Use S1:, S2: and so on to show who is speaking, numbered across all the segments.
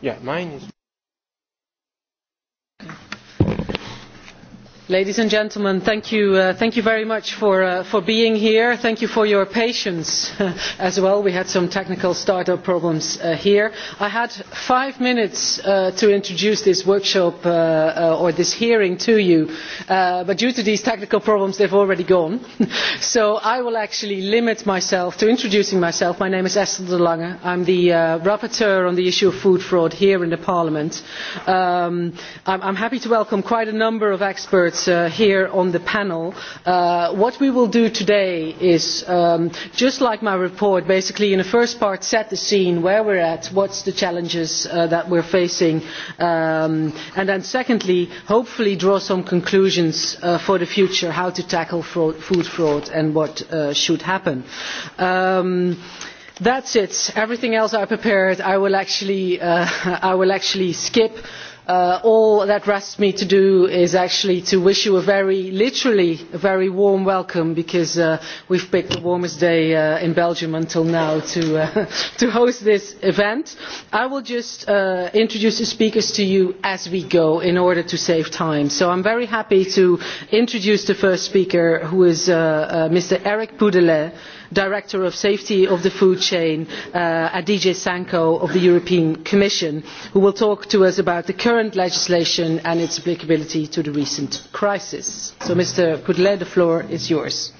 S1: Yeah, mine is. ladies and gentlemen thank you very much for being here thank you for your patience as well we had some technical start up problems here. i had five minutes to introduce this workshop or this hearing to you but due to these technical problems they have already gone so i will actually limit myself to introducing myself. my name is esther de lange i am the rapporteur on the issue of food fraud here in parliament. i am happy to welcome quite a number of experts experts here on the panel. what we will do today is, just like my report, basically in the first part set the scene, where we are at, what are the challenges that we are facing, and then secondly, hopefully draw some conclusions for the future, how to tackle food fraud and what should happen that is it everything else i prepared i will actually skip all that rests me to do is actually to wish you a very literally a very warm welcome because we have picked the warmest day in belgium until now to host this event. i will just introduce the speakers to you as we go in order to save time so i am very happy to introduce the first speaker who is mr eric poudelet director of safety of the food chain uh, Adije Sanko of the European Commission who will talk to us about the current legislation and its applicability to the recent crisis. So Mr Kudle, the floor is yours.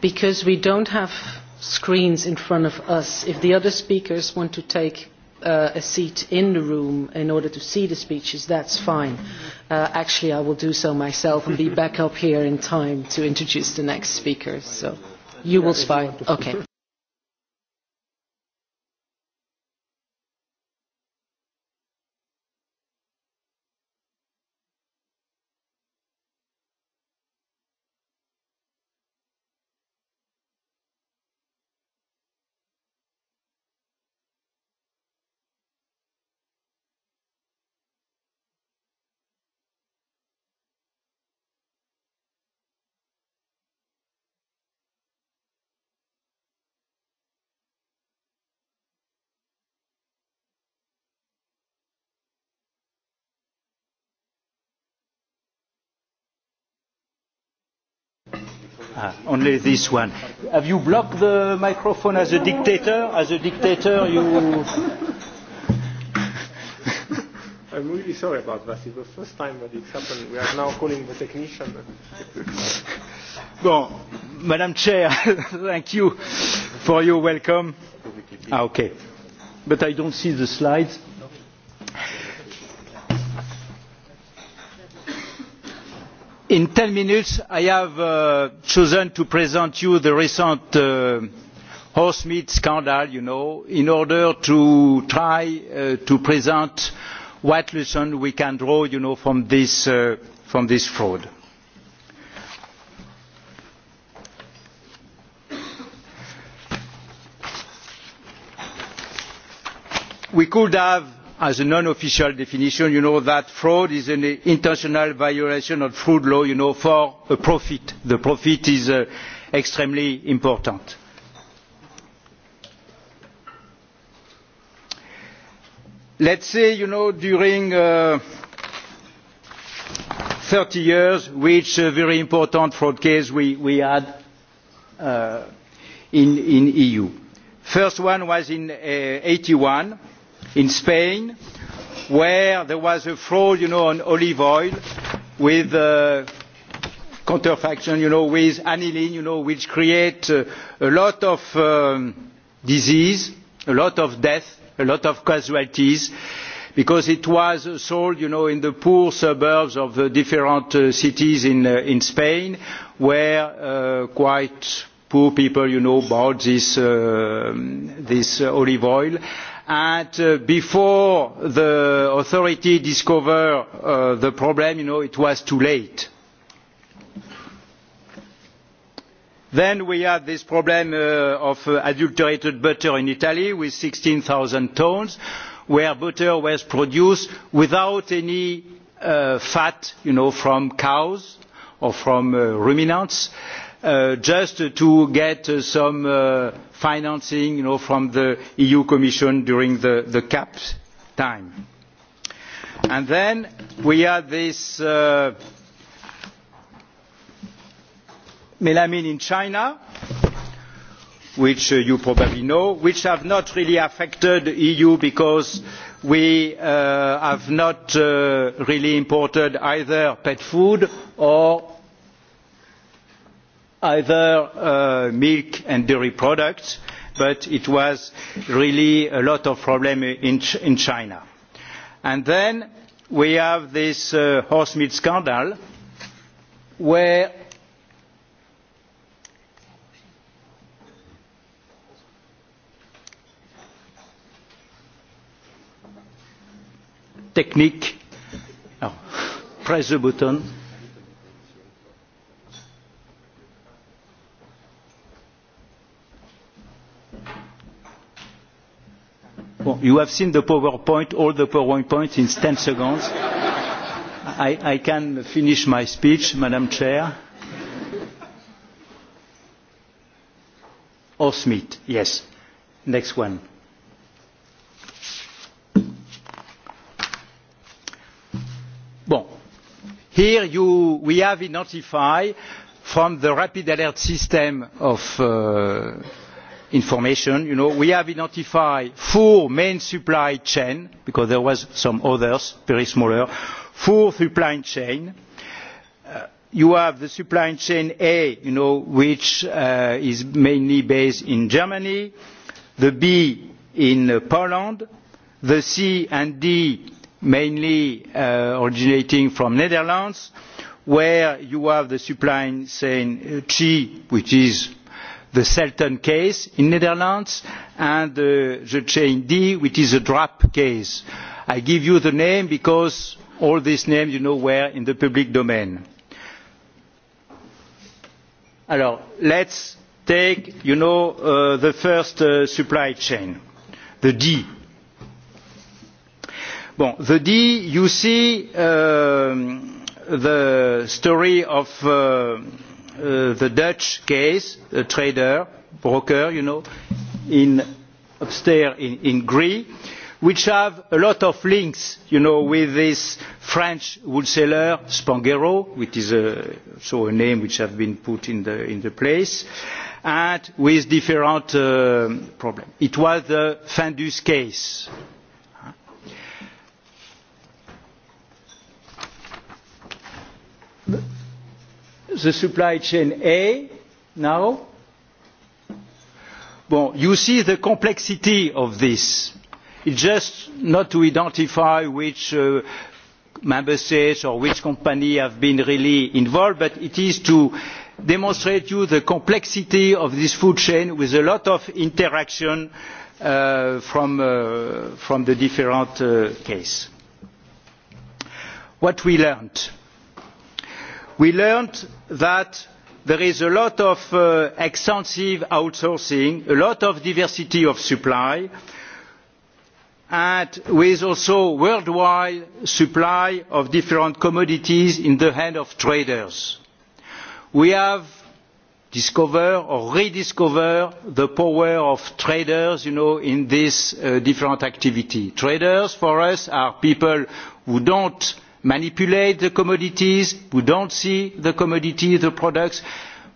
S1: because we don't have screens in front of us, if the other speakers want to take uh, a seat in the room in order to see the speeches, that's fine. Uh, actually, I will do so myself and be back up here in time to introduce the next speaker. So you will spy. Okay.
S2: Ah, only this one. Have you blocked the microphone as a dictator? As a dictator, you. I'm really
S3: sorry about that. It's the first time that it's happened. We are now calling the technician.
S2: bon, Madam Chair, thank you for your welcome. Ah, okay, but I don't see the slides in ten minutes i have chosen to present you the recent horse meat scandal in order to try to present what lessons we can draw from this fraud. we could have as a non official definition you know that fraud is an intentional violation of food law you know for a profit. the profit is extremely important. let us say you know during thirty years which a very important fraud case we had in the eu. the first one was in eighty one in Spain, where there was a fraud, on olive oil with counterfaction, with aniline, which creates a lot of disease, a lot of death, a lot of casualties, because it was sold, in the poor suburbs of the different cities in Spain, where quite poor people, bought this olive oil and before the authorities discovered the problem it was too late. then we have this problem of adulterated butter in italy with sixteen zero tonnes where butter was produced without any fat from cows or from ruminants just to get some financing from the EU Commission during the CAP time. And then we have this melamine in China, which you probably know, which have not really affected the EU because we have not really imported either pet food or either milk and dairy products but it was really a lot of problems in china. and then we have this horsemeat scandal where technique press the button you have seen the PowerPoint, all the PowerPoint in 10 seconds. I, I can finish my speech, Madam Chair. Or Smith, yes. Next one. Bon. Here you, we have identified from the rapid alert system of uh, information we have identified four main supply chains because there were some others very small four supply chains. you have the supply chain a which is mainly based in germany the b in poland the c and d mainly originating from the netherlands where you have the supply chain g which is the selten case in the netherlands and the chain D, which is a drap case. i give you the name because all these names you know were in the public domain. let us take the first supply chain the d. the d you see the story of the Dutch case, a trader, broker, you know, upstairs in, Greece, which have a lot of links, you know, with this French wholesaler, Spanghero, which is also a name which has been put in the, in the place, and with different problems. It was the Findus case the supply chain A now. Well, you see the complexity of this. It's just not to identify which uh, member states or which company have been really involved, but it is to demonstrate to you the complexity of this food chain with a lot of interaction from, the different cases. What we learned we learned that there is a lot of extensive outsourcing a lot of diversity of supply and with also worldwide supply of different commodities in the hands of traders. we have discovered or rediscovered the power of traders in this different activity. traders for us are people who do not manipulate the commodities who do not see the commodities the products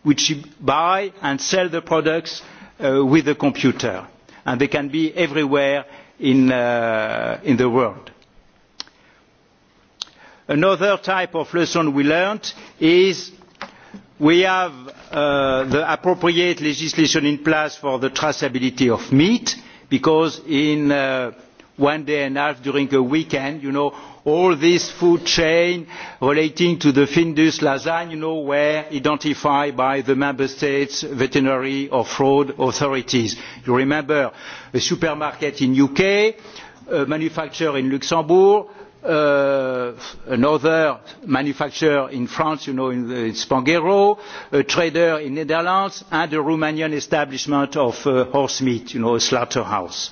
S2: which buy and sell the products with the computer and they can be everywhere in the world. another type of lesson we learned is that we have the appropriate legislation in place for the traceability of meat because in one day and a half during a weekend you know all this food chain relating to the findus Lasagne were identified by the member states' veterinary or fraud authorities. you remember a supermarket in the uk a manufacturer in luxembourg another manufacturer in france you know in Panghero, a trader in the netherlands and a romanian establishment of horse meat you know a slaughterhouse.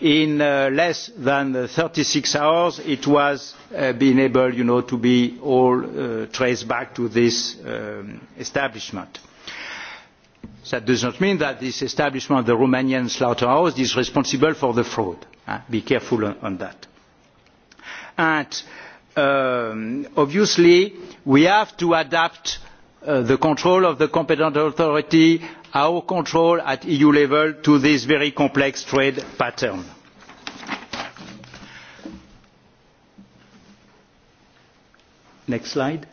S2: in less than thirty six hours it was being able you know to be all traced back to this establishment. That does not mean that this establishment, the Romanian slaughterhouse, is responsible for the fraud. Be careful on that and obviously we have to adapt the control of the competent authority our control at eu level to this very complex trade pattern. next slide.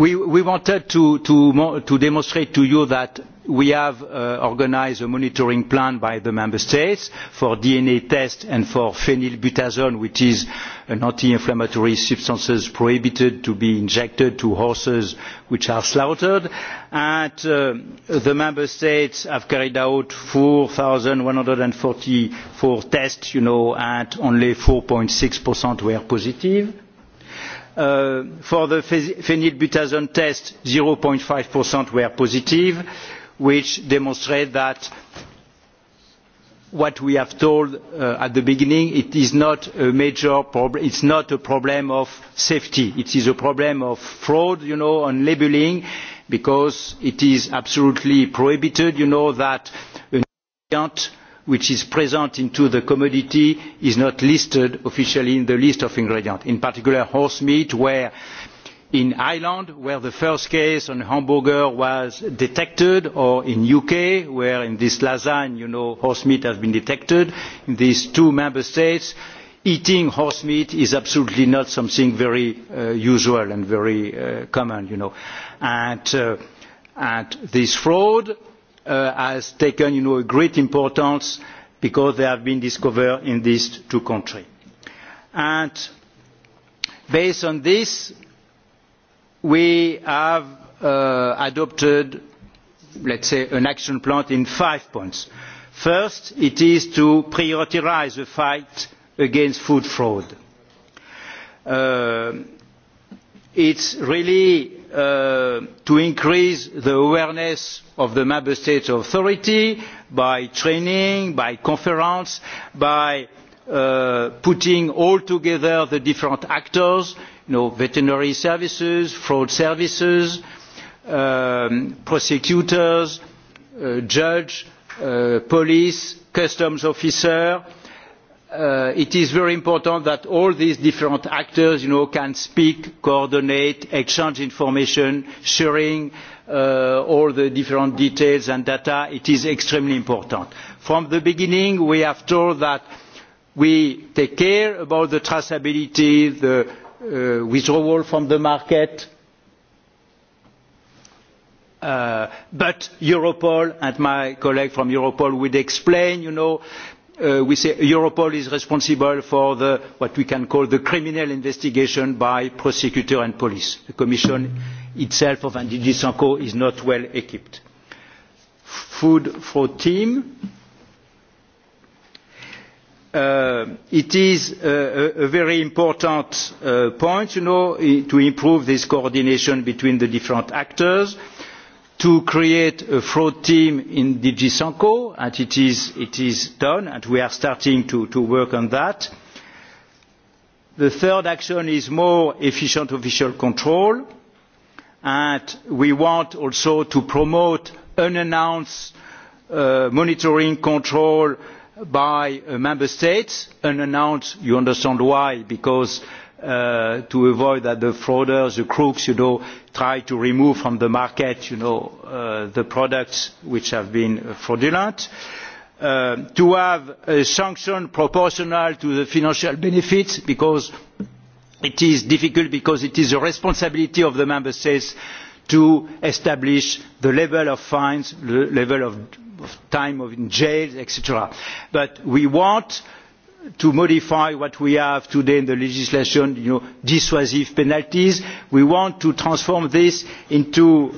S2: we wanted to demonstrate to you that we have organised a monitoring plan by the member states for dna tests and for phenylbutazone which is an anti inflammatory substance prohibited to be injected to horses which are slaughtered and the member states have carried out four one hundred and forty four tests and only. four six were positive for the phenylbutazone test zero five were positive which demonstrates that what we have told at the beginning it is not a major problem it is not a problem of safety it is a problem of fraud on labelling because it is absolutely prohibited that an ingredient which is present in the commodity is not listed officially in the list of ingredients in particular horse meat where in ireland where the first case on hamburger was detected or in the uk where in this lasagne horse meat has been detected in these two member states eating horse meat is absolutely not something very usual and very common. And this fraud has taken great importance because they have been discovered in these two countries. based on this we have adopted let us say an action plan in five points. first it is to prioritise the fight against food fraud. it is really to increase the awareness of the member state authority by training by conferences by putting all together the different actors veterinary services fraud services prosecutors judges police customs officers it is very important that all these different actors can speak, coordinate, exchange information, sharing all the different details and data. It is extremely important. From the beginning, we have told that we take care about the traceability, the withdrawal from the market, but Europol and my colleague from Europol would explain, you know, we say europol is responsible for what we can call the criminal investigation by prosecutors and police. the commission itself of dg sanco is not well equipped. food for team it is a very important point to improve this coordination between the different actors to create a fraud team in DG Sanco, and it is done, and we are starting to work on that. The third action is more efficient official control, and we want also to promote unannounced monitoring control by member states. Unannounced, you understand why, because to avoid that the frauders, the crooks, you know, try to remove from the market, you know, the products which have been fraudulent. to have a sanction proportional to the financial benefits because it is difficult because it is the responsibility of the member states to establish the level of fines, the level of time in jail, etc. But we want to modify what we have today in the legislation dissuasive penalties we want to transform this into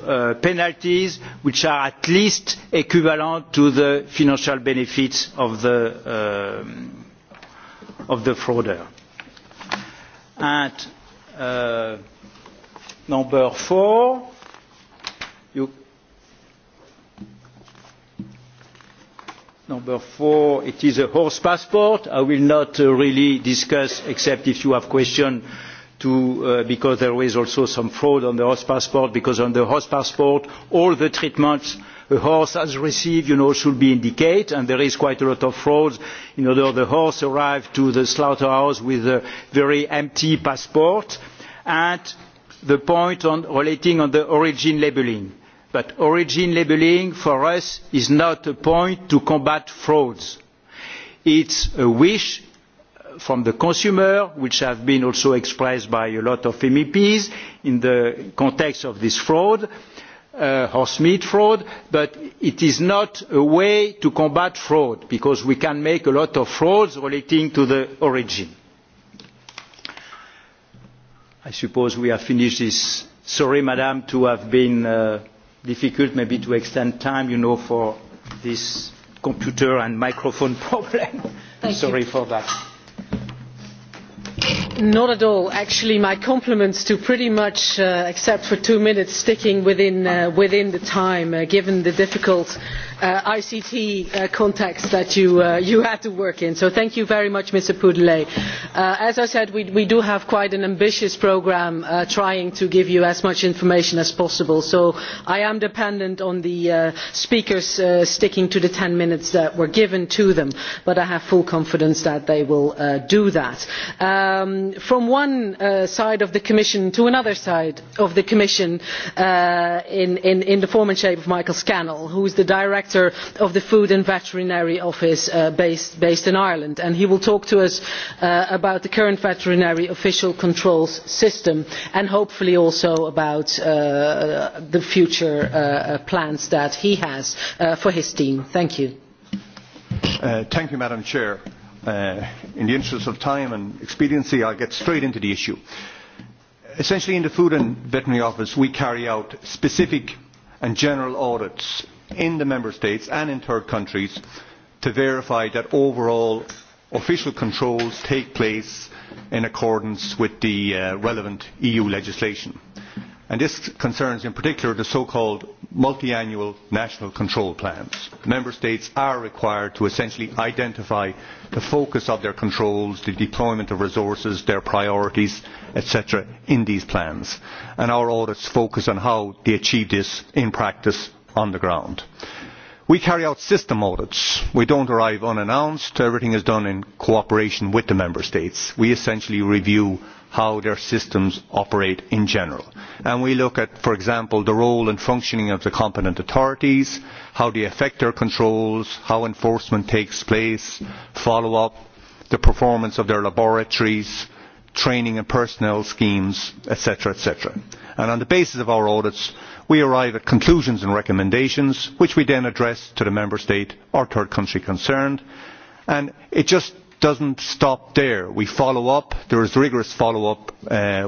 S2: penalties which are at least equivalent to the financial benefits of the frauder. number four you number four, it is a horse passport. I will not really discuss, except if you have questions, because there is also some fraud on the horse passport, because on the horse passport, all the treatments a horse has received should be indicated, and there is quite a lot of fraud in order the horse arrived to the slaughterhouse with a very empty passport. And the point on relating on the origin labelling but origin labelling for us is not a point to combat frauds. It is a wish from the consumer, which has been also expressed by a lot of MEPs in the context of this fraud, horsemeat fraud, but it is not a way to combat fraud because we can make a lot of frauds relating to the origin. I suppose we have finished this. Sorry, madam, to have been difficult maybe to extend time, you know, for this computer and microphone problem. Sorry for that.
S1: Not at all. Actually, my compliments to pretty much, uh, except for two minutes, sticking within, uh, within the time, uh, given the difficult uh, ict context that you had to work in so thank you very much mr poudelet. as i said we do have quite an ambitious programme trying to give you as much information as possible so i am dependent on the speakers sticking to the ten minutes that were given to them but i have full confidence that they will do that. from one side of the commission to another side of the commission in the form and shape of michael scannell who is the director director of the food and veterinary office based in ireland and he will talk to us about the current veterinary official controls system and hopefully also about the future plans that he has for his team. thank you.
S4: madam president in the interest of time and expediency i will get straight into the issue. essentially in the food and veterinary office we carry out specific and general audits in the member states and in third countries to verify that overall official controls take place in accordance with the relevant eu legislation. this concerns in particular the so called multiannual national control plans. member states are required to essentially identify the focus of their controls the deployment of resources their priorities etc. in these plans and our audits focus on how they achieve this in practice on the ground. We carry out system audits. We do not arrive unannounced. Everything is done in cooperation with the Member States. We essentially review how their systems operate in general. And we look at, for example, the role and functioning of the competent authorities, how they affect their controls, how enforcement takes place, follow-up, the performance of their laboratories, training and personnel schemes, etc. etc. And on the basis of our audits, we arrive at conclusions and recommendations which we then address to the member state or third country concerned and it just does not stop there. We follow up, there is rigorous follow up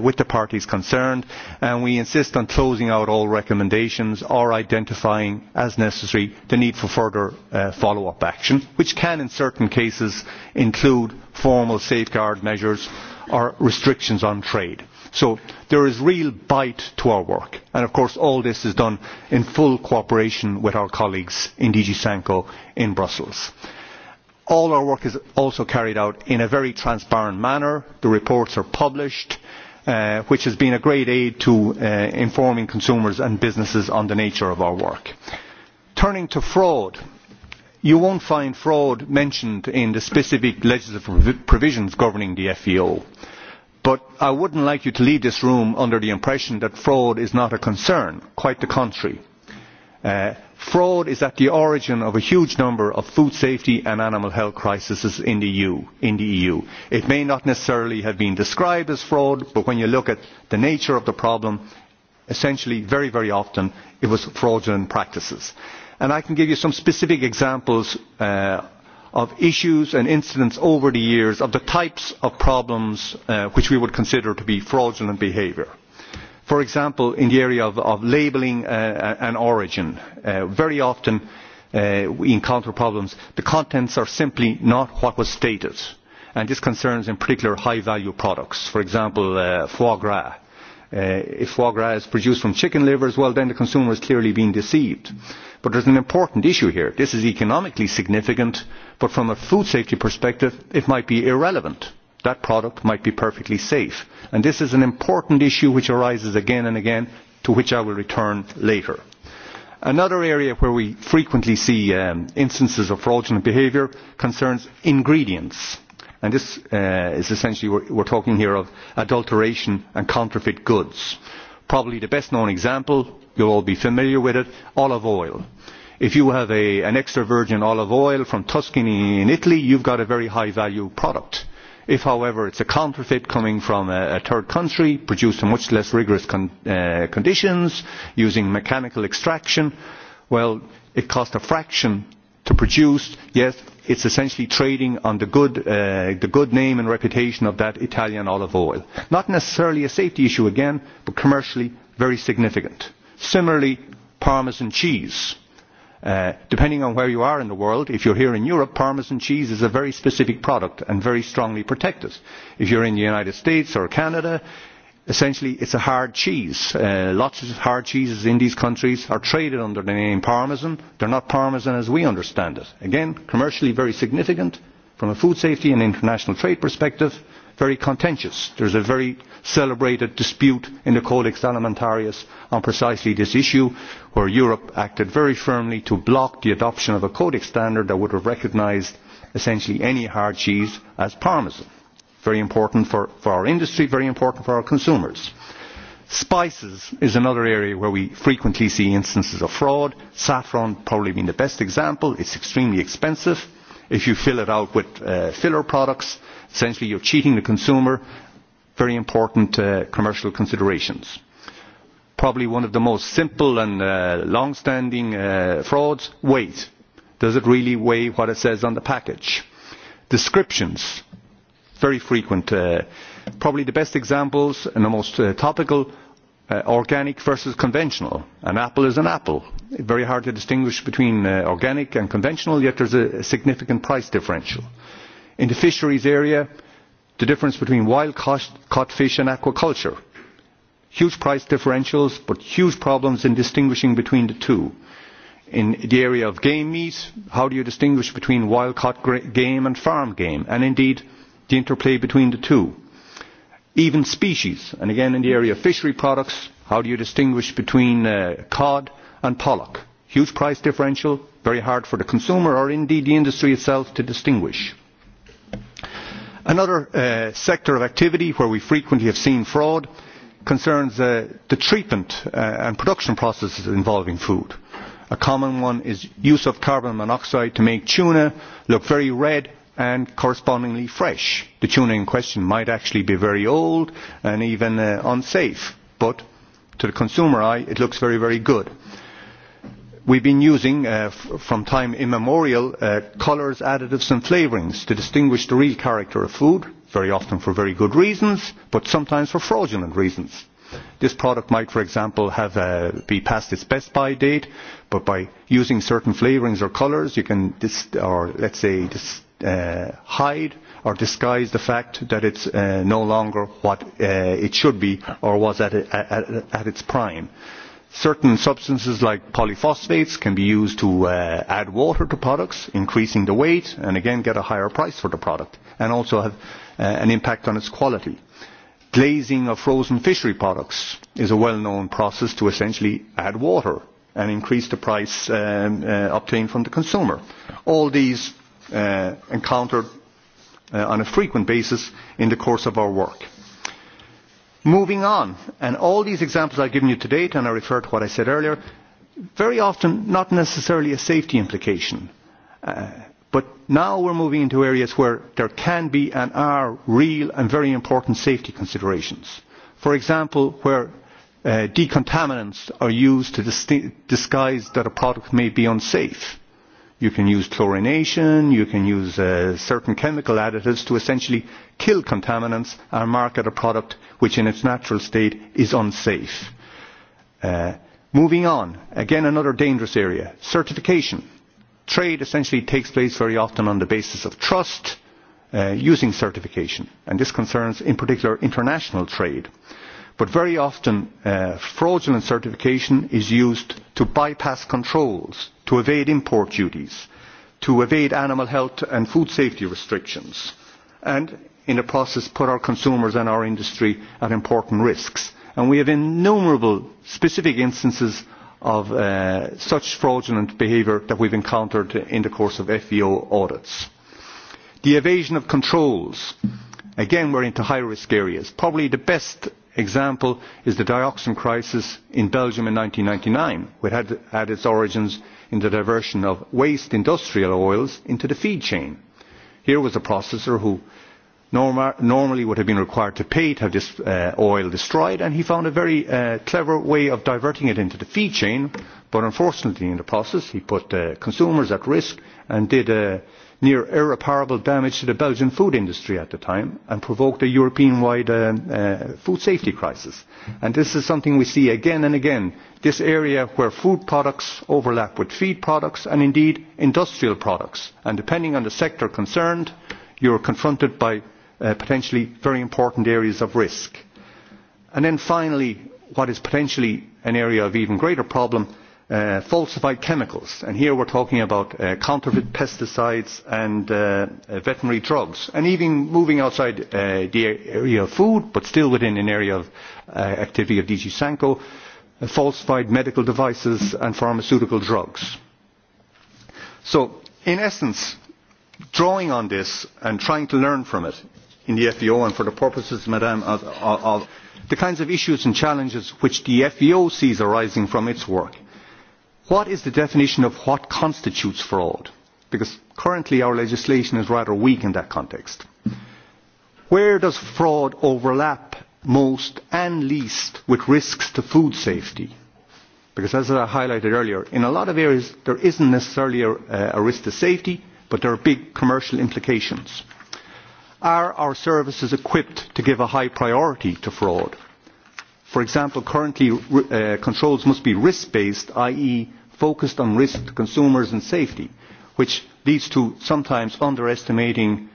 S4: with the parties concerned, and we insist on closing out all recommendations or identifying, as necessary, the need for further follow up action, which can, in certain cases, include formal safeguard measures or restrictions on trade So there is real bite to our work. And of course all this is done in full cooperation with our colleagues in DG Sanco in Brussels. All our work is also carried out in a very transparent manner. The reports are published, which has been a great aid to informing consumers and businesses on the nature of our work. Turning to fraud, you will not find fraud mentioned in the specific legislative provisions governing the FEO But I would not like you to leave this room under the impression that fraud is not a concern. Quite the contrary. fraud is at the origin of a huge number of food safety and animal health crises in the, EU, It may not necessarily have been described as fraud, but when you look at the nature of the problem, essentially very, very often it was fraudulent practices. I can give you some specific examples of issues and incidents over the years of the types of problems which we would consider to be fraudulent behaviour. For example, in the area of, labelling an origin, very often we encounter problems. The contents are simply not what was stated. And this concerns in particular high value products, for example, foie gras if foie gras is produced from chicken livers, well, then the consumer has clearly been deceived. But there's an important issue here. This is economically significant, but from a food safety perspective, it might be irrelevant. That product might be perfectly safe. And this is an important issue which arises again and again, to which I will return later. Another area where we frequently see um, instances of fraudulent behaviour concerns ingredients and this uh, is essentially we're, we're talking here of adulteration and counterfeit goods. Probably the best known example, you'll all be familiar with it, olive oil. If you have a, an extra virgin olive oil from Tuscany in Italy, you've got a very high value product. If, however, it's a counterfeit coming from a, a third country, produced in much less rigorous con, uh, conditions, using mechanical extraction, well, it costs a fraction to produce, yes, It is essentially trading on the good, uh, the good name and reputation of that Italian olive oil. Not necessarily a safety issue again, but commercially very significant. Similarly, Parmesan cheese. Uh, depending on where you are in the world, if you're here in Europe, Parmesan cheese is a very specific product and very strongly protected. If you're in the United States or Canada, essentially it's a hard cheese. Uh, lots of hard cheeses in these countries are traded under the name parmesan. They're not parmesan as we understand it. Again, commercially very significant from a food safety and international trade perspective, very contentious. There's a very celebrated dispute in the Codex Alimentarius on precisely this issue, where Europe acted very firmly to block the adoption of a codex standard that would have recognised essentially any hard cheese as parmesan very important for, for our industry, very important for our consumers. Spices is another area where we frequently see instances of fraud. Saffron probably being the best example. It's extremely expensive. If you fill it out with uh, filler products, essentially you're cheating the consumer. Very important uh, commercial considerations. Probably one of the most simple and uh, long-standing uh, frauds, weight. Does it really weigh what it says on the package? Descriptions very frequent. probably the best examples and the most topical organic versus conventional. An apple is an apple. Very hard to distinguish between organic and conventional, yet there is a significant price differential. In the fisheries area, the difference between wild caught fish and aquaculture. Huge price differentials, but huge problems in distinguishing between the two. In the area of game meat, how do you distinguish between wild caught game and farm game? And indeed, the interplay between the two. Even species, and again in the area of fishery products, how do you distinguish between uh, cod and pollock? Huge price differential, very hard for the consumer or indeed the industry itself to distinguish. Another uh, sector of activity where we frequently have seen fraud concerns uh, the treatment uh, and production processes involving food. A common one is use of carbon monoxide to make tuna look very red and correspondingly fresh. The tuna in question might actually be very old and even uh, unsafe, but to the consumer eye, it looks very, very good. We've been using, uh, f from time immemorial, uh, colours, additives and flavourings to distinguish the real character of food, very often for very good reasons, but sometimes for fraudulent reasons. This product might, for example, have uh, be past its best buy date, but by using certain flavourings or colours, you can, dis- or let's say, dis- uh, hide or disguise the fact that it's uh, no longer what uh, it should be or was at, at, at its prime. Certain substances like polyphosphates can be used to uh, add water to products, increasing the weight and again get a higher price for the product and also have uh, an impact on its quality. Glazing of frozen fishery products is a well-known process to essentially add water and increase the price um, uh, obtained from the consumer. All these uh, encountered uh, on a frequent basis in the course of our work. Moving on, and all these examples I've given you to date, and I refer to what I said earlier, very often not necessarily a safety implication. Uh, but now we're moving into areas where there can be and are real and very important safety considerations. For example, where uh, decontaminants are used to dis- disguise that a product may be unsafe You can use chlorination, you can use uh, certain chemical additives to essentially kill contaminants and market a product which in its natural state is unsafe. Uh, moving on, again another dangerous area, certification. Trade essentially takes place very often on the basis of trust uh, using certification, and this concerns in particular international trade. Uh, But very often fraudulent certification is used to bypass controls, to evade import duties, to evade animal health and food safety restrictions, and in the process put our consumers and our industry at important risks. And we have innumerable specific instances of such fraudulent behaviour that we have encountered in the course of FVO audits. The evasion of controls. Again, we are into high risk areas. Probably the best example is the dioxin crisis in Belgium in ninety nine, which had, its origins in the diversion of waste industrial oils into the feed chain. Here was a processor who normally would have been required to pay to have this oil destroyed, and he found a very clever way of diverting it into the feed chain, but unfortunately in the process he put consumers at risk and did near irreparable damage to the Belgian food industry at the time and provoked a European-wide uh, uh, food safety crisis. And this is something we see again and again, this area where food products overlap with feed products and indeed industrial products. And depending on the sector concerned, you're confronted by uh, potentially very important areas of risk. And then finally, what is potentially an area of even greater problem uh, falsified chemicals. And here we're talking about uh, counterfeit pesticides and uh, veterinary drugs. And even moving outside uh, the area of food, but still within an area of uh, activity of DG Sanko, uh, falsified medical devices and pharmaceutical drugs. So, in essence, drawing on this and trying to learn from it in the FEO and for the purposes, Madame, of, of the kinds of issues and challenges which the FEO sees arising from its work what is the definition of what constitutes fraud? Because currently our legislation is rather weak in that context. Where does fraud overlap most and least with risks to food safety? Because as I highlighted earlier, in a lot of areas there isn't necessarily a, a risk to safety, but there are big commercial implications. Are our services equipped to give a high priority to fraud? For example, currently uh, controls must be risk-based, i.e. focused on risk to consumers and safety, which leads to sometimes underestimating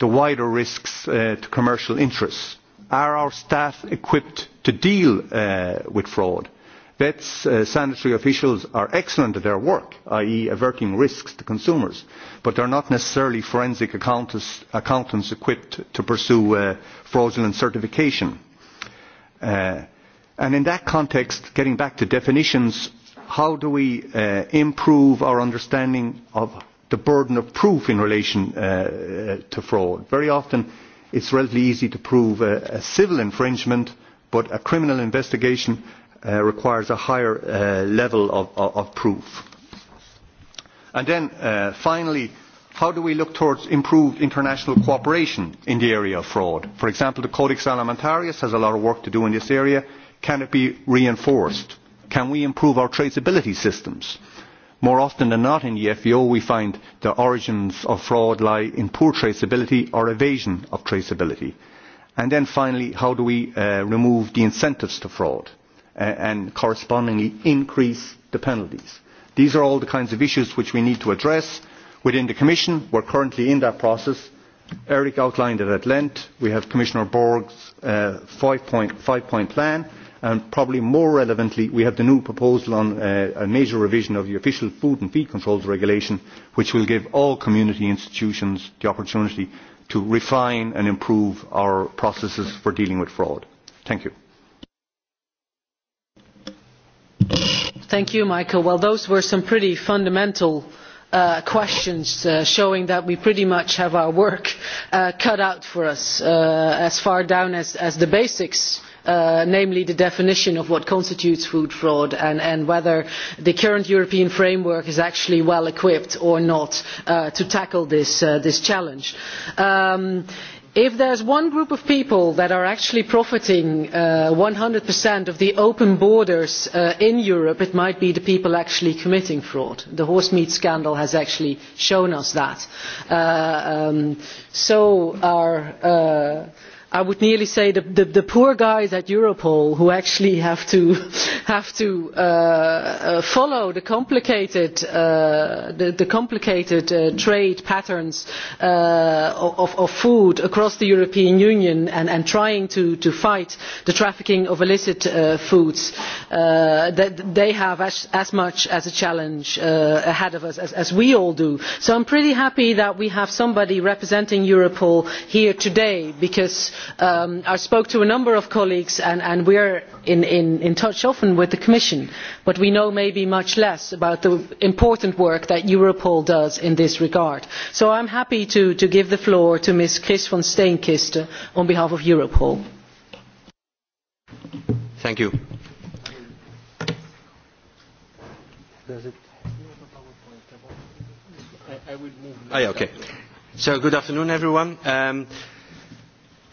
S4: the wider risks uh, to commercial interests. Are our staff equipped to deal uh, with fraud? Vets, uh, sanitary officials are excellent at their work, i.e. averting risks to consumers, but they're not necessarily forensic accountants, accountants equipped to pursue uh, fraudulent certification. Uh, And in that context, getting back to definitions, how do we uh, improve our understanding of the burden of proof in relation uh, to fraud? Very often, it's relatively easy to prove a, a civil infringement, but a criminal investigation uh, requires a higher uh, level of, of, of proof. And then, uh, finally, how do we look towards improved international cooperation in the area of fraud? For example, the Codex Alimentarius has a lot of work to do in this area Can it be reinforced? Can we improve our traceability systems? More often than not in the FVO, we find the origins of fraud lie in poor traceability or evasion of traceability. And then finally, how do we uh, remove the incentives to fraud uh, and correspondingly increase the penalties? These are all the kinds of issues which we need to address. Within the Commission, we're currently in that process. Eric outlined it at length. We have Commissioner Borg's uh, five-point plan and probably more relevantly we have the new proposal on a major revision of the official food and feed controls regulation which will give all community institutions the opportunity to refine and improve our processes for dealing with fraud.
S1: Thank you. Thank you, Michael. Well, those were some pretty fundamental questions showing that we pretty much have our work cut out for us as far down as the basics namely the definition of what constitutes food fraud and whether the current European framework is actually well equipped or not to tackle this challenge if there is one group of people that are actually profiting one hundred of the open borders in europe it might be the people actually committing fraud. the horsemeat scandal has actually shown us that. so our i would nearly say the poor guys at europol who actually have to follow the complicated trade patterns of food across the european union and trying to fight the trafficking of illicit foods they have as much as a challenge ahead of us as we all do. so i am pretty happy that we have somebody representing europol here today because I spoke to a number of colleagues and we are in touch often with the Commission, but we know maybe much less about the important work that Europol does in this regard. So I am happy to give the floor to Ms. Chris van Steenkiste on behalf of Europol.
S5: Thank you. So good afternoon, everyone.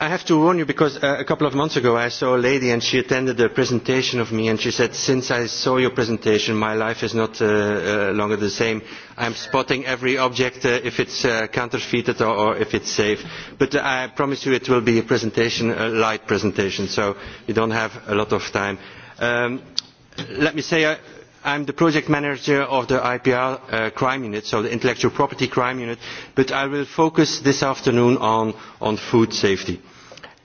S5: I have to warn you because uh, a couple of months ago I saw a lady and she attended a presentation of me and she said, since I saw your presentation, my life is not uh, uh, longer the same. I'm spotting every object uh, if it's uh, counterfeited or, or if it's safe. But uh, I promise you it will be a presentation, a light presentation, so you don't have a lot of time. Um, let me say, uh, I am the project manager of the IPR crime unit, so the intellectual property crime unit, but I will focus this afternoon on, food safety.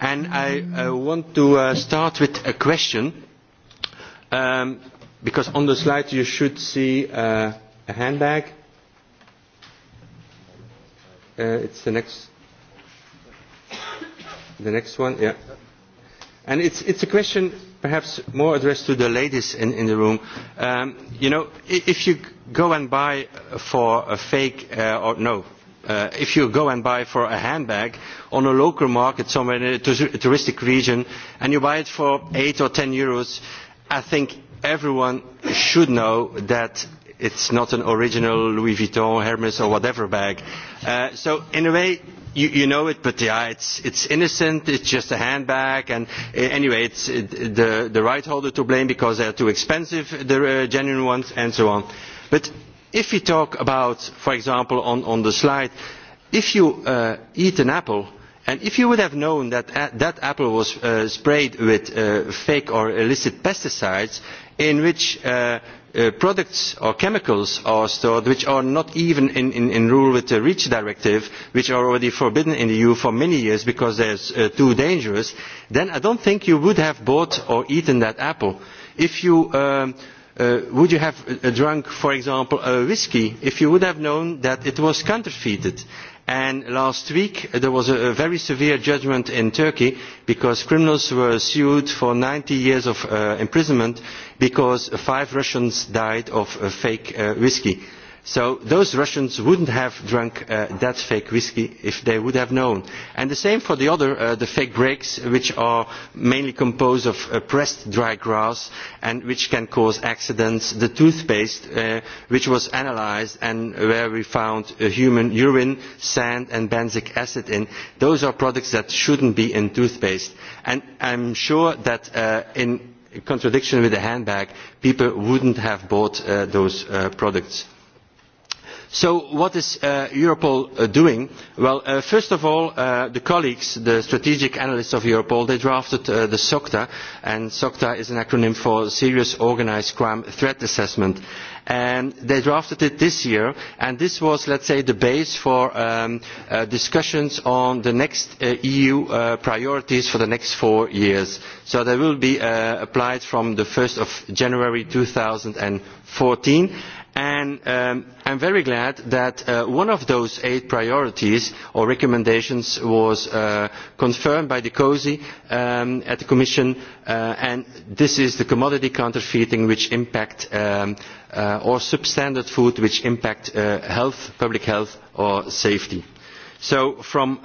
S5: I want to start with a question, because on the slide you should see a handbag. Uh, it's the next, the next one, yeah And it is a question perhaps more addressed to the ladies in, in the room. Um, you know, if you go and buy for a fake, uh, or no, uh, if you go and buy for a handbag on a local market somewhere in a touristic region and you buy it for 8 or 10 euros, I think everyone should know that it's not an original Louis Vuitton, Hermes or whatever bag. Uh, so in a way, you, you know it, but yeah, it's, it's innocent, it's just a handbag, and anyway, it's the, the right holder to blame because they're too expensive, the uh, genuine ones, and so on. But if you talk about, for example, on, on the slide, if you uh, eat an apple, and if you would have known that that apple was uh, sprayed with uh, fake or illicit pesticides, in which uh, products or chemicals are stored which are not even in rule with the REACH directive, which are already forbidden in the EU for many years because they are too dangerous, then I do not think you would have bought or eaten that apple. If you would you have drunk, for example, a whiskey if you would have known that it was counterfeited? and last week there was a very severe judgment in turkey because criminals were sued for ninety years of imprisonment because five russians died of fake whisky. So those Russians would not have drunk that fake whiskey if they would have known. And the same for the other, the fake breaks, which are mainly composed of pressed dry grass and which can cause accidents. The toothpaste, which was analysed and where we found human urine, sand and benzic acid in, those are products that should not be in toothpaste. I am sure that in contradiction with the handbag, people would not have bought those products so what is europol doing? well first of all the colleagues the strategic analysts of europol drafted the socta and socta is an acronym for serious organised crime threat assessment and they drafted it this year and this was let us say the base for discussions on the next eu priorities for the next four years so they will be applied from one january two thousand and fourteen and and i am very glad that one of those eight priorities or recommendations was confirmed by cosi at the commission and this is the commodity counterfeiting which impact or substandard food which impact health public health or safety. so from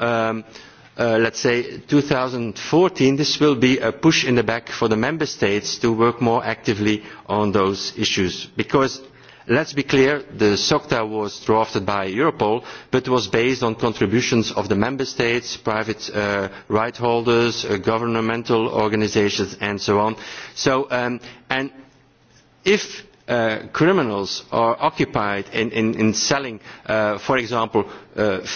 S5: let us say two thousand and fourteen this will be a push in the back for the member states to work more actively on those issues because let us be clear the socta was drafted by europol but was based on contributions of the member states private right holders governmental organisations and so on. and if criminals are occupied in selling for example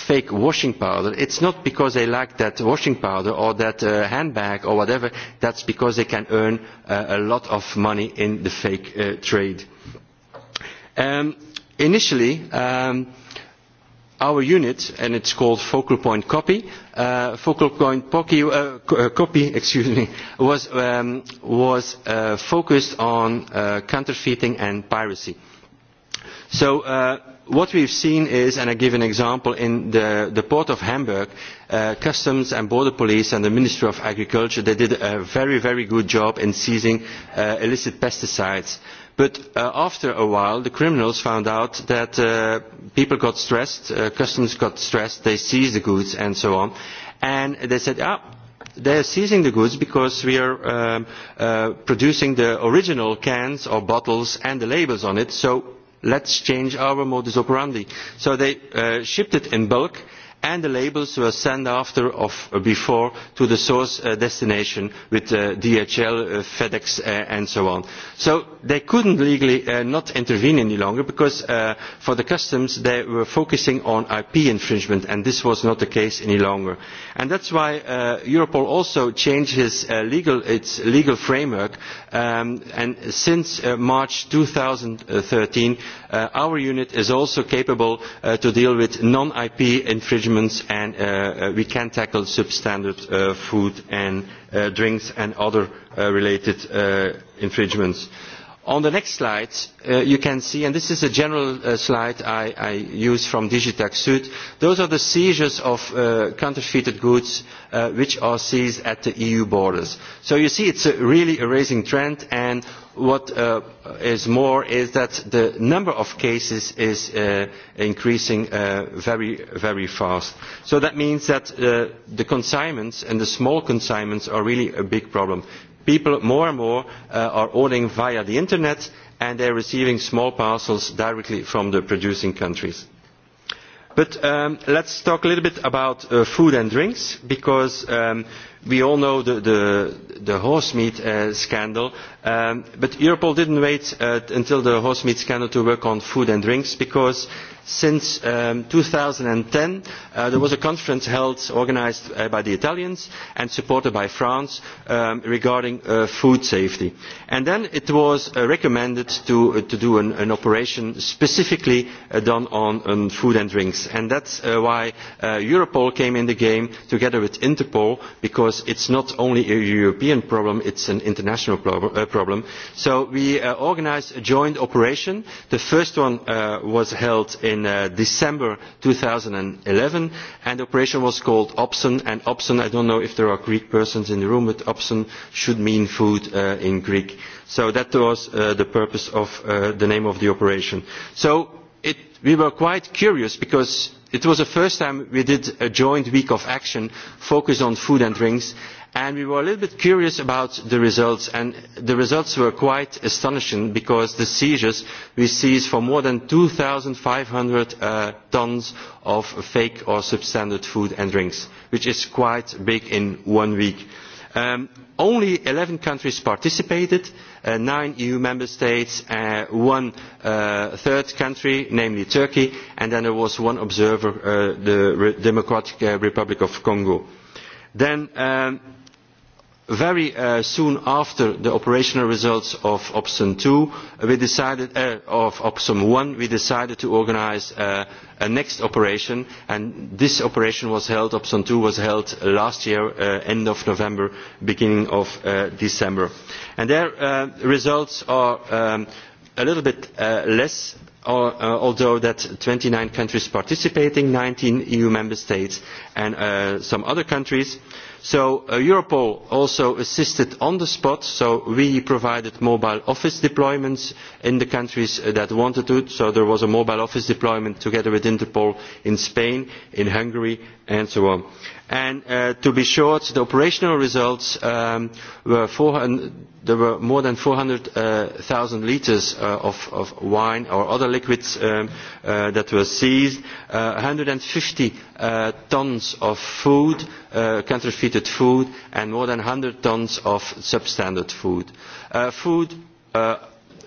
S5: fake washing powder it is not because they like that washing powder or that handbag or whatever that is because they can earn a lot of money in the fake trade initially, our unit, and it's called Focal Point Copy, uh, Focal Point Pocky, uh, Copy excuse me, was, um, was uh, focused on uh, counterfeiting and piracy. So uh, what we have seen is, and I give an example, in the, the port of Hamburg, uh, Customs and Border Police and the Ministry of Agriculture, they did a very, very good job in seizing uh, illicit pesticides. Uh, But after a while, the criminals found out that people got stressed, customers got stressed, they seized the goods and so on. And they said, ah, they are seizing the goods because we are producing the original cans or bottles and the labels on it, so let's change our modus operandi. So they shipped it in bulk and the labels were sent after or before to the source destination with dhl fedex and so on. so they could not legally intervene any longer because for the customs they were focusing on ip infringement and this was not the case any longer. that is why europol also changed its legal framework and since march two thousand and thirteen our unit is also capable of dealing with non ip infringement arrangements and we can tackle substandard food and drinks and other related infringements. On the next slide, you can see, and this is a general slide I, use from Digitax Sud, those are the seizures of counterfeited goods which are seized at the EU borders. So you see it's a, really a rising trend, and what is more is that the number of cases is increasing very, very fast. So that means that the consignments and the small consignments are really a big problem people more and more are ordering via the internet and they are receiving small parcels directly from the producing countries. but let us talk a little bit about food and drinks because we all know the, horsemeat scandal, but Europol did not wait until the horsemeat scandal to work on food and drinks because since thousand and ten there was a conference held organised by the Italians and supported by France regarding food safety. And then it was recommended to, do an, operation specifically done on, food and drinks. And that is why Europol came into the game together with Interpol because because it is not only a European problem, it is an international problem. So we organised a joint operation. The first one was held in December eleven and the operation was called Opson. And Opson, I don't know if there are Greek persons in the room, but Opson should mean food in Greek. So that was the purpose of the name of the operation. So we were quite curious because it was the first time we did a joint week of action focused on food and drinks and we were a little bit curious about the results and the results were quite astonishing because the seizures we seized for more than two five hundred tonnes of fake or substandard food and drinks which is quite big in one week. only eleven countries participated nine eu member states one third country namely turkey and then there was one observer the democratic republic of congo. then very soon after the operational results of opsum two we decided to organise a next operation and this operation was held opsum two was held last year end of november beginning of december and their results are a little bit less although twenty nine countries participating nineteen eu member states and some other countries so europol also assisted on the spot so we provided mobile office deployments in the countries that wanted to so there was a mobile office deployment together with interpol in spain in hungary and so on. And to be short, the operational results were four there were more than four hundred thousand litres of, wine or other liquids that were seized, one hundred and fifty tons of food, counterfeited food, and more than 100 hundred tons of substandard food. food uh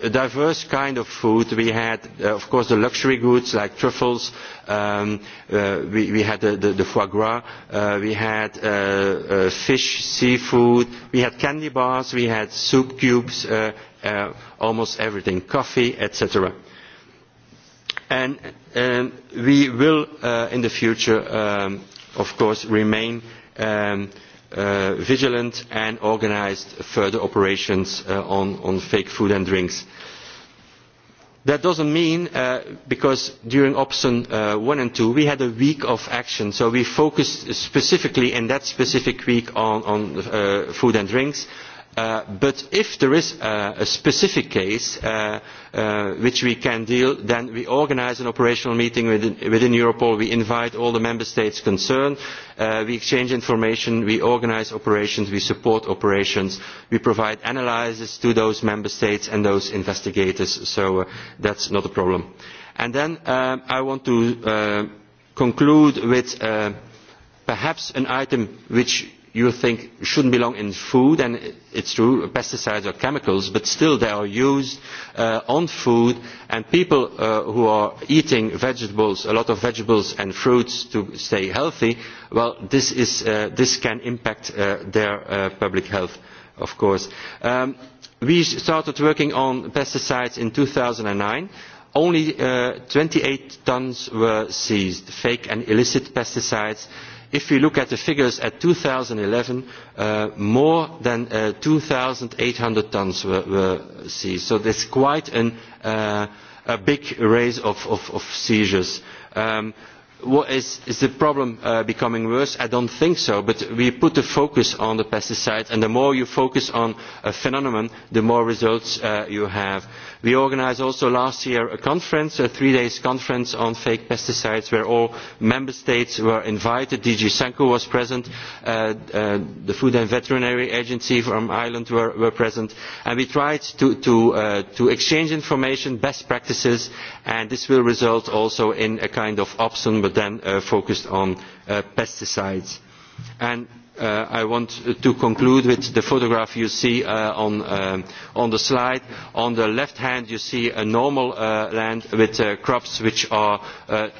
S5: diverse kind of food. We had, uh, of course, the luxury goods like truffles. Um, uh, we, we had the, the, the foie gras. Uh, we had uh, uh, fish, seafood. We had candy bars. We had soup cubes. Uh, uh, almost everything, coffee, etc. And um, we will, uh, in the future, um, of course, remain. Um, vigilant and organised further operations on, fake food and drinks. That does not mean, because during option one and two we had a week of action, so we focused specifically in that specific week on, food and drinks, but if there is a specific case which we can deal with then we organise an operational meeting within europol we invite all the member states concerned we exchange information we organise operations we support operations we provide analyses to those member states and those investigators so that is not a problem. i want to conclude with perhaps an item which you think should not belong in food, and it is true, pesticides or chemicals, but still they are used on food, and people who are eating vegetables, a lot of vegetables and fruits to stay healthy, well, this, is, this can impact their public health, of course. we started working on pesticides in two thousand nine only twenty eight tonnes were seized fake and illicit pesticides if we look at the figures at two thousand and eleven more than two eight hundred tonnes were seized so there is quite a big rise of seizures. is the problem becoming worse? i do not think so but we put the focus on the pesticides and the more you focus on a phenomenon the more results you have we also organised also last year a conference a three day conference on fake pesticides where all member states were invited dg sanco was present the food and veterinary agency from ireland were present and we tried to exchange information best practices and this will result also in a kind of opson but then focused on pesticides. I want to conclude with the photograph you see on the slide. On the left hand, you see a normal land with crops which are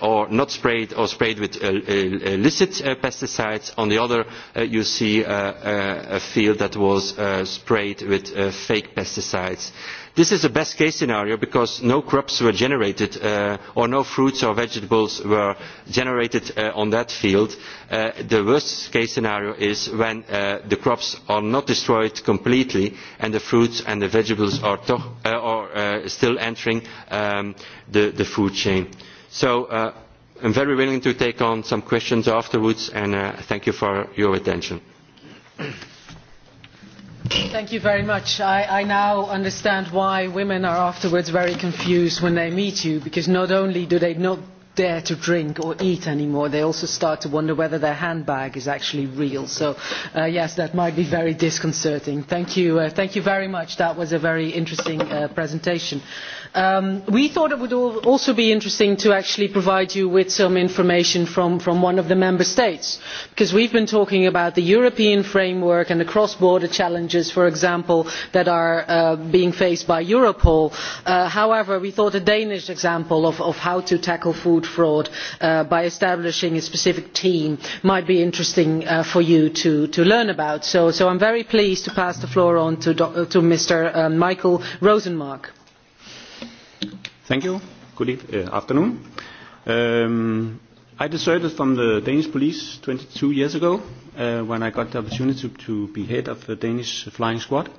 S5: not sprayed or sprayed with illicit pesticides. On the other, you see a field that was sprayed with fake pesticides This is the best case scenario because no crops were generated or no fruits or vegetables were generated on that field. the worst case scenario is when the crops are not destroyed completely and the fruits and the vegetables are, still entering the, food chain. So I am very willing to take on some questions afterwards and thank you for your attention.
S1: Thank you very much. I, I now understand why women are afterwards very confused when they meet you, because not only do they not dare to drink or eat anymore. They also start to wonder whether their handbag is actually real. So, uh, yes, that might be very disconcerting. Thank you, uh, thank you very much. That was a very interesting uh, presentation. Um, we thought it would also be interesting to actually provide you with some information from, from one of the member states, because we've been talking about the European framework and the cross-border challenges, for example, that are uh, being faced by Europol. Uh, however, we thought a Danish example of, of how to tackle food fraud by establishing a specific team might be interesting for you to learn about. so i am very pleased to pass the floor on to mr michael rosenmark.
S6: good afternoon. I deserted from the Danish police 22 years ago uh, when I got the opportunity to, to be head of the Danish flying squad.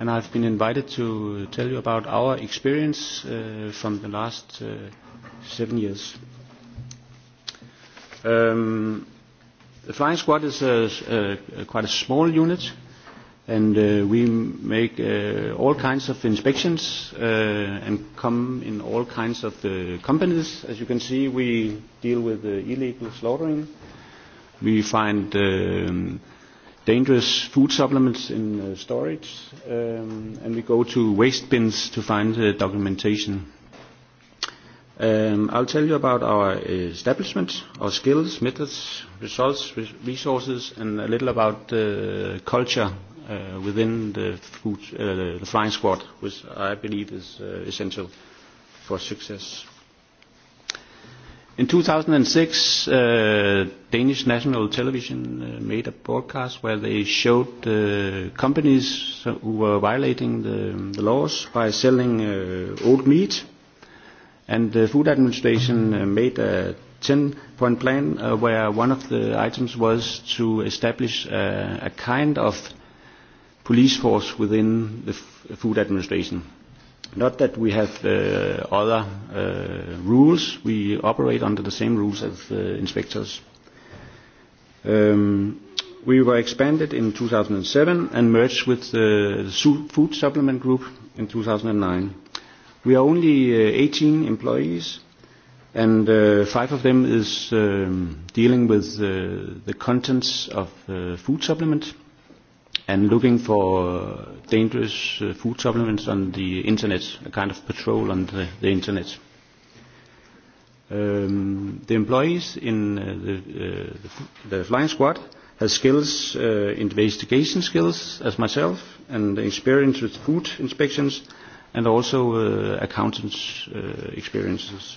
S6: And I've been invited to tell you about our experience uh, from the last uh, seven years. Um, the flying squad is a, a, quite a small unit, and uh, we make uh, all kinds of inspections uh, and come in all kinds of uh, companies. As you can see, we deal with uh, illegal slaughtering. We find um, dangerous food supplements in uh, storage, um, and we go to waste bins to find uh, documentation Um, I'll tell you about our establishment, our skills, methods, results, resources, and a little about the culture uh, within the, food, uh, the flying squad, which I believe is uh, essential for success. In 2006, uh, Danish national television uh, made a broadcast where they showed uh, companies who were violating the, the laws by selling uh, old meat And the Food Administration made a 10-point plan uh, where one of the items was to establish uh, a kind of police force within the f Food Administration. Not that we have uh, other uh, rules, we operate under the same rules as uh, inspectors. Um, we were expanded in 2007 and merged with the Food Supplement Group in 2009. We are only uh, 18 employees, and uh, five of them is um, dealing with uh, the contents of uh, food supplement and looking for dangerous uh, food supplements on the internet, a kind of patrol on the, the internet. Um, the employees in uh, the, uh, the flying squad has skills, uh, investigation skills as myself, and experience with food inspections, and also uh, accountants' uh, experiences.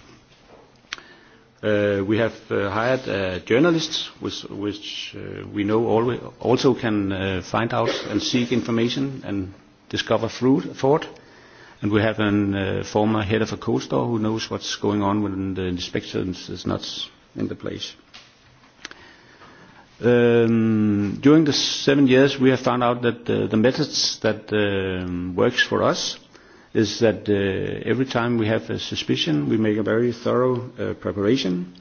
S6: Uh, we have uh, hired a journalist, which, which uh, we know always, also can uh, find out and seek information and discover fruit fraud. And we have a uh, former head of a co-store who knows what's going on when the inspections is not in the place. Um, during the seven years, we have found out that uh, the methods that um, works for us is that uh, every time we have a suspicion, we make a very thorough uh, preparation.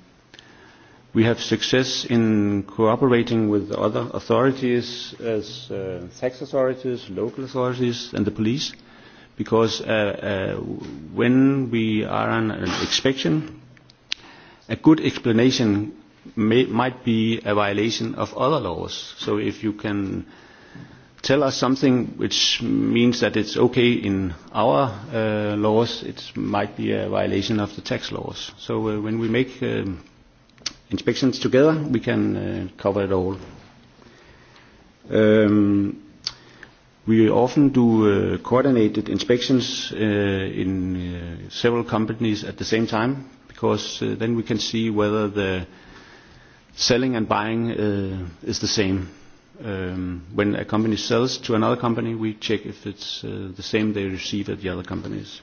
S6: We have success in cooperating with other authorities as uh, tax authorities, local authorities, and the police, because uh, uh, when we are on an inspection, a good explanation may, might be a violation of other laws. So if you can uh, tell us something which means that it's okay in our uh, laws, it might be a violation of the tax laws. So uh, when we make um, inspections together, we can uh, cover it all. Um, we often do uh, coordinated inspections uh, in uh, several companies at the same time because uh, then we can see whether the selling and buying uh, is the same um, when a company sells to another company, we check if it's uh, the same they receive at the other companies.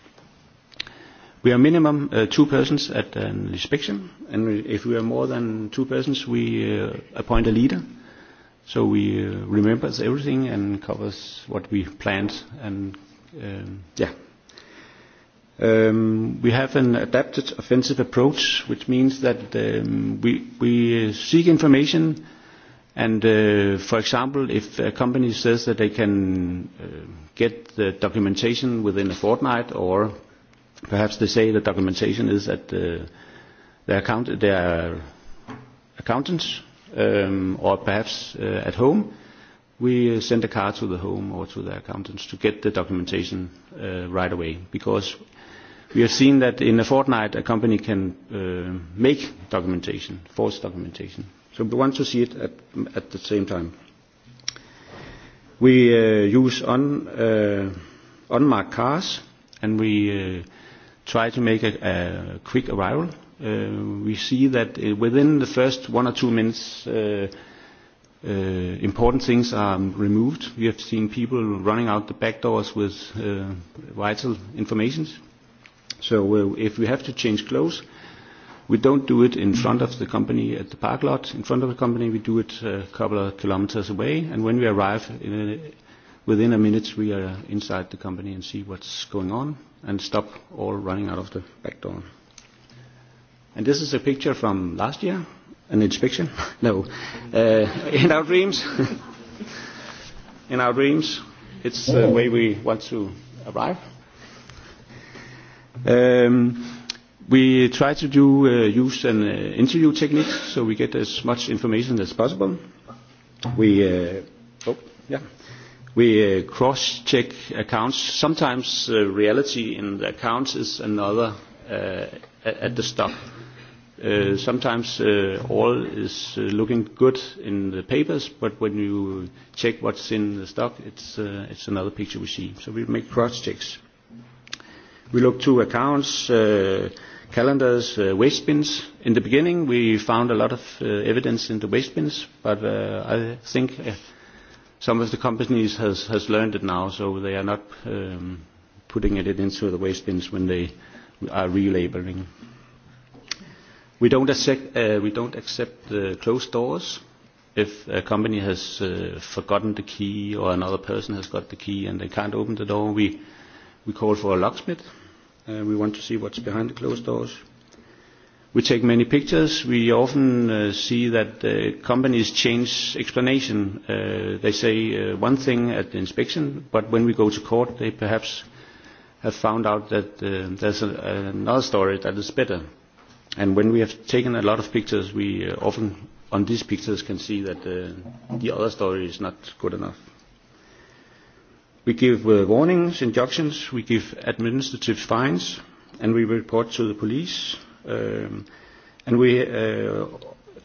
S6: We are minimum uh, two persons at an inspection, and if we are more than two persons, we uh, appoint a leader. So we uh, remembers everything and covers what we planned, and um, yeah. Um, we have an adapted offensive approach, which means that um, we, we seek information And uh, for example, if a company says that they can uh, get the documentation within a fortnight, or perhaps they say the documentation is at the, their, account, their accountants, um, or perhaps uh, at home, we send a car to the home or to the accountants to get the documentation uh, right away, because we have seen that in a fortnight a company can uh, make documentation, false documentation So we want to see it at, at the same time. We uh, use un, uh, unmarked cars and we uh, try to make a, a quick arrival. Uh, we see that uh, within the first one or two minutes, uh, uh, important things are removed. We have seen people running out the back doors with uh, vital information. So uh, if we have to change clothes, We don't do it in front of the company at the park lot. In front of the company, we do it a couple of kilometers away. And when we arrive, in a, within a minute, we are inside the company and see what's going on and stop all running out of the back door. And this is a picture from last year, an inspection. no, uh, in our dreams. in our dreams, it's the way we want to arrive. Um, We try to do uh, use an uh, interview technique so we get as much information as possible. We, uh, oh, yeah. we uh, cross-check accounts. Sometimes uh, reality in the accounts is another uh, at the stop. Uh, sometimes uh, all is uh, looking good in the papers, but when you check what's in the stock, it's, uh, it's another picture we see. So we make cross-checks. We look to accounts. Uh, calendars, uh, waste bins. In the beginning, we found a lot of uh, evidence in the waste bins, but uh, I think uh, some of the companies has, has learned it now, so they are not um, putting it into the waste bins when they are relabeling. We don't accept, uh, we don't accept uh, closed doors. If a company has uh, forgotten the key or another person has got the key and they can't open the door, we, we call for a locksmith Uh, we want to see what's behind the closed doors. We take many pictures. We often uh, see that uh, companies change explanation. Uh, they say uh, one thing at the inspection, but when we go to court, they perhaps have found out that uh, there's a, another story that is better. And when we have taken a lot of pictures, we uh, often on these pictures can see that uh, the other story is not good enough. We give uh, warnings, injunctions, we give administrative fines, and we report to the police. Um, and we uh,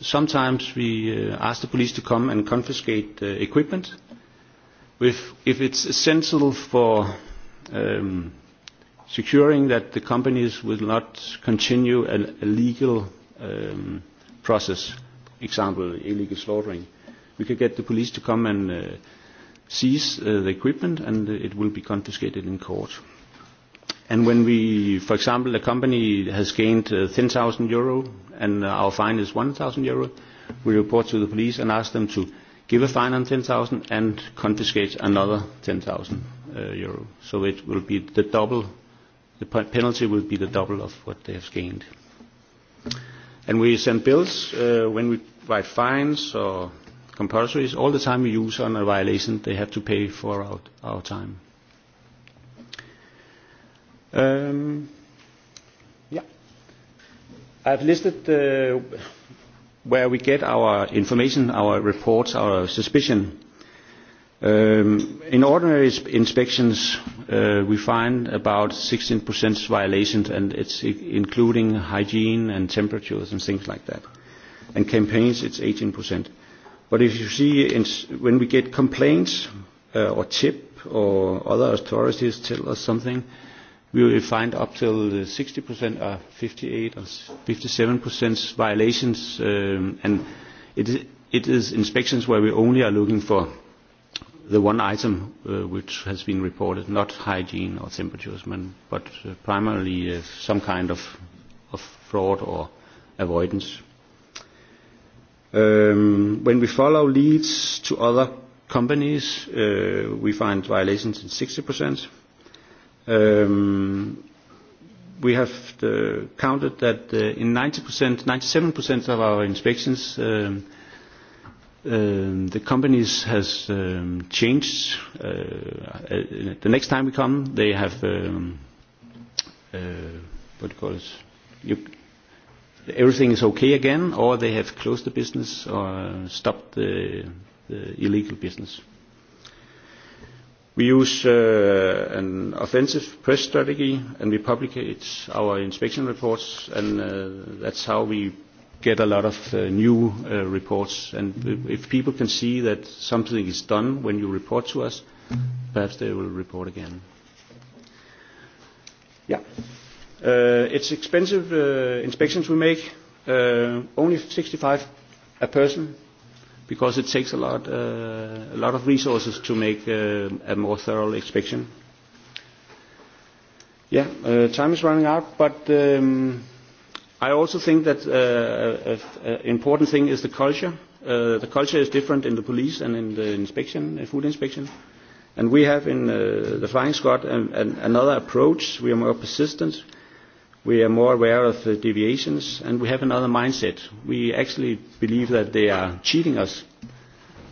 S6: sometimes we uh, ask the police to come and confiscate uh, equipment if, if it's essential for um, securing that the companies will not continue a, a legal um, process, example, illegal slaughtering. We could get the police to come and uh, seize uh, the equipment and it will be confiscated in court. And when we, for example, a company has gained uh, 10,000 euro and our fine is 1,000 euro, we report to the police and ask them to give a fine on 10,000 and confiscate another 10,000 uh, euro. So it will be the double, the penalty will be the double of what they have gained. And we send bills uh, when we write fines or compulsory is all the time we use on a violation, they have to pay for our, our time. Um, yeah. I've listed uh, where we get our information, our reports, our suspicion. Um, in ordinary inspections, uh, we find about 16% violations, and it's including hygiene and temperatures and things like that. And campaigns, it's 18%. But if you see, in, when we get complaints uh, or tip or other authorities tell us something, we will find up till 60% or 58 or 57% violations, um, and it is, it is inspections where we only are looking for the one item uh, which has been reported, not hygiene or temperatures, but uh, primarily uh, some kind of, of fraud or avoidance. Um, when we follow leads to other companies, uh, we find violations in 60%. Um, we have uh, counted that uh, in 90%, 97% of our inspections, um, um, the companies has um, changed. Uh, uh, the next time we come, they have um, uh, what do you call it? You, everything is okay again, or they have closed the business or stopped the, the illegal business. We use uh, an offensive press strategy, and we publicate our inspection reports, and uh, that's how we get a lot of uh, new uh, reports. And if people can see that something is done when you report to us, perhaps they will report again. Yeah. Uh it's expensive uh, inspections we make, uh, only 65 a person, because it takes a lot, uh, a lot of resources to make uh, a more thorough inspection. Yeah, uh, time is running out, but um, I also think that uh, an important thing is the culture. Uh, the culture is different in the police and in the inspection, uh food inspection. And we have in uh, the Flying Squad an, an, another approach. We are more persistent We are more aware of the deviations, and we have another mindset. We actually believe that they are cheating us.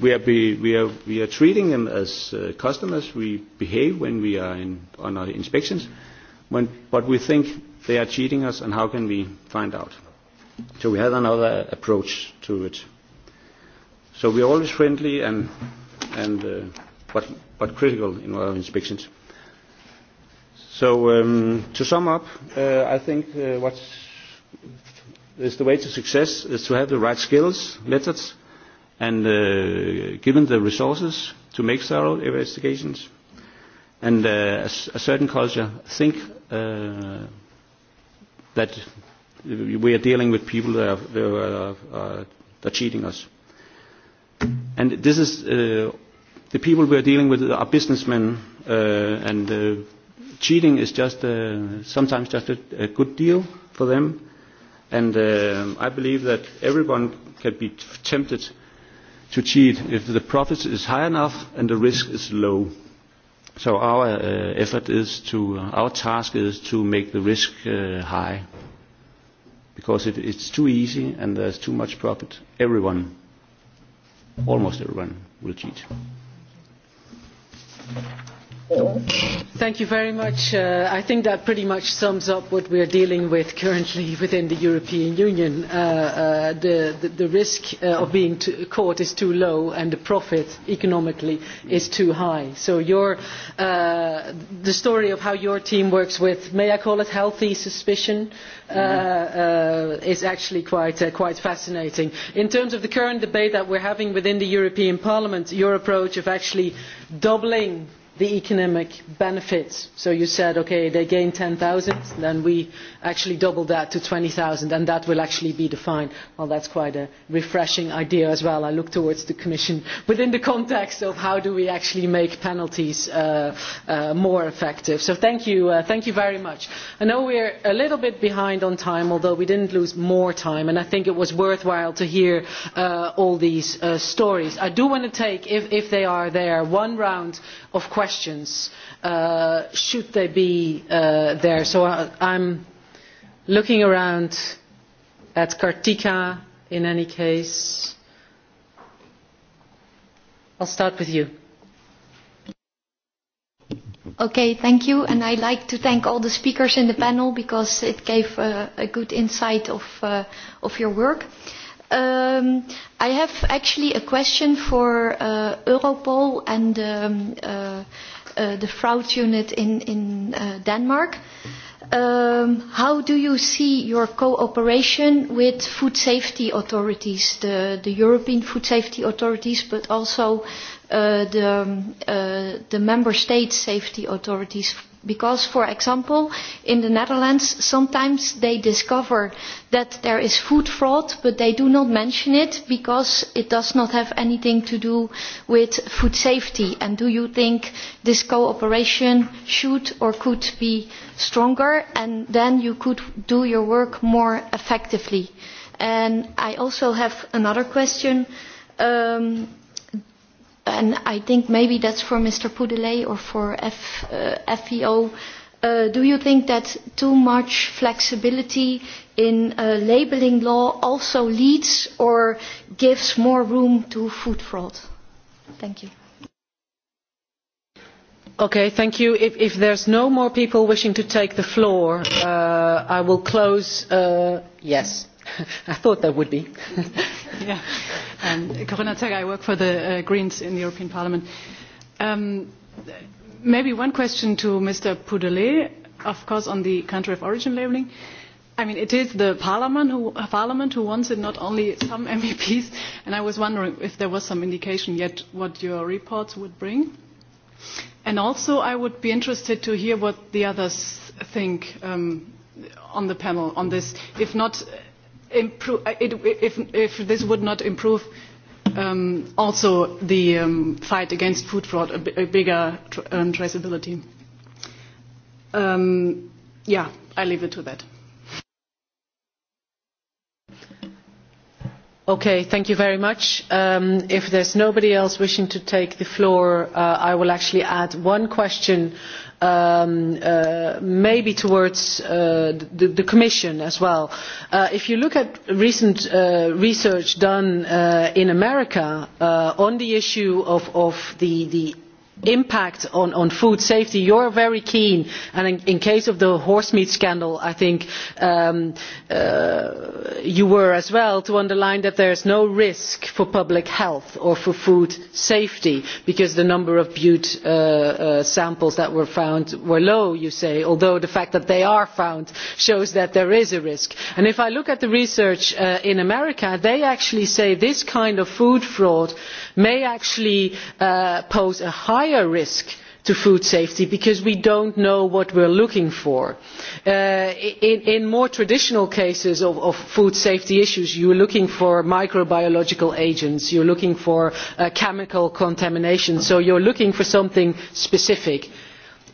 S6: We are, be, we are, we are treating them as uh, customers. We behave when we are in, on our inspections, when, but we think they are cheating us, and how can we find out? So we have another approach to it. So we are always friendly and, and uh, but, but critical in our inspections. So um, to sum up, uh, I think uh, what is the way to success is to have the right skills, methods, and uh, given the resources to make thorough investigations, and uh, a, a certain culture. Think uh, that we are dealing with people that are, that are, are, are cheating us. And this is uh, the people we are dealing with are businessmen uh, and uh, cheating is just uh, sometimes just a, a good deal for them. And uh, I believe that everyone can be tempted to cheat if the profit is high enough and the risk is low. So our uh, effort is to, our task is to make the risk uh, high because if it's too easy and there's too much profit. Everyone, almost everyone, will cheat.
S1: Thank you. Thank you very much. Uh, I think that pretty much sums up what we are dealing with currently within the European Union. Uh, uh, the, the, the risk uh, of being too, caught is too low and the profit economically is too high. So your, uh, the story of how your team works with, may I call it healthy suspicion, uh, uh, is actually quite, uh, quite fascinating. In terms of the current debate that we're having within the European Parliament, your approach of actually doubling the economic benefits. So you said, okay, they gain ten thousand, then we actually double that to twenty thousand and that will actually be defined. Well, that's quite a refreshing idea as well. I look towards the Commission within the context of how do we actually make penalties uh, uh, more effective. So thank you, uh, thank you very much. I know we're a little bit behind on time, although we didn't lose more time, and I think it was worthwhile to hear uh, all these uh, stories. I do want to take, if, if they are there, one round of questions should they be there. So I, I'm looking around at Kartika in any case. I'll start with you.
S7: Okay, thank you. And I'd like to thank all the speakers in the panel because it gave uh, a good insight of, uh, of your work. Uh, Um, I have actually a question for uh, Europol and um, uh, uh, the fraud unit in, in uh, Denmark. Um, how do you see your cooperation with food safety authorities, the, the European food safety authorities, but also uh, the, um, uh, the member state safety authorities Because, for example, in the Netherlands, sometimes they discover that there is food fraud, but they do not mention it because it does not have anything to do with food safety. And do you think this cooperation should or could be stronger? And then you could do your work more effectively. And I also have another question. Um, and I think maybe that's for Mr. Poudelet or for F, uh, FEO. Uh, do you think that too much flexibility in uh, labeling law also leads or gives more room to food fraud? Thank you.
S1: Okay, thank you. If, if there's no more people wishing to take the floor, uh, I will close. Uh, yes. I thought there would be. yeah. Um, Corinna
S8: Teg, I work for the uh, Greens in the European Parliament. Um, maybe one question to Mr. Poudelet, of course, on the country of origin labelling. I mean, it is the parliament who, parliament who wants it, not only some MEPs. And I was wondering if there was some indication yet what your reports would bring. And also, I would be interested to hear what the others think um, on the panel on this. If not if, if this would not improve um, also the um, fight against food fraud, a, a bigger tr um, traceability. Um, yeah, I leave it to that.
S1: Okay, thank you very much. Um, if there's nobody else wishing to take the floor, uh, I will actually add one question maybe towards the commission as well if you look at recent research done in america on the issue of the impact on food safety you are very keen and in the case of the horsemeat scandal i think you were as well to underline that there is no risk for public health or for food safety because the number of bute samples that were found were low you say although the fact that they are found shows that there is a risk. if i look at the research in america they actually say this kind of food fraud may actually pose a higher risk to food safety because we do not know what we are looking for. in more traditional cases of food safety issues you are looking for microbiological agents you are looking for chemical contamination so you are looking for something specific.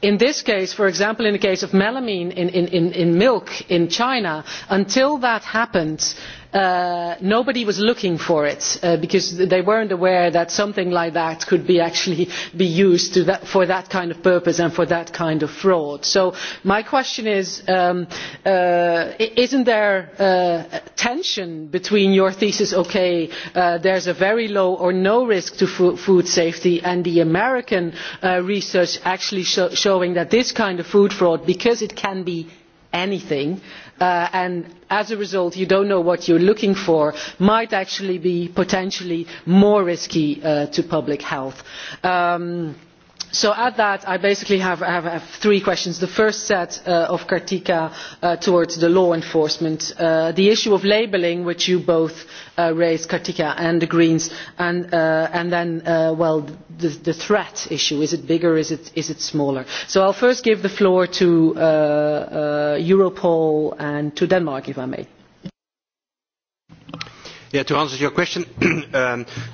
S1: in this case for example in the case of melamine in milk in china until that happens nobody was looking for it because they were not aware that something like that could actually be used for that kind of purpose and for that kind of fraud. so my question is is there not tension between your thesis ok there is a very low or no risk to food safety and the american research actually showing that this kind of food fraud because it can be anything and as a result you do not know what you are looking for might actually be potentially more risky to public health so at that i basically have three questions the first set of kartika towards the law enforcement the issue of labelling which you both raised kartika and the greens and then the threat issue is it bigger is it smaller? so i will first give the floor to europol and to denmark if i may
S5: to answer your question,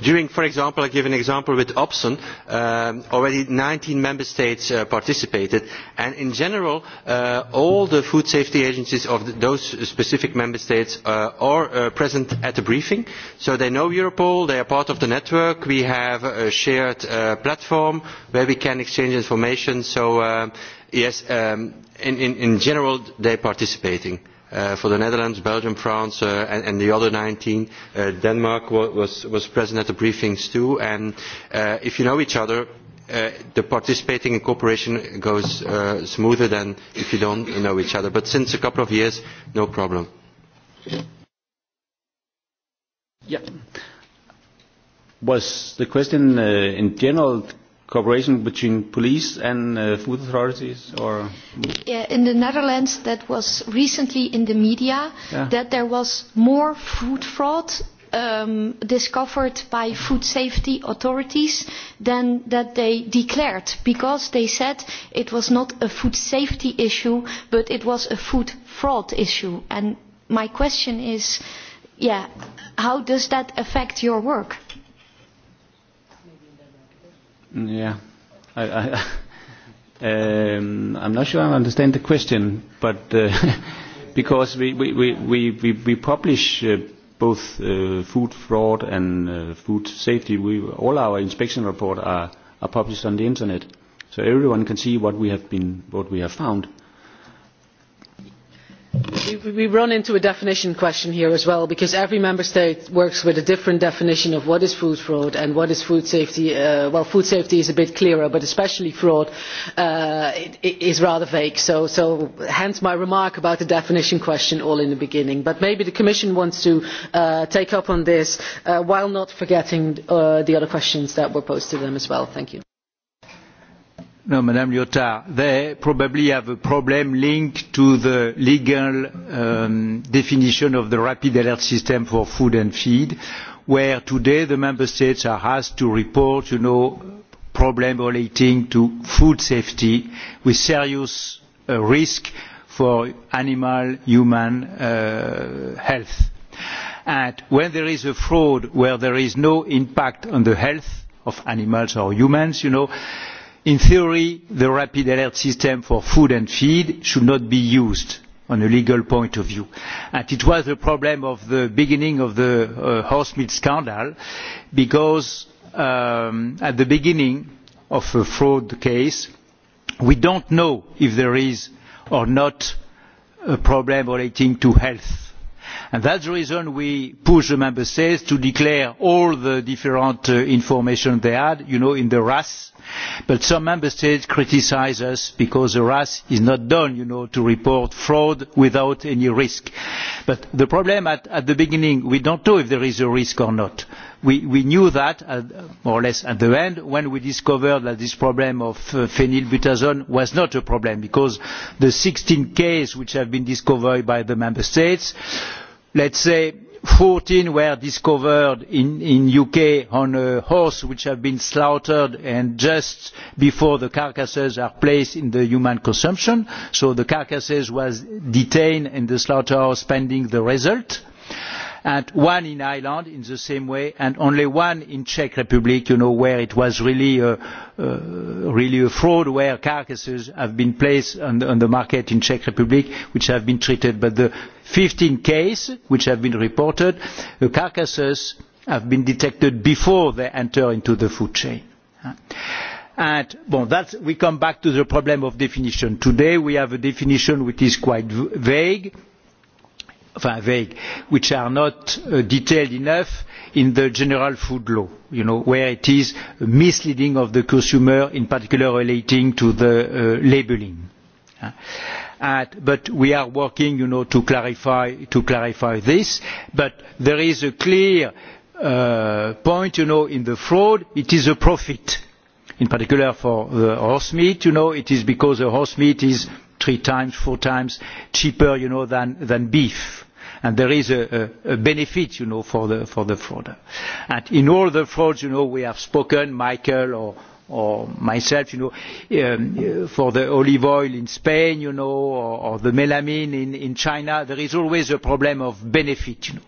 S5: during, for example, I give an example with Opson, already nineteen member states participated, and in general, all the food safety agencies of those specific member states are present at the briefing, so they know Europol, they are part of the network, we have a shared platform where we can exchange information, so yes, in, general, they are participating uh for the Netherlands, Belgium, France, uh, and, and the other 19. Uh, Denmark was, was present at the briefings too. And uh, if you know each other, uh, the participating in cooperation goes uh, smoother than if you don't know each other. But since a couple of years, no problem.
S9: Yeah.
S6: Was the question uh, in general cooperation between police and uh, food authorities or
S7: in the Netherlands that was recently in the media yeah. that there was more food fraud um, discovered by food safety authorities than that they declared because they said it was not a food safety issue but it was a food fraud issue and my question is yeah how does that affect your work Yeah. I,
S6: I, um, I'm not sure I understand the question, but uh, because we, we, we, we, we publish uh, both uh, food fraud and uh, food safety, we, all our inspection reports are, are published on the internet. So everyone can see what we have, been, what we have found
S1: we run into a definition question here as well because every member state works with a different definition of what is food fraud and what is food safety. well food safety is a bit clearer but especially fraud is rather vague so hence my remark about the definition question all in the beginning but maybe the commission wants to take up on this while not forgetting the other questions that were posed to them as well. thank you.
S2: No, Madame Lyotard, they probably have a problem linked to the legal definition of the rapid alert system for food and feed, where today the member states are asked to report, you know, problems relating to food safety with serious risk for animal human health. And when there is a fraud where there is no impact on the health of animals or humans, you know, in theory the rapid alert system for food and feed should not be used from a legal point of view. it was a problem at the beginning of the horsemeat scandal because at the beginning of a fraud case we do not know if there is or not a problem relating to health that is the reason we push the member states to declare all the different information they had in the ras but some member states criticise us because the ras is not done to report fraud without any risk. but the problem at the beginning we do not know if there is a risk or not. we knew that more or less at the end when we discovered that this problem of phenylbutazone was not a problem because the sixteen cases which have been discovered by the member states let us say fourteen were discovered in the uk on a horse which had been slaughtered and just before the carcasses are placed in human consumption so the carcasses were detained in the slaughterhouse pending the result and one in ireland in the same way and only one in the czech republic where it was really a fraud where carcasses have been placed on the market in the czech republic which have been treated. but the fifteen cases which have been reported the carcasses have been detected before they enter into the food chain. we come back to the problem of definition. today we have a definition which is quite vague vague, which are not detailed enough in the general food law, where it is misleading of the consumer, in particular relating to the labelling. But we are working, to clarify this. But there is a clear point, in the fraud, it is a profit. In particular for the horse meat, it is because the horse meat is three times, four times cheaper, than beef and there is a, a, benefit, for the fraud. And in all the frauds, you know, we have spoken, Michael or or myself, for the olive oil in Spain, you know, or, or the melamine in, in China, there is always a problem of benefit, you know.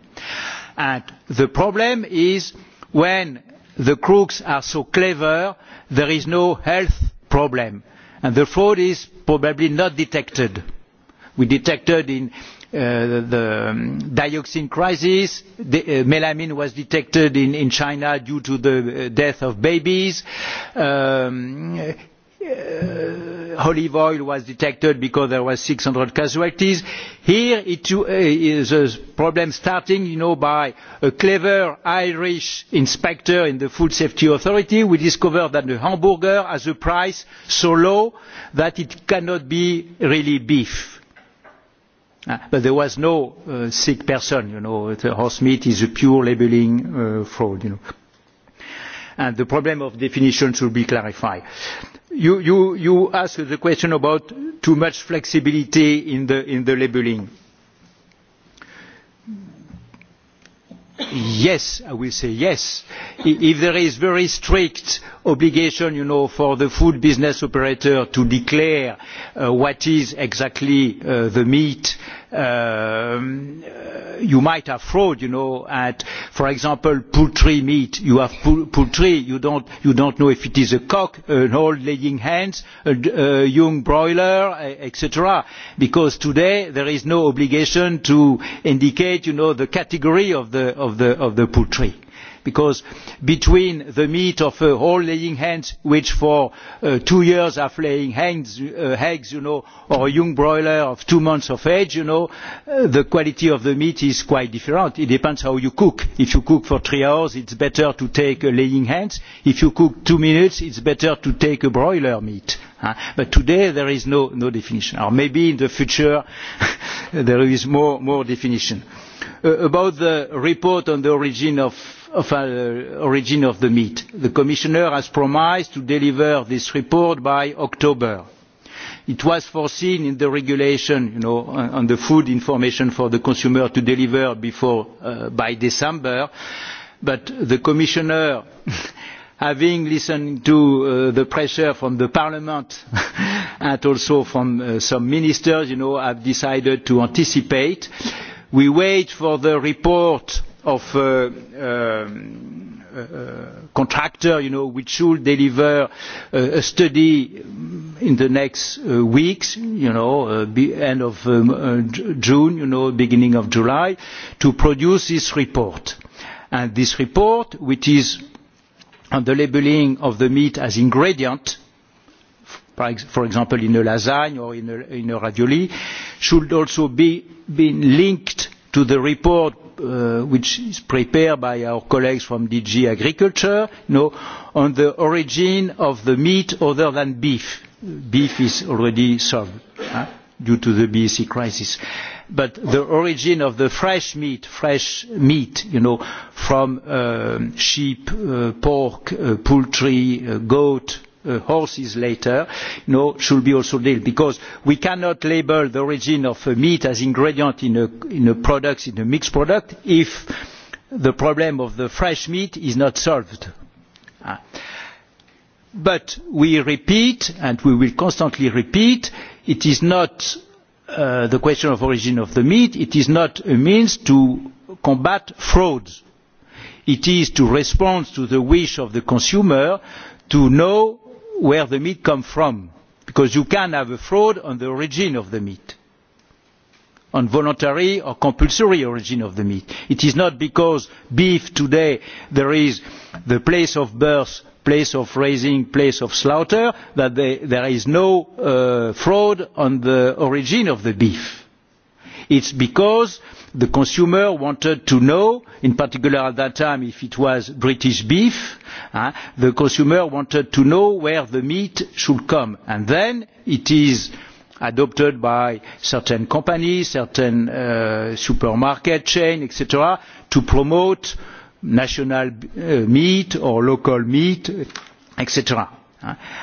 S2: And the problem is when the crooks are so clever, there is no health problem, and the fraud is probably not detected. We detected in the dioxin crisis. melamine was detected in, China due to the death of babies. olive oil was detected because there were six hundred casualties. Here it is a problem starting by a clever Irish inspector in the Food Safety Authority. We discovered that the hamburger has a price so low that it cannot be really beef But there was no sick person, you know. The horse meat is a pure labelling fraud, you know. And the problem of definition should be clarified. You, you, you asked the question about too much flexibility in the, in the labelling yes i will say yes if there is a very strict obligation for the food business operator to declare what is exactly the meat you might have fraud, you know, at, for example, poultry meat. You have poultry, you don't, you don't know if it is a cock, an old laying hens, a, young broiler, etc. Because today there is no obligation to indicate, you know, the category of the, of the, of the poultry because between the meat of a whole laying hen which for two years has laid eggs or a young broiler of two months of age the quality of the meat is quite different. it depends how you cook. if you cook for three hours it is better to take a laying hen. if you cook for two minutes it is better to take broiler meat but today there is no definition. or maybe in the future there is more definition. about the report on the origin origin of the meat. the commissioner has promised to deliver this report by october. it was foreseen in the regulation on the food information for the consumer to deliver by december but the commissioner having listened to the pressure from parliament and also from some ministers has decided to anticipate. we wait for the report of contractor which should deliver a study in the next weeks end of june beginning of july to produce this report. this report which is on the labelling of the meat as ingredient for example in a lasagne or in a ravioli should also be linked to the report which is prepared by our colleagues from DG Agriculture, on the origin of the meat other than beef. Beef is already solved due to the BEC crisis. But the origin of the fresh meat, fresh meat, you know, from sheep, pork, poultry, goat, horses later should be also dealt because we cannot label the origin of meat as an ingredient in a product in a mixed product if the problem of the fresh meat is not solved. but we repeat and we will constantly repeat it is not the question of origin of the meat it is not a means to combat fraud it is to respond to the wish of the consumer to know where the meat comes from because you can have a fraud on the origin of the meat on voluntary or compulsory origin of the meat. It is not because beef today there is the place of birth, place of raising, place of slaughter that there is no fraud on the origin of the beef. It is because uh, the consumer wanted to know in particular at that time if it was british beef the consumer wanted to know where the meat should come and then it is adopted by certain companies certain supermarket chains etc. to promote national meat or local meat etc.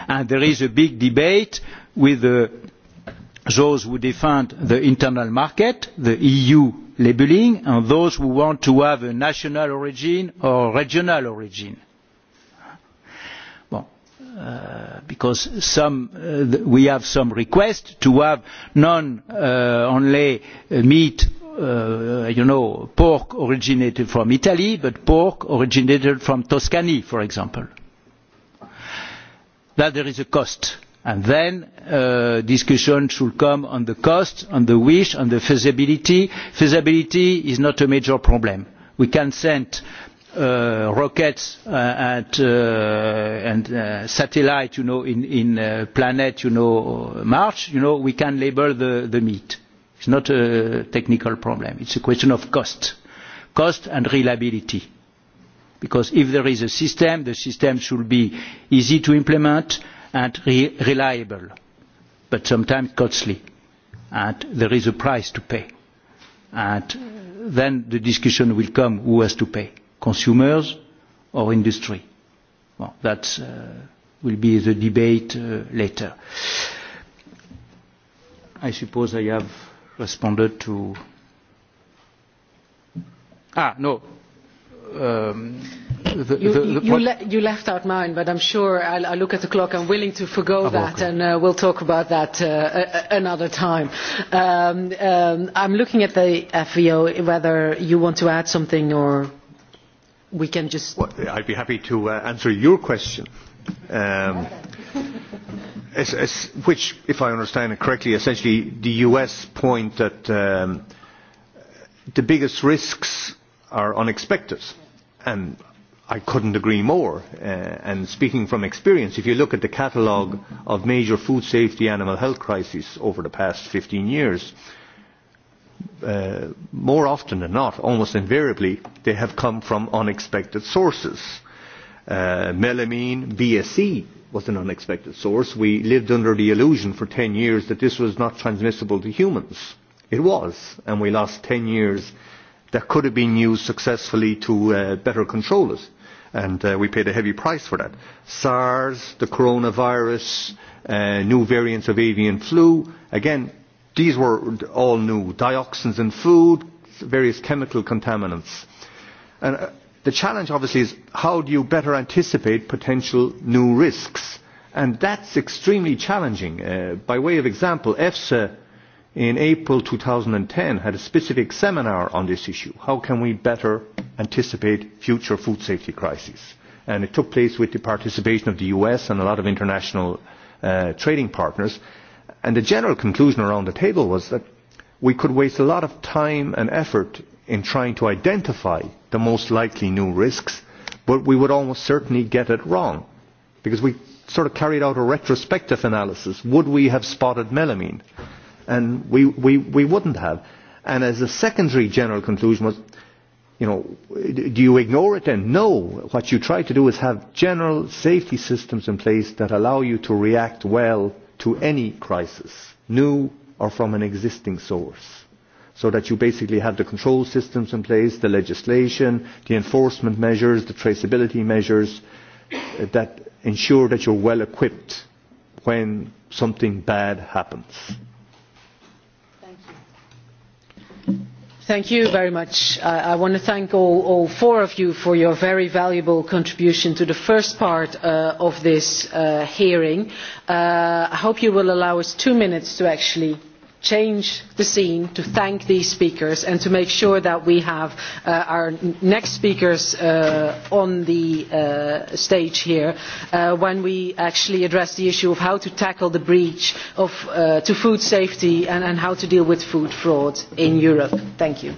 S2: And there is a big debate with those who defend the internal market the eu labelling and those who want to have a national origin or regional origin. Well, because some, uh, we have some requests to have non uh, only meat, uh, you know, pork originated from Italy, but pork originated from Tuscany, for example. That there is a cost and then discussion should come on the cost on the wish on the feasibility. feasibility is not a major problem. we can send rockets and satellites in the planet march we can label the meat. it is not a technical problem it is a question of cost cost and reliability because if there is a system the system should be easy to implement and re reliable, but sometimes costly. And there is a price to pay. And then the discussion will come who has to pay, consumers or industry. Well, that uh, will be the debate uh, later. I suppose I have responded to. Ah, no, you
S1: left out mine, but I'm sure I'll, I'll look at the clock. I'm willing to forgo that, okay. and uh, we'll talk about that uh, another time. Um, um, I'm looking at the FVO, whether you want to add something or we can just... Well,
S4: I'd be happy to uh, answer your question. Um, as, as, which, if I understand it correctly, essentially the US point that um, the biggest risks are unexpected. And I couldn't agree more. Uh, and speaking from experience, if you look at the catalogue of major food safety animal health crises over the past 15 years, uh, more often than not, almost invariably, they have come from unexpected sources. Uh, melamine, BSE was an unexpected source. We lived under the illusion for 10 years that this was not transmissible to humans. It was, and we lost 10 years uh, that could have been used successfully to uh, better control it. And uh, we paid a heavy price for that. SARS, the coronavirus, uh, new variants of avian flu. Again, these were all new. Dioxins in food, various chemical contaminants. And uh, the challenge, obviously, is how do you better anticipate potential new risks? And that's extremely challenging. Uh, by way of example, EFSA in April 2010 had a specific seminar on this issue. How can we better anticipate future food safety crises? And it took place with the participation of the US and a lot of international uh, trading partners. And the general conclusion around the table was that we could waste a lot of time and effort in trying to identify the most likely new risks, but we would almost certainly get it wrong because we sort of carried out a retrospective analysis. Would we have spotted melamine? and we, we, we wouldn't have. And as a secondary general conclusion was, you know, do you ignore it then? No. What you try to do is have general safety systems in place that allow you to react well to any crisis, new or from an existing source. So that you basically have the control systems in place, the legislation, the enforcement measures, the traceability measures that ensure that you're well equipped when something bad happens
S1: Thank you very much. I, I want to thank all, all four of you for your very valuable contribution to the first part uh, of this uh, hearing. Uh, I hope you will allow us two minutes to actually change the scene to thank these speakers and to make sure that we have our next speakers on the stage here when we actually address the issue of how to tackle the breach to food safety and how to deal with food fraud in Europe. Thank you.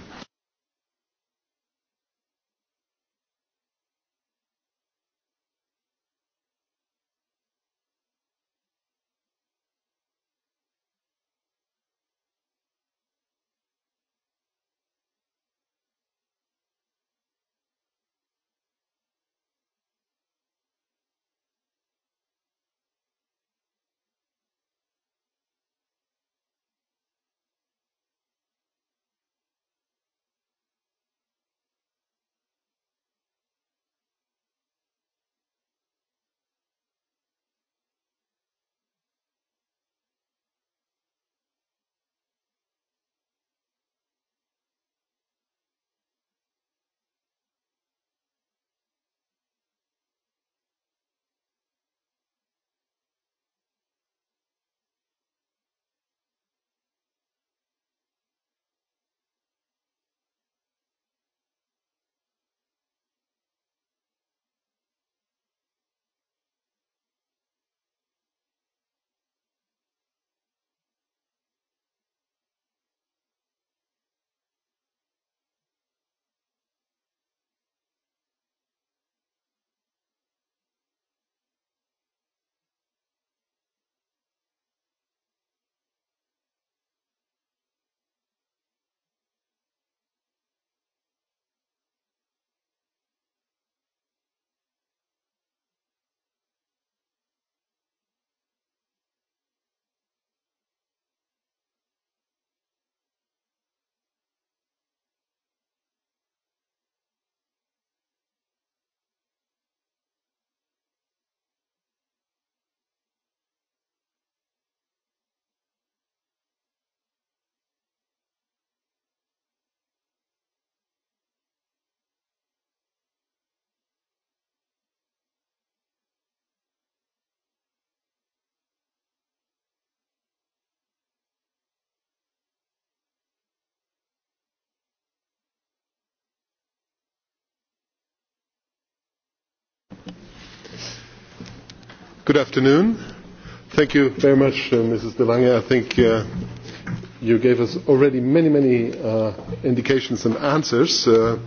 S10: Good afternoon. Thank you very much, uh, Mrs. De Lange. I think uh, you gave us already many, many uh, indications and answers. Uh,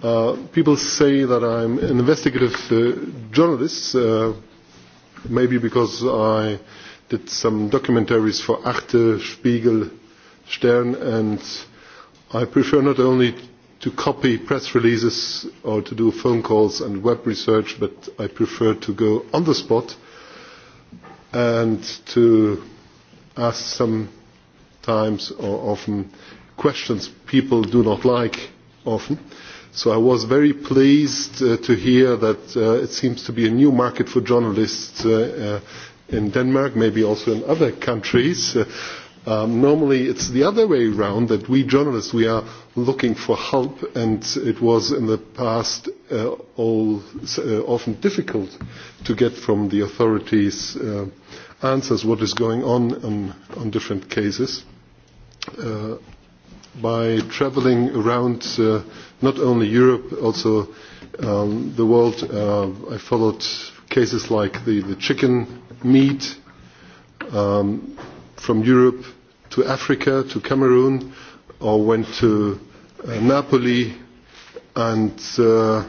S10: uh, people say that I'm an investigative uh, journalist, uh, maybe because I did some documentaries for Achte, Spiegel, Stern, and I prefer not only to copy press releases or to do phone calls and web research, but I prefer to go on the spot and to ask sometimes or often questions people do not like often. So I was very pleased uh, to hear that uh, it seems to be a new market for journalists uh, uh, in Denmark, maybe also in other countries. Uh, Um, normally it's the other way around that we journalists, we are looking for help and it was in the past uh, all, uh, often difficult to get from the authorities uh, answers what is going on on, on different cases. Uh, by travelling around uh, not only Europe, also um, the world, uh, I followed cases like the, the chicken meat um, from Europe to Africa, to Cameroon, or went to uh, Napoli and uh,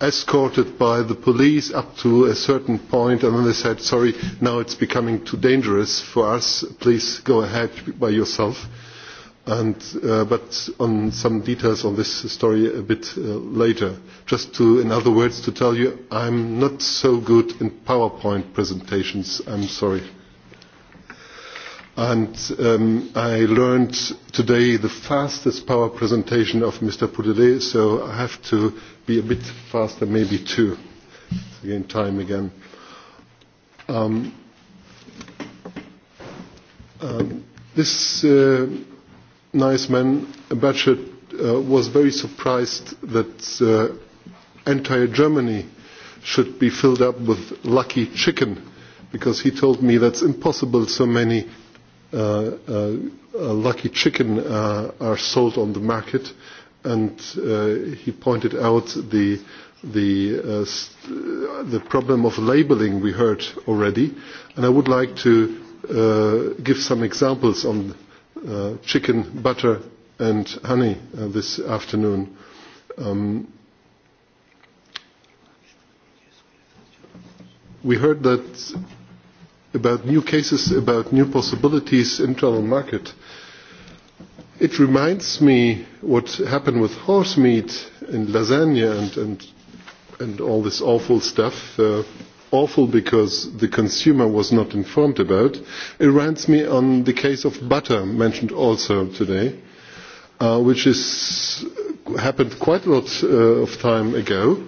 S10: escorted by the police up to a certain point and then they said, sorry, now it's becoming too dangerous for us, please go ahead by yourself. And, uh, but on some details on this story a bit uh, later. Just to, in other words, to tell you, I'm not so good in PowerPoint presentations, I'm sorry. And um, I learned today the fastest power presentation of Mr. Poudelet, so I have to be a bit faster, maybe too. Again, time again. Um, um, this uh, nice man, Batchet, uh, was very surprised that uh, entire Germany should be filled up with lucky chicken because he told me that's impossible so many uh, uh, lucky chicken uh, are sold on the market, and uh, he pointed out the the uh, st- the problem of labeling we heard already, and I would like to uh, give some examples on uh, chicken butter and honey uh, this afternoon. Um, we heard that about new cases, about new possibilities, internal market. It reminds me what happened with horse meat and lasagna and, and, and all this awful stuff. Uh, awful because the consumer was not informed about. It reminds me on the case of butter mentioned also today, uh, which is, happened quite a lot uh, of time ago.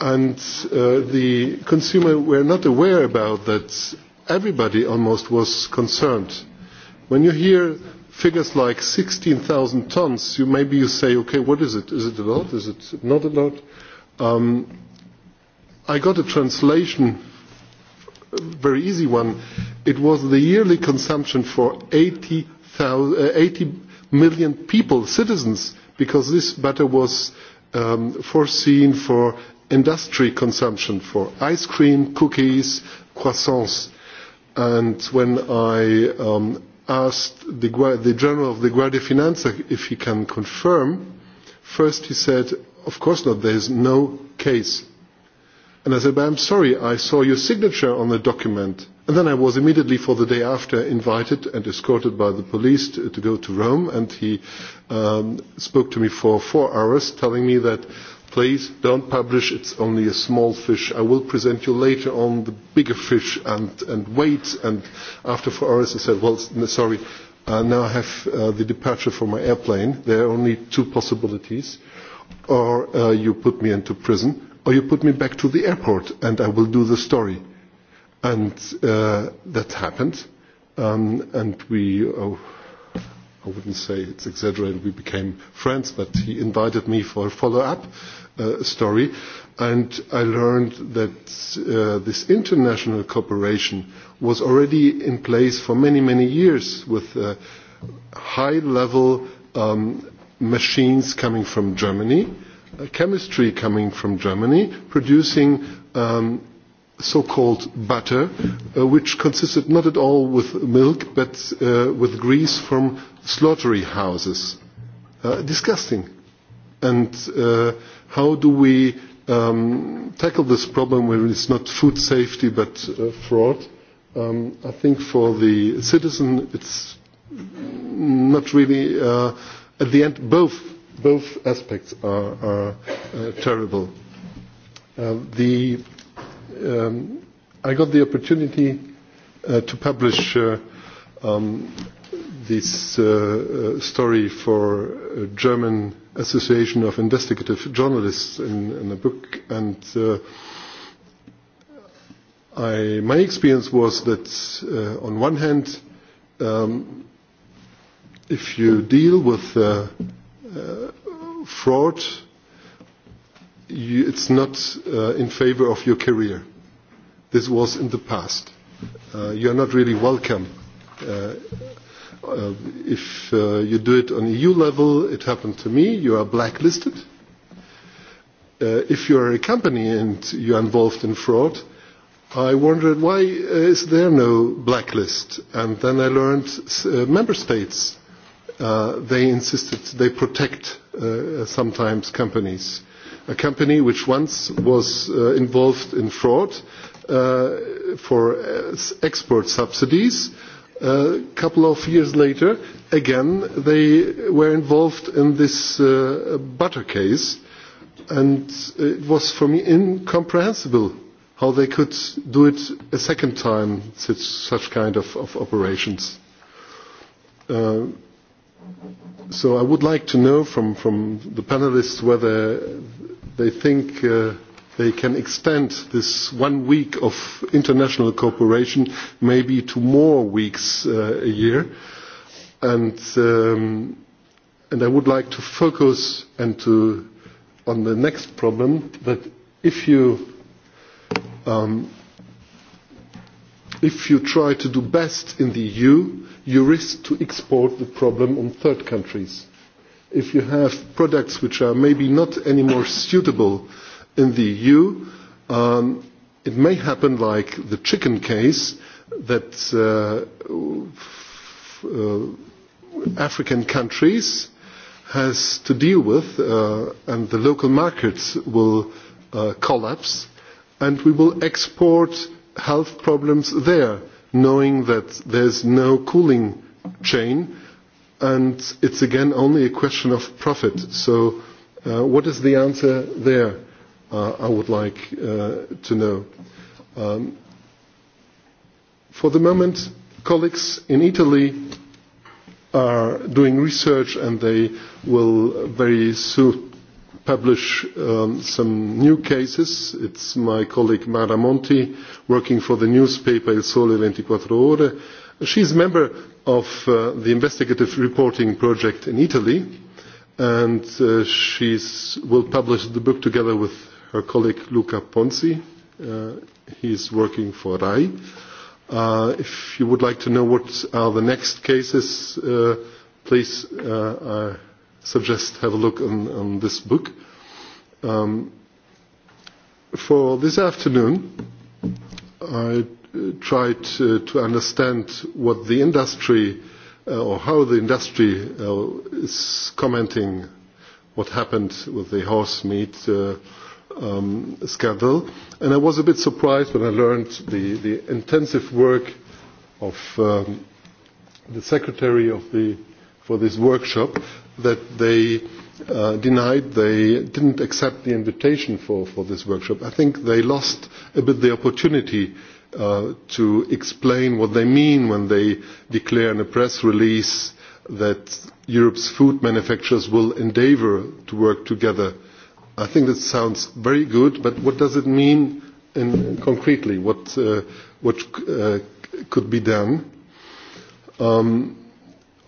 S10: And uh, the consumer were not aware about that everybody almost was concerned. When you hear figures like 16,000 tons, you maybe you say, okay, what is it? Is it a lot? Is it not a lot? Um, I got a translation, a very easy one. It was the yearly consumption for 80, 000, uh, 80 million people, citizens, because this butter was um, foreseen for industry consumption, for ice cream, cookies, croissants And when I um, asked the, the general of the Guardia Finanza if he can confirm, first he said, of course not, there is no case. And I said, but I'm sorry, I saw your signature on the document. And then I was immediately for the day after invited and escorted by the police to, to go to Rome, and he um, spoke to me for four hours, telling me that Please don't publish it's only a small fish. I will present you later on the bigger fish and, and wait And after four hours, I said, well, sorry, uh, now I have uh, the departure for my airplane. There are only two possibilities. Or uh, you put me into prison, or you put me back to the airport, and I will do the story. And uh, that happened. Um, and we. Oh, I wouldn't say it's exaggerated, we became friends, but he invited me for a follow-up uh, story. And I learned that uh, this international cooperation was already in place for many, many years with uh, high-level um, machines coming from Germany, uh, chemistry coming from Germany, producing um, so-called butter, uh, which consisted not at all with milk, but uh, with grease from slaughtery houses. Uh, disgusting. And uh, how do we um, tackle this problem where it's not food safety but uh, fraud? Um, I think for the citizen, it's not really, uh, at the end, both, both aspects are, are uh, terrible. Uh, the, um, I got the opportunity uh, to publish uh, um, this uh, uh story for a German Association of Investigative Journalists in, in a book, and uh, I, my experience was that uh, on one hand, um, if you deal with uh, uh, fraud, you, it's not uh, in favor of your career. This was in the past. Uh, you are not really welcome uh, uh, if uh, you do it on EU level, it happened to me, you are blacklisted. Uh, if you are a company and you are involved in fraud, I wondered why uh is there no blacklist? And then I learned uh, member states, uh, they insisted they protect uh, sometimes companies. A company which once was uh, involved in fraud uh, for uh, export subsidies, A couple of years later, again, they were involved in this uh, butter case, and it was for me incomprehensible how they could do it a second time, such, such kind of, of operations. Uh, so I would like to know from, from the panelists whether they think uh, they can extend this one week of international cooperation maybe to more weeks a year. And, I would like to focus and to, on the next problem that if you, if you try to do best in the EU, you risk to export the problem on third countries. If you have products which are maybe not any more suitable uh, in the EU, um, it may happen like the chicken case that uh, uh, African countries has to deal with uh, and the local markets will uh, collapse and we will export health problems there knowing that there's no cooling chain and it's again only a question of profit. So uh, what is the answer there? uh, I would like uh, to know. Um, for the moment, colleagues in Italy are doing research and they will very soon publish um, some new cases. It's my colleague Mara Monti working for the newspaper Il Sole 24 Ore. She is a member of uh, the investigative reporting project in Italy and uh, she will publish the book together with her colleague Luca Ponzi. Uh, he's working for RAI. Uh, if you would like to know what are the next cases, uh, please uh, I suggest have a look on, on this book. Um, for this afternoon, I tried to, to understand what the industry uh, or how the industry uh, is commenting what happened with the horse meat. Uh, um, scandal, and I was a bit surprised when I learned the, the intensive work of um, the secretary of the, for this workshop that they uh, denied they didn't accept the invitation for, for this workshop. I think they lost a bit the opportunity uh, to explain what they mean when they declare in a press release that Europe's food manufacturers will endeavour to work together I think that sounds very good, but what does it mean in, concretely? What, uh, what uh, could be done? Um,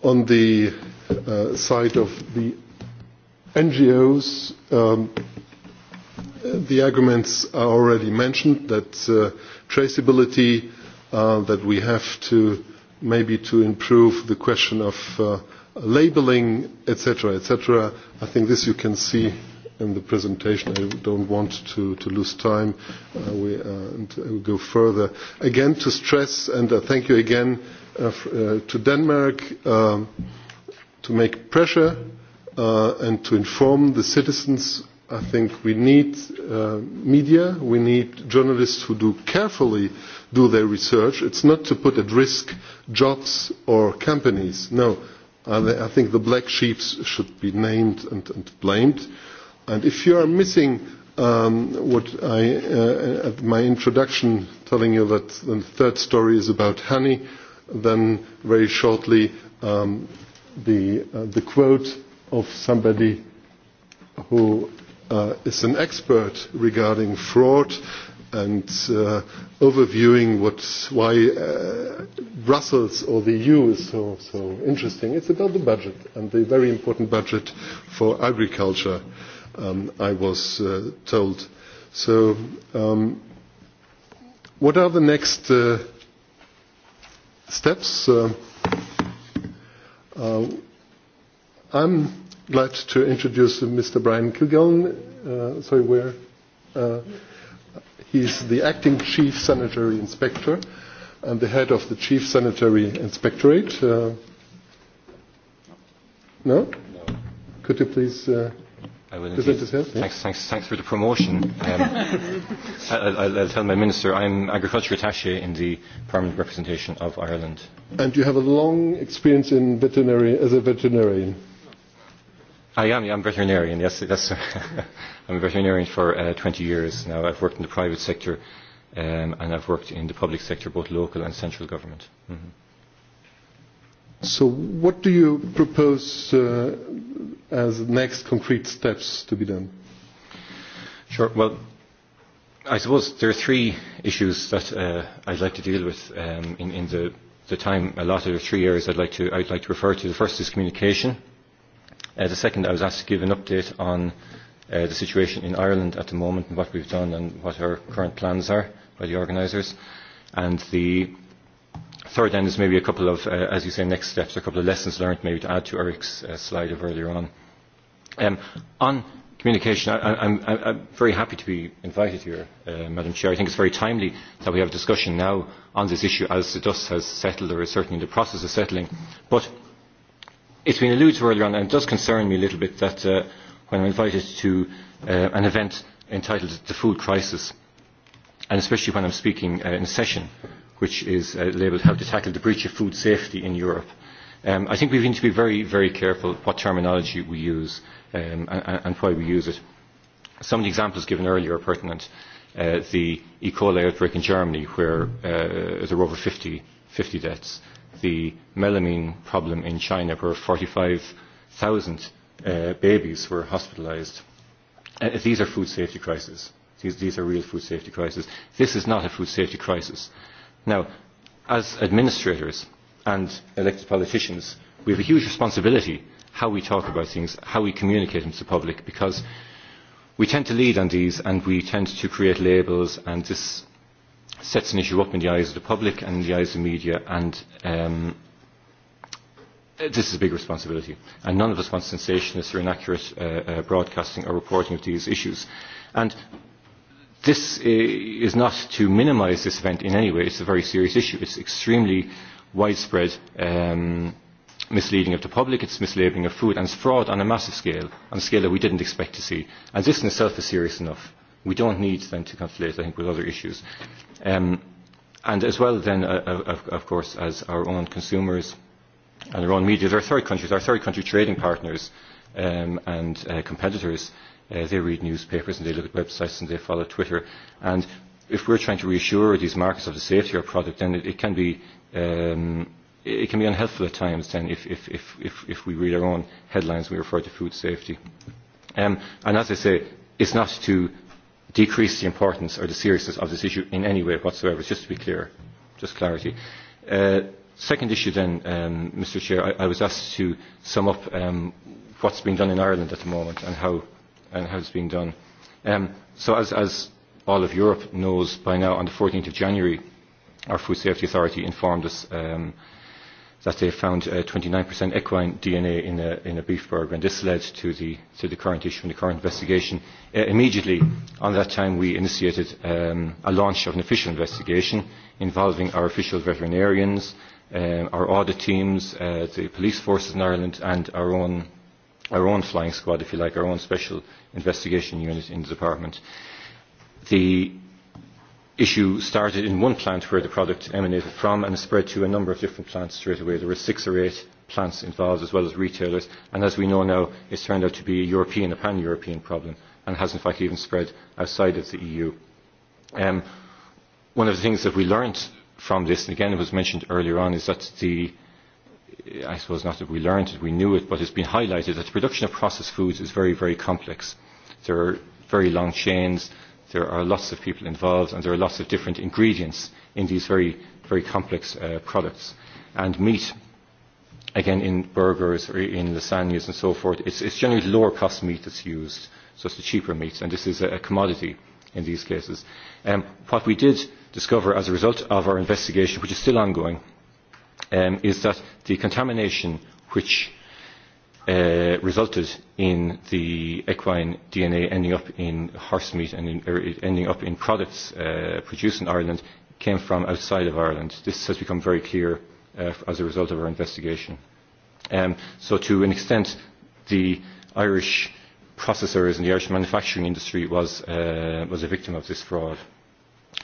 S10: on the uh, side of the NGOs, um, the arguments are already mentioned that uh, traceability, uh, that we have to maybe to improve the question of uh, labeling, etc., etc. I think this you can see in the presentation. I don't want to, to lose time. Uh, we, uh, and go further. Again, to stress, and uh, thank you again uh, f- uh, to Denmark, to make pressure uh, and to inform the citizens. I think we need uh, media, we need journalists who do carefully do their research. It's not to put at risk jobs or companies. No, I think the black sheep should be named and, and blamed. And if you are missing um, what I, uh, at my introduction, telling you that the third story is about honey, then very shortly um, the, uh, the quote of somebody who uh, is an expert regarding fraud and uh, overviewing what, why uh, Brussels or the EU is so, so interesting. It's about the budget and the very important budget for agriculture um, I was uh, told. So um, what are the next uh, steps? Uh, uh, I'm glad to introduce Mr. Brian Kilgallen. Uh, sorry, where? Uh, he's the acting chief sanitary inspector and the head of the chief sanitary inspectorate. Uh, no? no? Could you please? Uh, I will Does that Thanks, thanks, thanks for the promotion. Um,
S3: I, I'll tell my minister I'm agriculture attaché in the permanent representation of Ireland.
S10: And you have a long experience in veterinary as a veterinarian.
S3: I am. I'm a veterinarian. Yes, yes I'm a veterinarian for uh, 20 years now. I've worked in the private sector, um, and I've worked in the public sector, both local and central government. Mm-hmm.
S10: So what do you propose uh, as next concrete steps to be done? Sure. Well,
S3: I suppose there are three issues that uh, I'd like to deal with um, in, in the, the time allotted, or three areas I'd like to, I'd like to refer to. The first is communication. Uh, the second, I was asked to give an update on uh, the situation in Ireland at the moment and what we've done and what our current plans are by the organisers. And the Third then is maybe a couple of, uh, as you say, next steps, a couple of lessons learned maybe to add to Eric's uh, slide of earlier on. Um, on communication, I, I'm, I'm very happy to be invited here, uh, Madam Chair. I think it's very timely that we have a discussion now on this issue as the dust has settled or is certainly in the process of settling. But it's been alluded to earlier on and it does concern me a little bit that uh, when I'm invited to uh, an event entitled The Food Crisis, and especially when I'm speaking uh, in a session which is uh, labelled How to Tackle the Breach of Food Safety in Europe. Um, I think we need to be very, very careful what terminology we use um, and, and why we use it. Some of the examples given earlier are pertinent. Uh, the E. coli outbreak in Germany, where uh, there were over 50, 50 deaths. The melamine problem in China, where 45,000 uh, babies were hospitalised. Uh, these are food safety crises. These, these are real food safety crises. This is not a food safety crisis Now, as administrators and elected politicians, we have a huge responsibility how we talk about things, how we communicate them to the public, because we tend to lead on these and we tend to create labels and this sets an issue up in the eyes of the public and in the eyes of the media and um, this is a big responsibility. And none of us want sensationalist or inaccurate uh, uh, broadcasting or reporting of these issues. And This is not to minimise this event in any way. It's a very serious issue. It's extremely widespread um, misleading of the public, it's mislabelling of food, and it's fraud on a massive scale, on a scale that we didn't expect to see. And this in itself is serious enough. We don't need then to conflate, I think, with other issues. Um, and as well then, uh, of, of course, as our own consumers and our own media, there are third countries, our third country trading partners um, and uh, competitors Uh, they read newspapers and they look at websites and they follow Twitter. And if we're trying to reassure these markets of the safety of our product, then it, it can be um, it can be unhelpful at times. Then, if if if if, if we read our own headlines, we refer to food safety. Um, and as I say, it's not to decrease the importance or the seriousness of this issue in any way whatsoever. Just to be clear, just clarity. Uh, second issue then, um, Mr Chair, I, I was asked to sum up um, what's being done in Ireland at the moment and how and how it's being done. Um, so as, as all of Europe knows by now, on the 14th of January, our Food Safety Authority informed us um, that they found uh, 29% equine DNA in a, in a beef burger, and this led to the, to the current issue and the current investigation. Uh, immediately on that time, we initiated um, a launch of an official investigation involving our official veterinarians, um, our audit teams, uh, the police forces in Ireland, and our own our own flying squad, if you like, our own special investigation unit in the department. The issue started in one plant where the product emanated from and spread to a number of different plants straight away. There were six or eight plants involved as well as retailers and as we know now it's turned out to be a European, a pan-European problem and has in fact even spread outside of the EU. Um, one of the things that we learned from this, and again it was mentioned earlier on, is that the I suppose not that we learned it, we knew it, but it's been highlighted that the production of processed foods is very, very complex. There are very long chains, there are lots of people involved, and there are lots of different ingredients in these very, very complex uh, products. And meat, again, in burgers or in lasagnas and so forth, it's, it's generally lower cost meat that's used, so it's the cheaper meat, and this is a, a commodity in these cases. Um, what we did discover as a result of our investigation, which is still ongoing, is that the contamination which resulted in the equine DNA ending up in horse meat and in, er, ending up in products uh, produced in Ireland came from outside of Ireland. This has become very clear uh, as a result of our investigation. Um, so to an extent, the Irish processors and the Irish manufacturing industry was, uh, was a victim of this fraud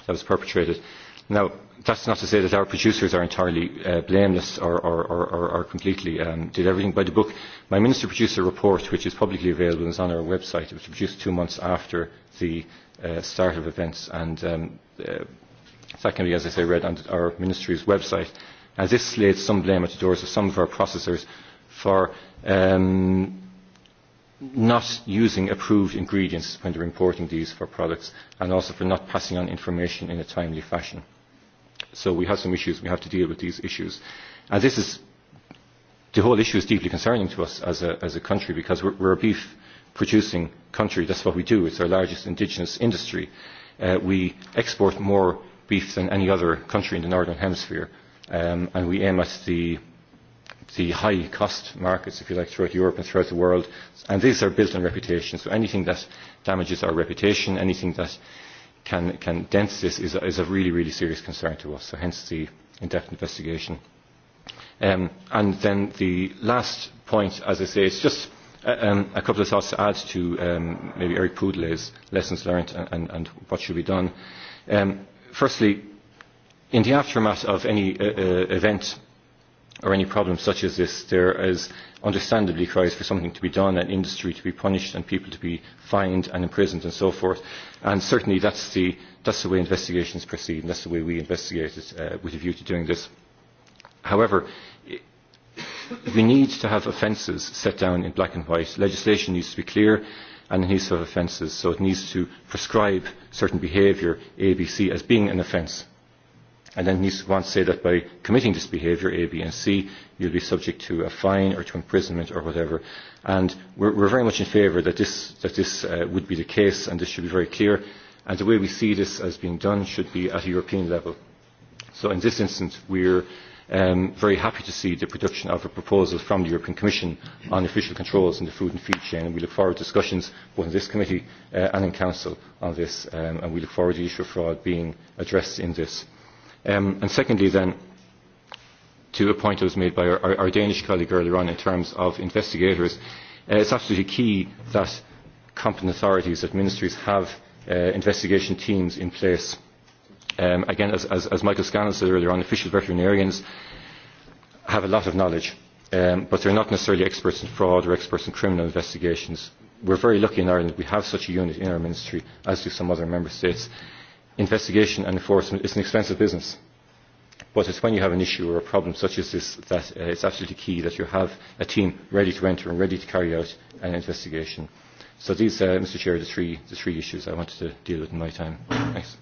S3: that was perpetrated. Now, that's not to say that our producers are entirely uh, blameless or, or, or, or completely um, did everything by the book. My minister producer report, which is publicly available and is on our website, it was produced two months after the uh, start of events, and um, uh, that can be, as I say, read on our ministry's website. And this laid some blame at the doors of some of our processors for um, not using approved ingredients when they're importing these for products, and also for not passing on information in a timely fashion So we have some issues, we have to deal with these issues. And this is, the whole issue is deeply concerning to us as a, as a country because we're, we're a beef producing country, that's what we do, it's our largest indigenous industry. Uh, we export more beef than any other country in the northern hemisphere um, and we aim at the the high cost markets, if you like, throughout Europe and throughout the world. And these are built on reputation. So anything that damages our reputation, anything that can, can dent this is, is a really, really serious concern to us, so hence the in-depth investigation. Um, and then the last point, as I say, it's just um, a couple of thoughts to add to um, maybe Eric Poudle's lessons learned and, and, and what should be done. Um, firstly, in the aftermath of any uh, uh, event or any problem such as this, there is understandably cries for something to be done and industry to be punished and people to be fined and imprisoned and so forth. And certainly that's the, that's the way investigations proceed and that's the way we investigate it uh, with a view to doing this. However, we need to have offences set down in black and white. Legislation needs to be clear and it needs to have offences. So it needs to prescribe certain behaviour, ABC, as being an offence and then he to to say that by committing this behaviour, A, B and C, you'll be subject to a fine or to imprisonment or whatever. And we're, we're very much in favour that this, that this uh, would be the case and this should be very clear. And the way we see this as being done should be at a European level. So in this instance, we're um, very happy to see the production of a proposal from the European Commission on official controls in the food and feed chain, and we look forward to discussions both in this committee uh, and in Council on this, um, and we look forward to the issue of fraud being addressed in this. Um, and secondly then, to a point that was made by our, our, our Danish colleague earlier on in terms of investigators, uh, it's absolutely key that competent authorities, that ministries have uh, investigation teams in place. Um, again, as, as, as Michael Scannell said earlier on, official veterinarians have a lot of knowledge, um, but they're not necessarily experts in fraud or experts in criminal investigations. We're very lucky in Ireland, we have such a unit in our ministry, as do some other member states investigation and enforcement is an expensive business. But it's when you have an issue or a problem such as this that uh, it's absolutely key that you have a team ready to enter and ready to carry out an investigation. So these, uh, Mr Chair, are the three, the three issues I wanted to deal with in my time. Thanks.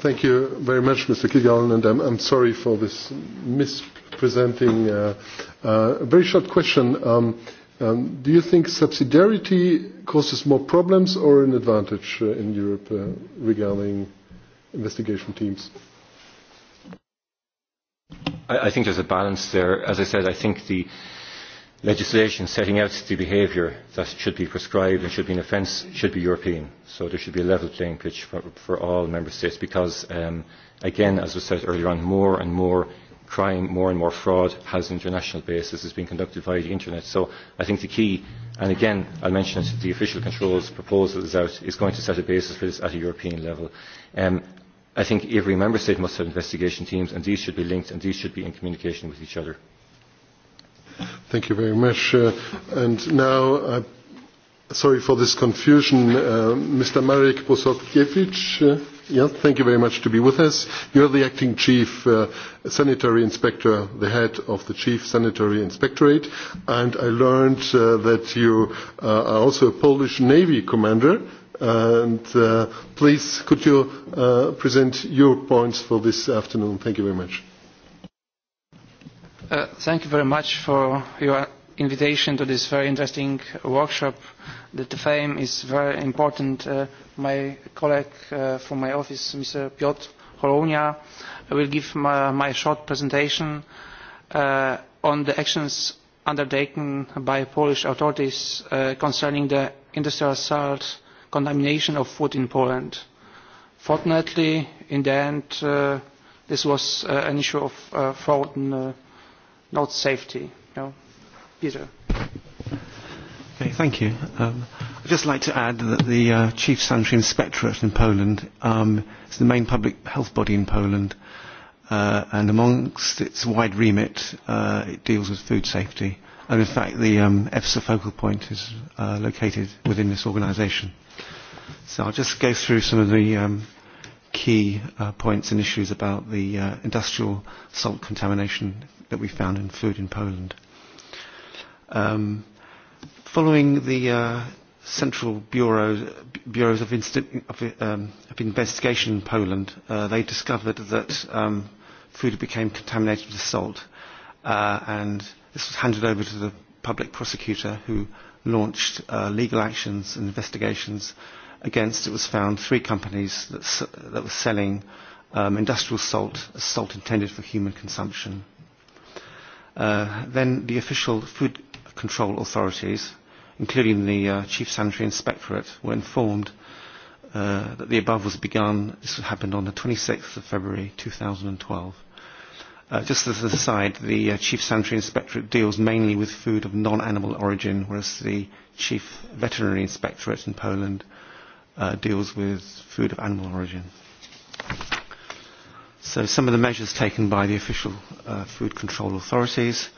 S10: Thank you very much, Mr Kigal, and I'm, I'm sorry for this mispresenting. Uh, uh, a very short question. Um, Um, do you think subsidiarity causes more problems or an advantage uh, in Europe uh, regarding investigation teams?
S3: I, I think there's a balance there. As I said, I think the legislation setting out the behaviour that should be prescribed and should be an offence should be European. So there should be a level playing pitch for, for all member states because, um, again, as was said earlier on, more and more crime, more and more fraud has an international basis, is being conducted via the internet. So I think the key, and again, I'll mention it, the official controls proposal is out, is going to set a basis for this at a European level. Um, I think every member state must have investigation teams, and these should be linked, and these should be in communication with each other.
S10: Thank you very much. Uh, and now, uh, sorry for this confusion, uh, Mr. Marek Posokiewicz. Uh, Yeah, thank you very much to be with us. You are the acting chief uh, sanitary inspector, the head of the chief sanitary inspectorate, and I learned uh, that you uh, are also a Polish Navy commander. And uh, please, could you uh, present your points for this afternoon? Thank you very much.
S6: Uh, thank you very much for your invitation to this very interesting workshop. The theme is very important. Uh, my colleague uh, from my office, Mr. Piotr Holonia, will give my, my short presentation uh, on the actions undertaken by Polish authorities uh, concerning the industrial salt contamination of food in Poland. Fortunately, in the end, uh, this was uh, an issue of uh, fraud and uh, not safety. You know Peter.
S11: Okay, thank you. Um, I'd just like to add that the uh, Chief Sanitary Inspectorate in Poland um, is the main public health body in Poland, uh, and amongst its wide remit, uh, it deals with food safety. And in fact, the um, EFSA focal point is uh, located within this organisation. So I'll just go through some of the um, key uh, points and issues about the uh, industrial salt contamination that we found in food in Poland. Um, following the uh, Central Bureau, Bureaus of, Insti- of, um, of Investigation in Poland, uh, they discovered that um, food became contaminated with salt. Uh, and this was handed over to the public prosecutor who launched uh, legal actions and investigations against, it was found, three companies that, s- that were selling um, industrial salt salt intended for human consumption. Uh, then the official food control authorities, including the uh, Chief Sanitary Inspectorate, were informed uh, that the above was begun. This happened on the 26th of February 2012. Uh, just as an aside, the uh, Chief Sanitary Inspectorate deals mainly with food of non-animal origin, whereas the Chief Veterinary Inspectorate in Poland uh, deals with food of animal origin. So some of the measures taken by the official uh, food control authorities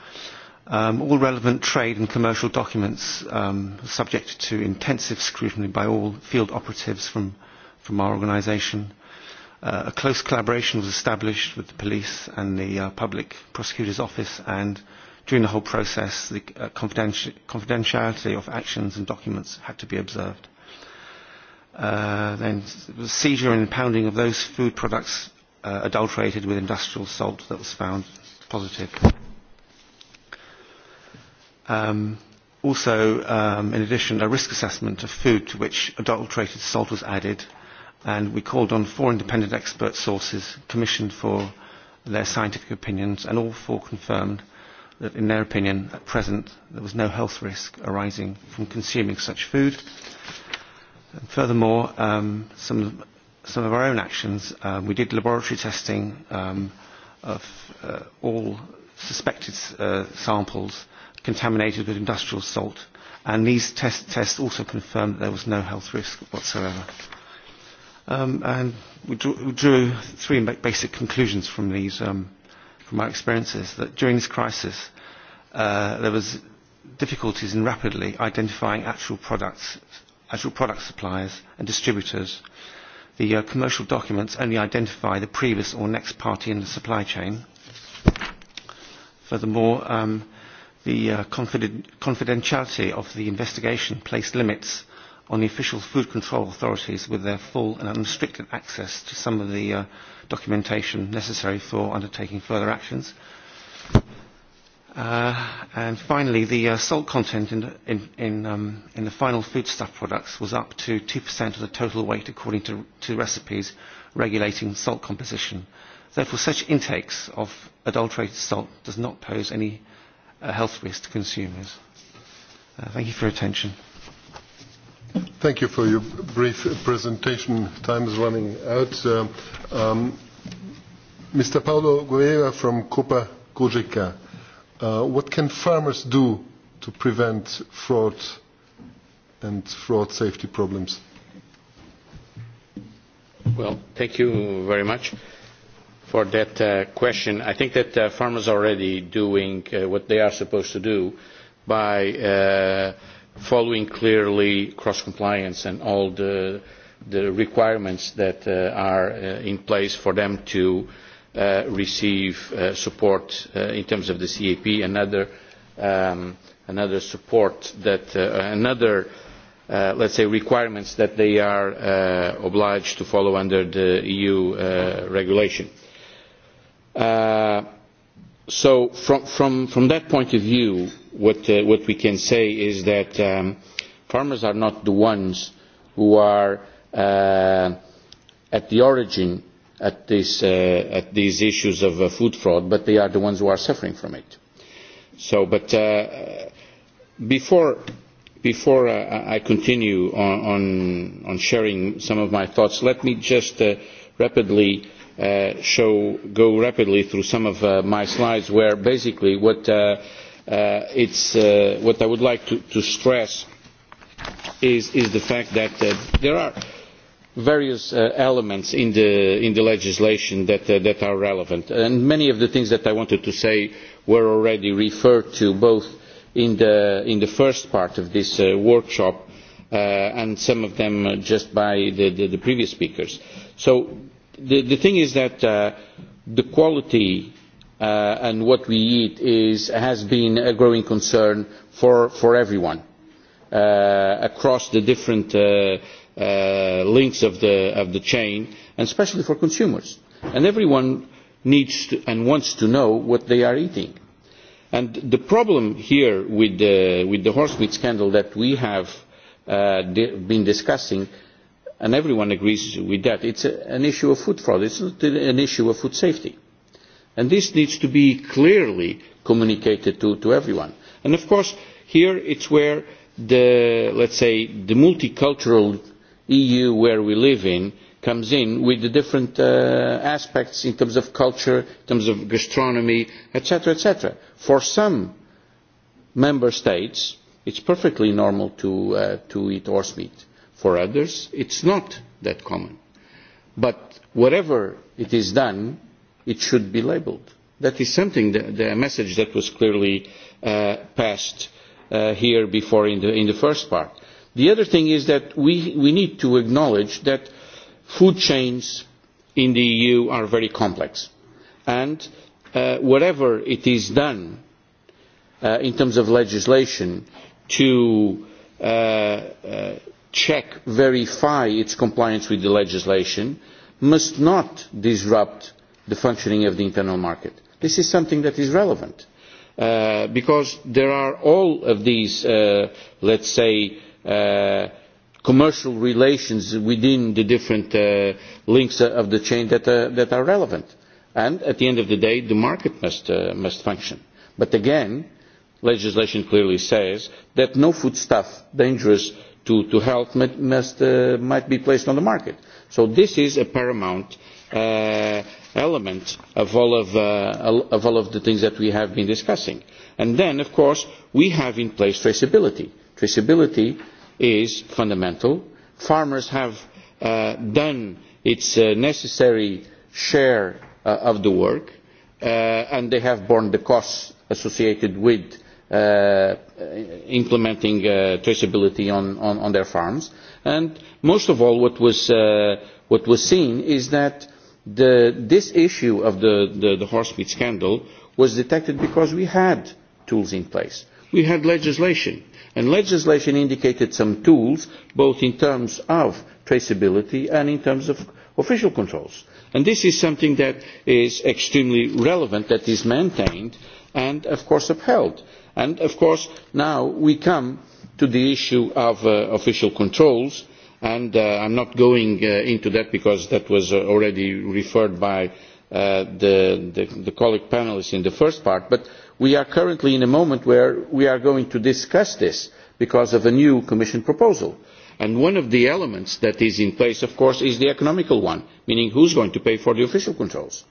S11: Um, all relevant trade and commercial documents um, subject to intensive scrutiny by all field operatives from, from our organisation. Uh, a close collaboration was established with the police and the uh, public prosecutor's office and during the whole process the uh, confidenti confidentiality of actions and documents had to be observed. Uh, then the seizure and impounding of those food products uh, adulterated with industrial salt that was found positive Um, also, um, in addition, a risk assessment of food to which adulterated salt was added, and we called on four independent expert sources commissioned for their scientific opinions, and all four confirmed that, in their opinion, at present there was no health risk arising from consuming such food. And furthermore, um, some, some of our own actions, um, we did laboratory testing um, of uh, all suspected uh, samples contaminated with industrial salt. And these test tests also confirmed that there was no health risk whatsoever. Um, and we drew, we drew three basic conclusions from these, um, from our experiences, that during this crisis, uh, there was difficulties in rapidly identifying actual products, actual product suppliers and distributors. The uh, commercial documents only identify the previous or next party in the supply chain. Furthermore, um, the uh, confident, confidentiality of the investigation placed limits on the official food control authorities with their full and unrestricted access to some of the uh, documentation necessary for undertaking further actions. Uh, and finally, the uh, salt content in, in, in, um, in the final foodstuff products was up to 2% of the total weight according to, to recipes regulating salt composition. Therefore, such intakes of adulterated salt does not pose any a health risk to consumers. Uh, thank you for your attention.
S10: Thank you for your brief presentation. Time is running out. Uh, um, Mr. Paulo Guerra from Copa Cogeca. Uh, what can farmers do to prevent fraud and fraud safety problems?
S9: Well, thank you very much for that uh, question. I think that uh, farmers are already doing uh, what they are supposed to do by uh, following clearly cross-compliance and all the, the requirements that uh, are uh, in place for them to uh, receive uh, support uh, in terms of the CAP and other, um, another support that uh, another uh, let's say requirements that they are uh, obliged to follow under the EU uh, regulation. Uh, so from, from, from that point of view, what, uh, what we can say is that um, farmers are not the ones who are uh, at the origin at, this, uh, at these issues of uh, food fraud, but they are the ones who are suffering from it. So, but uh, before, before uh, I continue on, on, on sharing some of my thoughts, let me just uh, rapidly show go rapidly through some of my slides where basically what it's what I would like to stress is the fact that there are various elements in the legislation that are relevant and many of the things that I wanted to say were already referred to both in the first part of this workshop and some of them just by the previous speakers. So the, the thing is that uh, the quality uh, and what we eat is, has been a growing concern for, for everyone uh, across the different uh, uh, links of the, of the chain, and especially for consumers. And everyone needs to, and wants to know what they are eating. And the problem here with the, with the horsemeat scandal that we have uh, di- been discussing and everyone agrees with that. It's a, an issue of food fraud. It's not an issue of food safety. And this needs to be clearly communicated to, to everyone. And of course, here it's where the, let's say, the multicultural EU where we live in comes in with the different uh, aspects in terms of culture, in terms of gastronomy, etc., etc. For some member states, it's perfectly normal to, uh, to eat horse meat For others, it is not that common. But wherever it is done, it should be labelled. That is something, the, the message that was clearly uh, passed uh, here before in the, in the first part. The other thing is that we, we need to acknowledge that food chains in the EU are very complex. And uh, whatever it is done uh, in terms of legislation to uh, uh, check, verify its compliance with the legislation must not disrupt the functioning of the internal market. This is something that is relevant because there are all of these, uh, let's say, uh, commercial relations within the different uh, links of the chain that, uh, that are relevant. And at the end of the day, the market must, uh, must function. But again, legislation clearly says that no foodstuff, dangerous to, help must, uh, might be placed on the market. So this is a paramount uh, element of all of, uh, of all of the things that we have been discussing. And then, of course, we have in place traceability. Traceability is fundamental. Farmers have uh, done its uh, necessary share uh, of the work, uh, and they have borne the costs associated with uh, implementing traceability on, their farms. And most of all, what was, what was seen is that this issue of the, the, horse meat scandal was detected because we had tools in place. We had legislation. And legislation indicated some tools, both in terms of traceability and in terms of official controls. And this is something that is extremely relevant, that is maintained and, of course, upheld and of course now we come to the issue of official controls and I am not going into that because that was already referred to by the colleague panellists in the first part but we are currently in a moment where we are going to discuss this because of a new commission proposal and one of the elements that is in place of course is the economical one meaning who is going to pay for the official controls.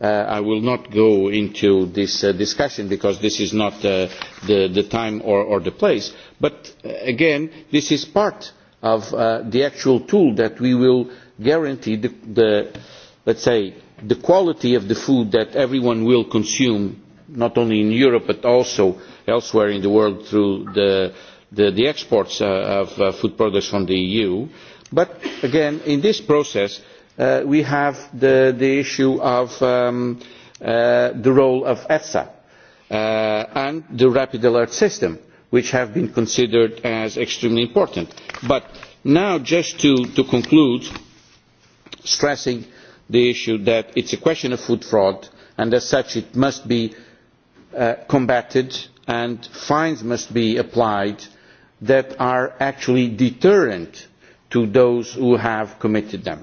S9: I will not go into this discussion because this is not the, time or, the place. But again, this is part of the actual tool that we will guarantee the, the let's say, the quality of the food that everyone will consume, not only in Europe but also elsewhere in the world through the, the, the exports of food products from the EU. But again, in this process, we have the issue of the role of efsa and the rapid alert system which have been considered as extremely important. but now just to conclude stressing the issue that it is a question of food fraud and as such it must be combated and fines must be applied that are actually deterrent to those who have committed them.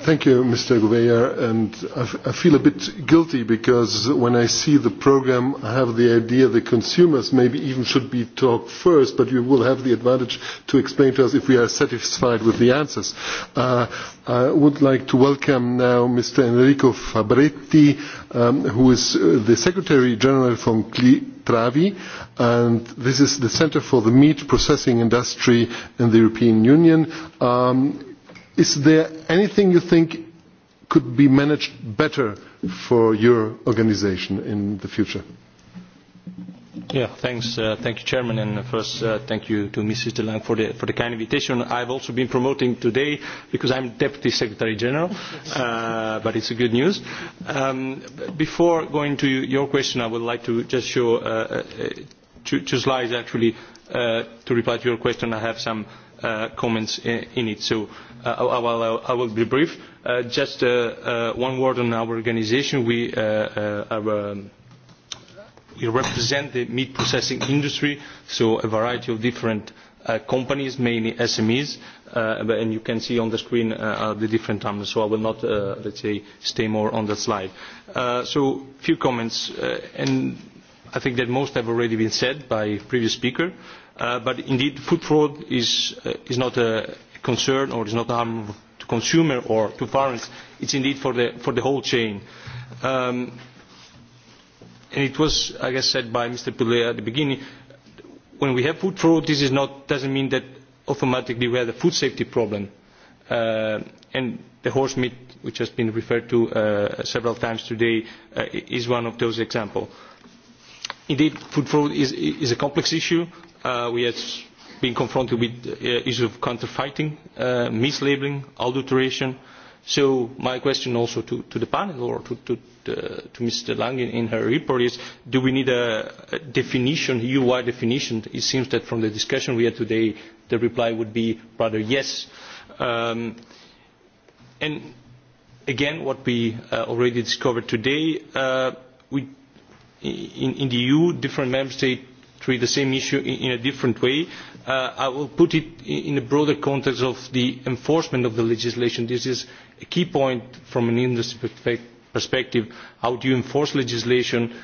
S10: Thank you, Mr. Gouveia. And I, f- I feel a bit guilty because when I see the program, I have the idea the consumers maybe even should be talked first, but you will have the advantage to explain to us if we are satisfied with the answers. Uh, I would like to welcome now Mr. Enrico Fabretti, um, who is uh, the Secretary General from CLI Travi, and this is the Center for the Meat Processing Industry in the European Union. Um, is there anything you think could be managed better for your organisation in the future?
S12: Yeah, thanks. Uh, thank you, Chairman, and first uh, thank you to Mrs. DeLange for the, for the kind invitation. I've also been promoting today because I'm Deputy Secretary General, uh, but it's a good news. Um, before going to your question, I would like to just show uh, two, two slides actually uh, to reply to your question. I have some uh, comments in, in it. So I will be brief. Just one word on our organization. We represent the meat processing industry, so a variety of different companies, mainly SMEs. And you can see on the screen the different numbers, so I will not, let's say, stay more on that slide. So a few comments, and I think that most have already been said by previous speaker. But indeed, food fraud is not a concern or is not harmful to consumer or to it It's indeed for the, for the whole chain. Um, and it was, I guess, said by Mr. Pillay at the beginning, when we have food fraud, this is not, doesn't mean that automatically we have a food safety problem. Uh, and the horse meat, which has been referred to uh, several times today, uh, is one of those examples. Indeed, food fraud is, is a complex issue. Uh, we have being confronted with uh, issues of counterfeiting, uh, mislabeling, adulteration. So my question also to, to the panel or to, to, to Mr. Lange in, in her report is, do we need a definition, EU-wide definition? It seems that from the discussion we had today, the reply would be rather yes. Um, and again, what we uh, already discovered today, uh, we, in, in the EU, different member states treat the same issue in a different way. I will put it in the broader context of the enforcement of the legislation. This is a key point from an industry perspective. How do you enforce legislation?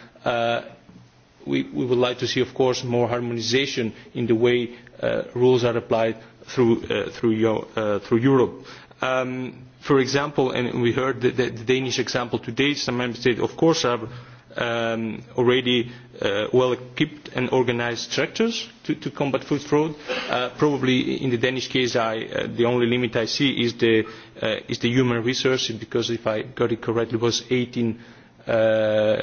S12: we, we would like to see, of course, more harmonisation in the way rules are applied through, through, Europe. for example, and we heard the, Danish example today, some member states, of course, are um, already uh, well-equipped and organized structures to, to combat food fraud. Uh, probably in the Danish case, I, uh, the only limit I see is the, uh, is the human resources, because if I got it correctly, it was 18 uh,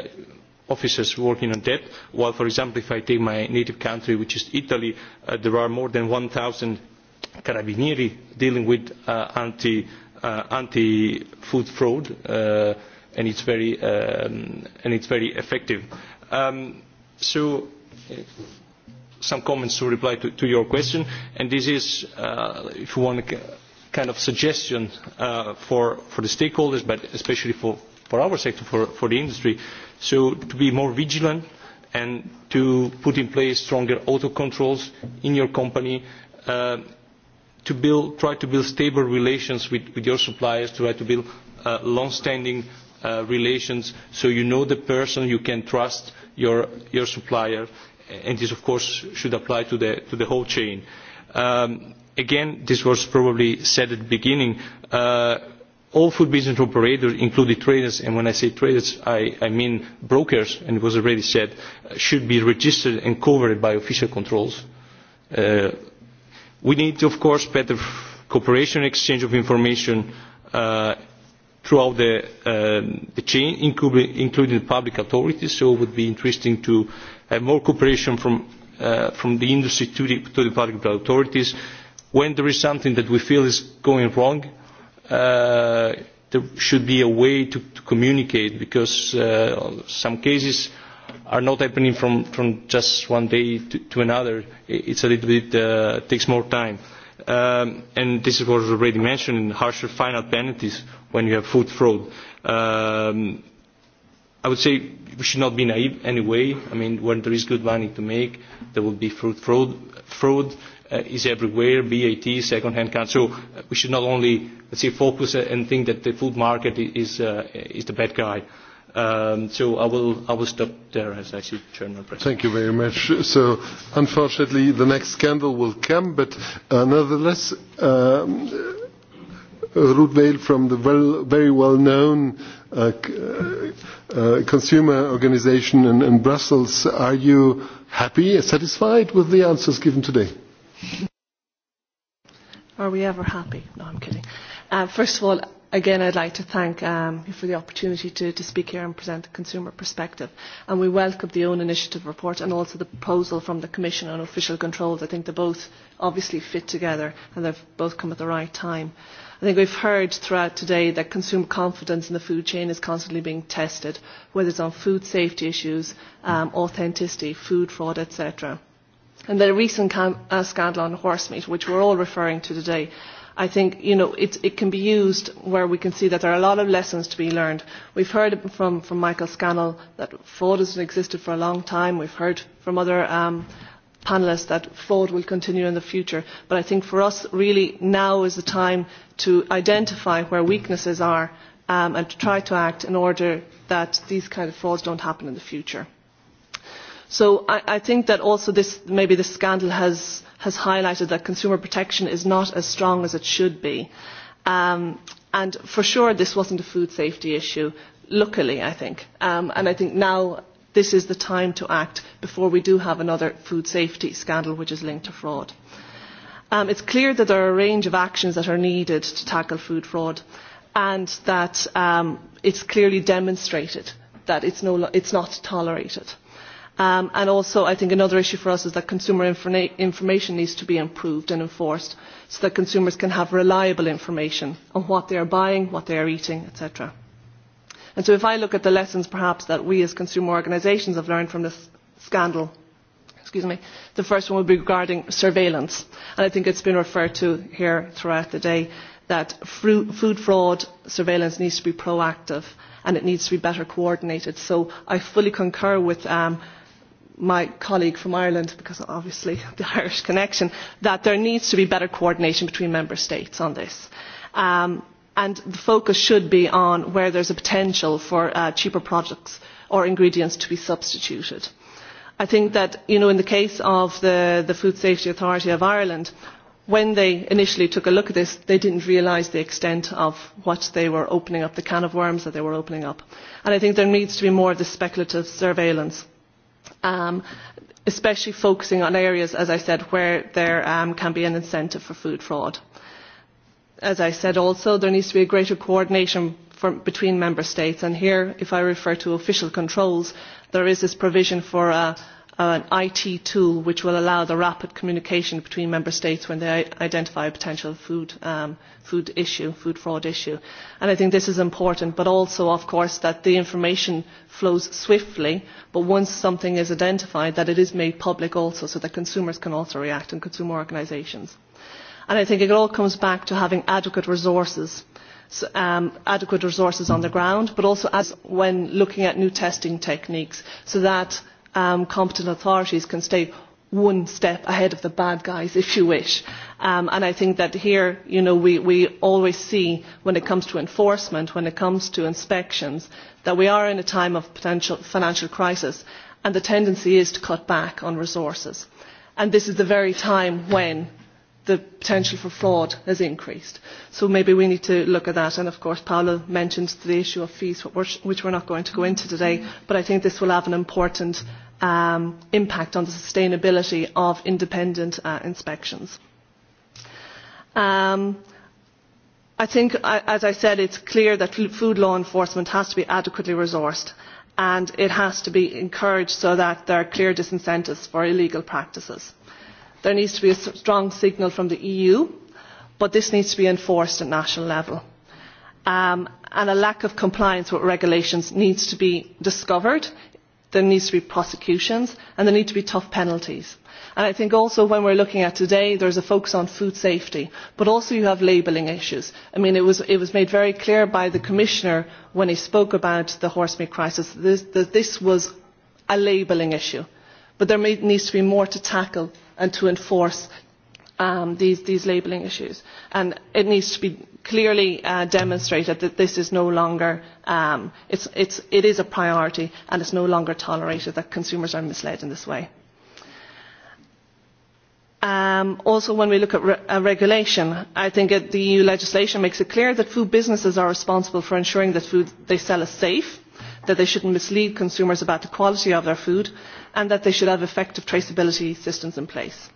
S12: officers working on that, while, for example, if I take my native country, which is Italy, uh, there are more than 1,000 carabinieri dealing with uh, anti, uh, anti-food fraud uh, and it's very um, and it's very effective. Um, so. Some comments to reply to, to your question, and this is, uh, if you want, a kind of suggestion uh, for for the stakeholders, but especially for for our sector, for for the industry. So to be more vigilant and to put in place stronger auto controls in your company, to build, try to build stable relations with, with your suppliers, try to build uh, long-standing relations so you know the person you can trust your supplier and this of course should apply to the whole chain. again this was probably said at the beginning all food business operators including traders and when i say traders i mean brokers and it was already said should be registered and covered by official controls. we need of course better cooperation and exchange of information throughout the, the chain, including the public authorities. So it would be interesting to have more cooperation from, from the industry to the, to the public authorities. When there is something that we feel is going wrong, there should be a way to, to communicate because uh, some cases are not happening from, from just one day to, to another. It's a little bit uh, takes more time. Um, and this is what was already mentioned, harsher final penalties when you have food fraud. Um, I would say we should not be naive anyway. I mean, when there is good money to make, there will be food fraud. Fraud uh, is everywhere, BAT, second-hand cars. So uh, we should not only, let's say, focus and think that the food market is, uh, is
S10: the bad guy. Um, so I will, I will stop there as I see Chairman President. Thank you very much. So unfortunately the next scandal will come, but uh, nevertheless, um, Rootvale from the well, very well-known uh, uh, consumer organization in, in Brussels. Are you happy, satisfied with the answers given today?
S8: Are we ever happy? No, I'm kidding. Uh, first of all, again, I'd like to thank um, you for the opportunity to, to speak here and present the consumer perspective. And we welcome the own initiative report and also the proposal from the Commission on Official Controls. I think they both obviously fit together and they've both come at the right time. I think we've heard throughout today that consumer confidence in the food chain is constantly being tested, whether it's on food safety issues, um, authenticity, food fraud, etc. And the recent cam- uh, scandal on horse meat, which we're all referring to today, I think you know it, it can be used where we can see that there are a lot of lessons to be learned. We've heard from, from Michael Scannell that fraud has existed for a long time. We've heard from other um, panellists that fraud will continue in the future. But I think for us, really, now is the time to identify where weaknesses are and to try to act in order that these kind of frauds do not happen in the future. So I, I think that also this, maybe this scandal has, has highlighted that consumer protection is not as strong as it should be. and for sure this wasn't a food safety issue, luckily I think. and I think now this is the time to act before we do have another food safety scandal which is linked to fraud. Um, it's clear that there are a range of actions that are needed to tackle food fraud and that um, it's clearly demonstrated that it's, no, it's not tolerated. Um, and also I think another issue for us is that consumer informa information needs to be improved and enforced so that consumers can have reliable information on what they are buying, what they are eating, etc And so if I look at the lessons perhaps that we as consumer organisations have learned from this scandal, the first one would be regarding surveillance. And I think it has been referred to here throughout the day that food fraud surveillance needs to be proactive and it needs to be better coordinated. So I fully concur with um, my colleague from Ireland, because obviously the Irish connection, that there needs to be better coordination between member states on this. Um, and the focus should be on where there is a potential for cheaper products or ingredients to be substituted. I think that in the case of the, Food Safety Authority of Ireland, when they initially took a look at this, they did not realise the extent of what they were opening up, the can of worms that they were opening up. I think there needs to be more of this speculative surveillance especially focusing on areas, as I said, where there can be an incentive for food fraud as I said also, there needs to be a greater coordination between member states. And here, if I refer to official controls, there is this provision for a, an IT tool which will allow the rapid communication between member states when they identify a potential food, um, food issue, food fraud issue. And I think this is important, but also, of course, that the information flows swiftly, but once something is identified, that it is made public also, so that consumers can also react and consumer organisations. And I think it all comes back to having adequate resources, adequate resources on the ground, but also as when looking at new testing techniques so that competent authorities can stay one step ahead of the bad guys, if you wish. and I think that here, you know, we, we always see when it comes to enforcement, when it comes to inspections, that we are in a time of potential financial crisis and the tendency is to cut back on resources. And this is the very time when the potential for fraud has increased. So maybe we need to look at that. And of course, Paolo mentioned the issue of fees, which we're not going to go into today, but I think this will have an important um, impact on the sustainability of independent uh, inspections. Um, I think, as I said, it's clear that food law enforcement has to be adequately resourced and it has to be encouraged so that there are clear disincentives for illegal practices there needs to be a strong signal from the eu but this needs to be enforced at national level and a lack of compliance with regulations needs to be discovered there needs to be prosecutions and there need to be tough penalties. i think also when we are looking at today there is a focus on food safety but also you have labelling issues. it was made very clear by the commissioner when he spoke about the horsemeat crisis that this was a labelling issue but there needs to be more to tackle and to enforce um, these, these labelling issues. And it needs to be clearly uh, demonstrated that this is no longer, um, it's, it's, it is a priority and it's no longer tolerated that consumers are misled in this way. Um, also, when we look at re- uh, regulation, I think it, the EU legislation makes it clear that food businesses are responsible for ensuring that food they sell is safe, that they shouldn't mislead consumers about the quality of their food, and that they should have effective traceability systems in place.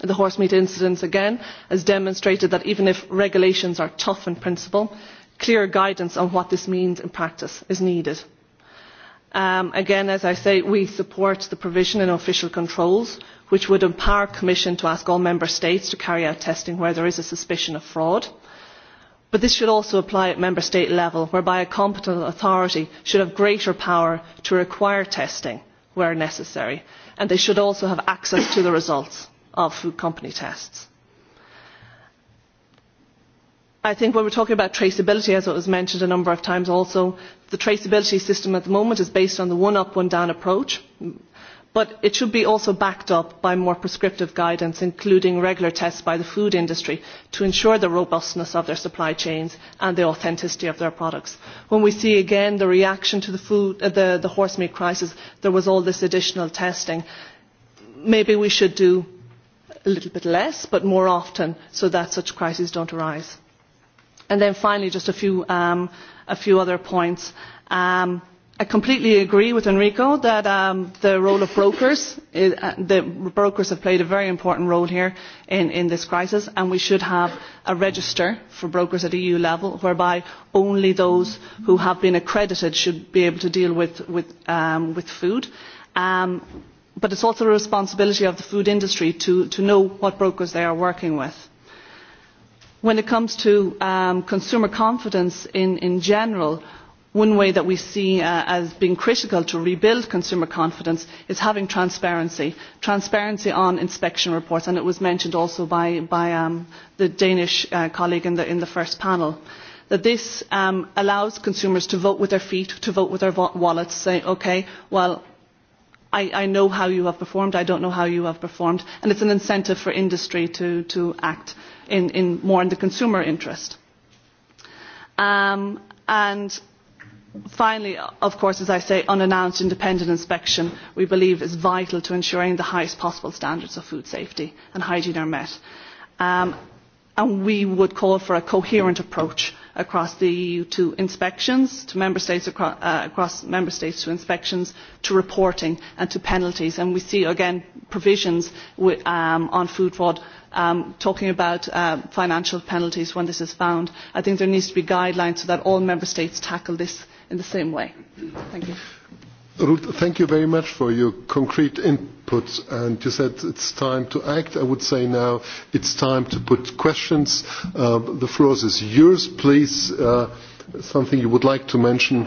S8: The horsemeat incident again has demonstrated that even if regulations are tough in principle, clear guidance on what this means in practice is needed. again, as I say, we support the provision in official controls, which would empower the Commission to ask all Member States to carry out testing where there is a suspicion of fraud. But this should also apply at Member State level, whereby a competent authority should have greater power to require testing where necessary and they should also have access to the results of food company tests. I think when we are talking about traceability, as was mentioned a number of times also, the traceability system at the moment is based on the one up, one down approach, but it should be also backed up by more prescriptive guidance including regular tests by the food industry to ensure the robustness of their supply chains and the authenticity of their products. when we see again the reaction to the horsemeat crisis there was all this additional testing maybe we should do a little bit less but more often so that such crises do not arise. and then finally just a few other points I completely agree with Enrico that the role of brokers, the brokers have played a very important role here in, this crisis, and we should have a register for brokers at EU level whereby only those who have been accredited should be able to deal with, food. but it is also the responsibility of the food industry to know what brokers they are working with when it comes to consumer confidence in, general, one way that we see as being critical to rebuild consumer confidence is having transparency transparency on inspection reports and it was mentioned also by the danish colleague in the first panel that this allows consumers to vote with their feet to vote with their wallets say ok well I, I know how you have performed, I don't know how you have performed, and it's an incentive for industry to, to act in, in more in the consumer interest. Um, and finally of course as i say unannounced independent inspection we believe is vital to ensuring the highest possible standards of food safety and hygiene are met and we would call for a coherent approach across the eu to inspections to member states across member states to inspections to reporting and to penalties and we see again provisions on food fraud talking about financial penalties when this is found. i think there needs to be guidelines so that all member states tackle this in the same way. Thank you.
S10: Ruth, thank you very much for your concrete input. And you said it's time to act. I would say now it's time to put questions. Uh, the floor is yours, please. Uh, something you would like to mention,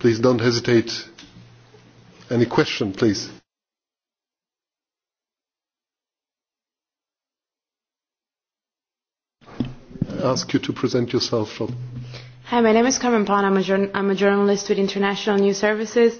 S10: please don't hesitate. Any question, please? ask you to present yourself. Rob.
S5: Hi, my name is Carmen Pon. I'm a, jour- I'm a journalist with International News Services.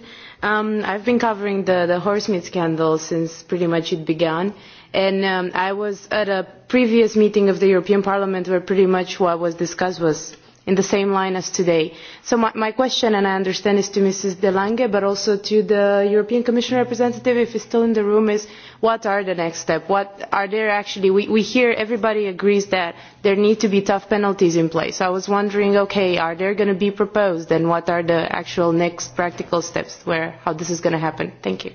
S5: Um, I've been covering the, the horsemeat scandal since pretty much it began. And um, I was at a previous meeting of the European Parliament where pretty much what was discussed was in the same line as today. So my, my question, and I understand, is to Mrs. De Lange, but also to the European Commission representative, if he's still in the room, is what are the next steps? What are there actually? We, we hear everybody agrees that there need to be tough penalties in place. I was wondering, okay, are there going to be proposed, and what are the actual next practical steps where how this is going to happen? Thank you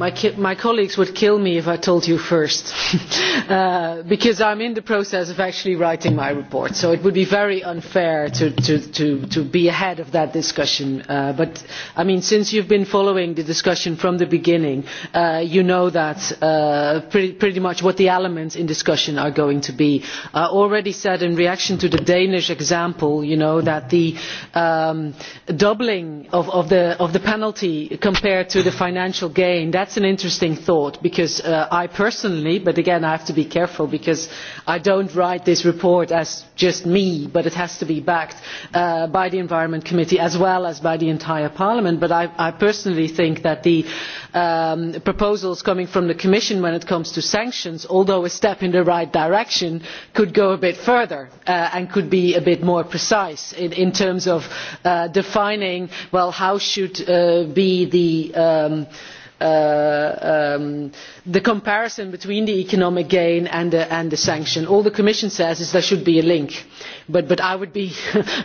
S1: my colleagues would kill me if i told you first because i am in the process of actually writing my report so it would be very unfair to be ahead of that discussion but since you have been following the discussion from the beginning you know pretty much what the elements in discussion are going to be. i already said in reaction to the danish example that the doubling of the penalty compared to the financial gain is an interesting thought because I personally, but again I have to be careful because I do not write this report as just me, but it has to be backed by the Environment Committee as well as by the entire Parliament. But I, personally think that the proposals coming from the Commission when it comes to sanctions, although a step in the right direction, could go a bit further and could be a bit more precise in, terms of defining how should be the the comparison between the economic gain and the sanction. all the commission says is there should be a link but i would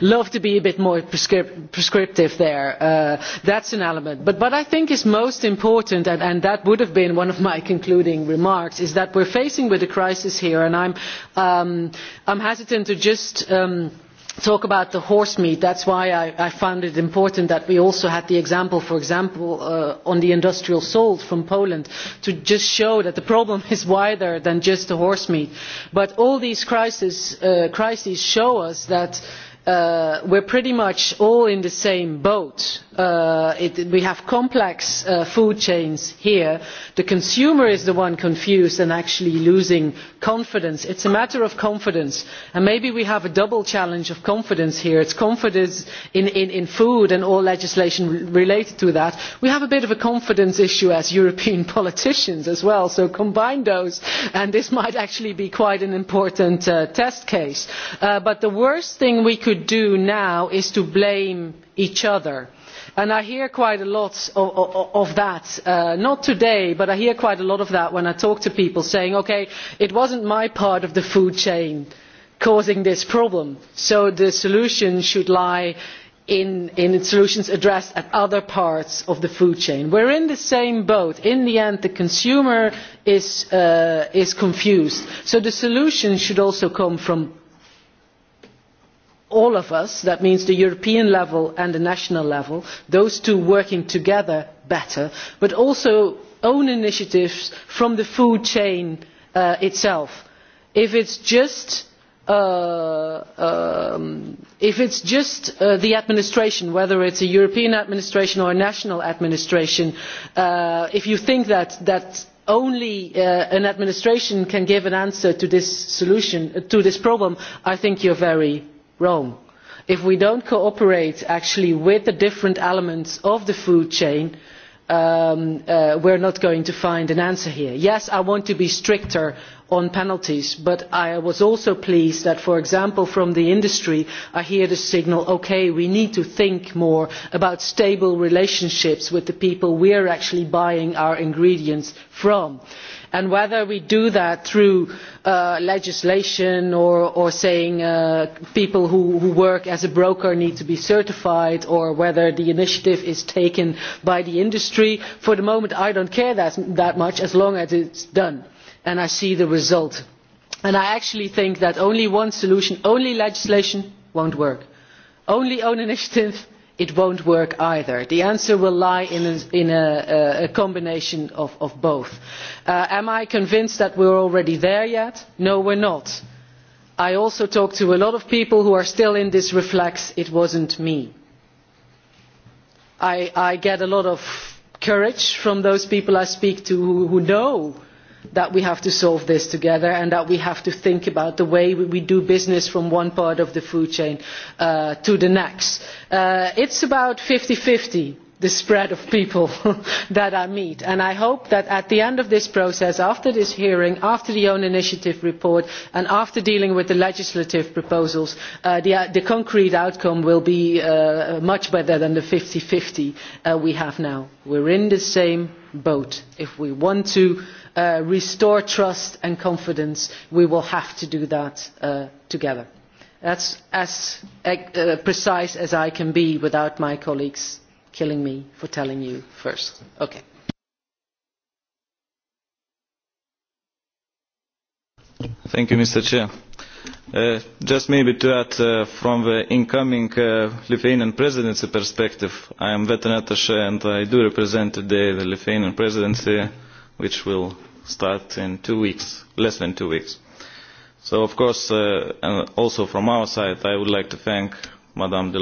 S1: love to be a bit more prescriptive there. that is an element. but what i think is most important and that would have been one of my concluding remarks is that we are facing with a crisis here and i am hesitant to just talk about the horse meat that is why I, found it important that we also had the example for example on the industrial salt from Poland to just show that the problem is wider than just the horse meat but all these crises, show us that we are pretty much all in the same boat. we have complex food chains here. the consumer is the one confused and actually losing confidence. it is a matter of confidence and maybe we have a double challenge of confidence here. it is confidence in food and all legislation related to that. we have a bit of a confidence issue as european politicians as well so combine those and this might actually be quite an important test case. but the worst thing we could could do now is to blame each other and i hear quite a lot of that not today but i hear quite a lot of that when i talk to people saying ok it was not my part of the food chain causing this problem so the solution should lie in solutions addressed at other parts of the food chain. we are in the same boat in the end the consumer is confused so the solution should also come from all of us that means the european level and the national level those two working together better but also own initiatives from the food chain itself. if it is just the administration whether it is a european administration or a national administration if you think that only an administration can give an answer to this problem i think you are very Rome. If we do not cooperate actually with the different elements of the food chain, we are not going to find an answer here. Yes, I want to be stricter on penalties, but I was also pleased that, for example, from the industry, I hear the signal, okay, we need to think more about stable relationships with the people we are actually buying our ingredients from. Uh, and whether we do that through legislation or saying people who work as a broker need to be certified or whether the initiative is taken by the industry for the moment i do not care that much as long as it is done and i see the result. i actually think that only one solution only legislation will not work only own initiative it will not work either. the answer will lie in a combination of both. am i convinced that we are already there yet? no we are not. i also talk to a lot of people who are still in this reflex it was not me'. i get a lot of courage from those people i speak to who know that we have to solve this together and that we have to think about the way we do business from one part of the food chain to the next. It is about fifty fifty the spread of people that I meet. And I hope that at the end of this process, after this hearing, after the own initiative report, and after dealing with the legislative proposals, the, concrete outcome will be much better than the fifty fifty we have now. We are in the same boat. If we want to restore trust and confidence, we will have to do that together. That is as precise as I can be without my colleagues killing me for telling you first. Okay.
S13: Thank you, Mr. Chair. Uh, just maybe to add uh, from the incoming uh, Lithuanian presidency perspective, I am veteran attaché and I do represent today the Lithuanian presidency which will start in two weeks, less than two weeks. So, of course, uh, and also from our side, I would like to thank Madame de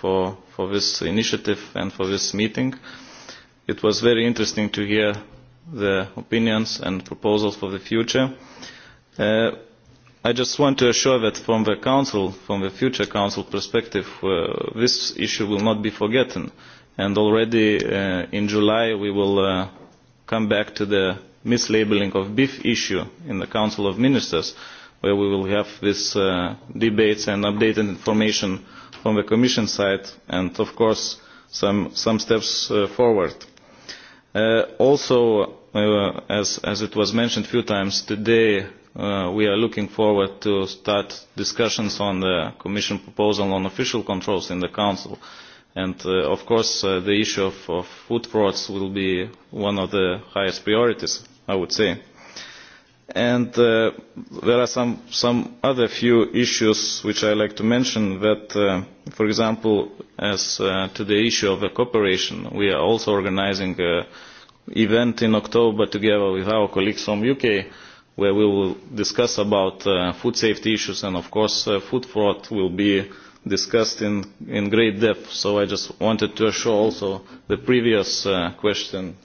S13: for, for this initiative and for this meeting. It was very interesting to hear the opinions and proposals for the future. Uh, I just want to assure that from the Council, from the future Council perspective, uh, this issue will not be forgotten. And already uh, in July we will uh, come back to the mislabeling of beef issue in the Council of Ministers, where we will have these uh, debates and updated information from the Commission side, and of course some some steps uh, forward. Uh, also, uh, as as it was mentioned a few times today, uh, we are looking forward to start discussions on the Commission proposal on official controls in the Council. Uh, And uh, of course, uh, the issue of, of food frauds will be one of the highest priorities, I would say. And uh, there are some, some other few issues which I like to mention that, uh, for example, as uh, to the issue of the cooperation, we are also organizing an event in October together with our colleagues from UK where we will discuss about uh, food safety issues and of course uh, food fraud will be discussed in, in great depth. So I just wanted to assure also the previous uh, question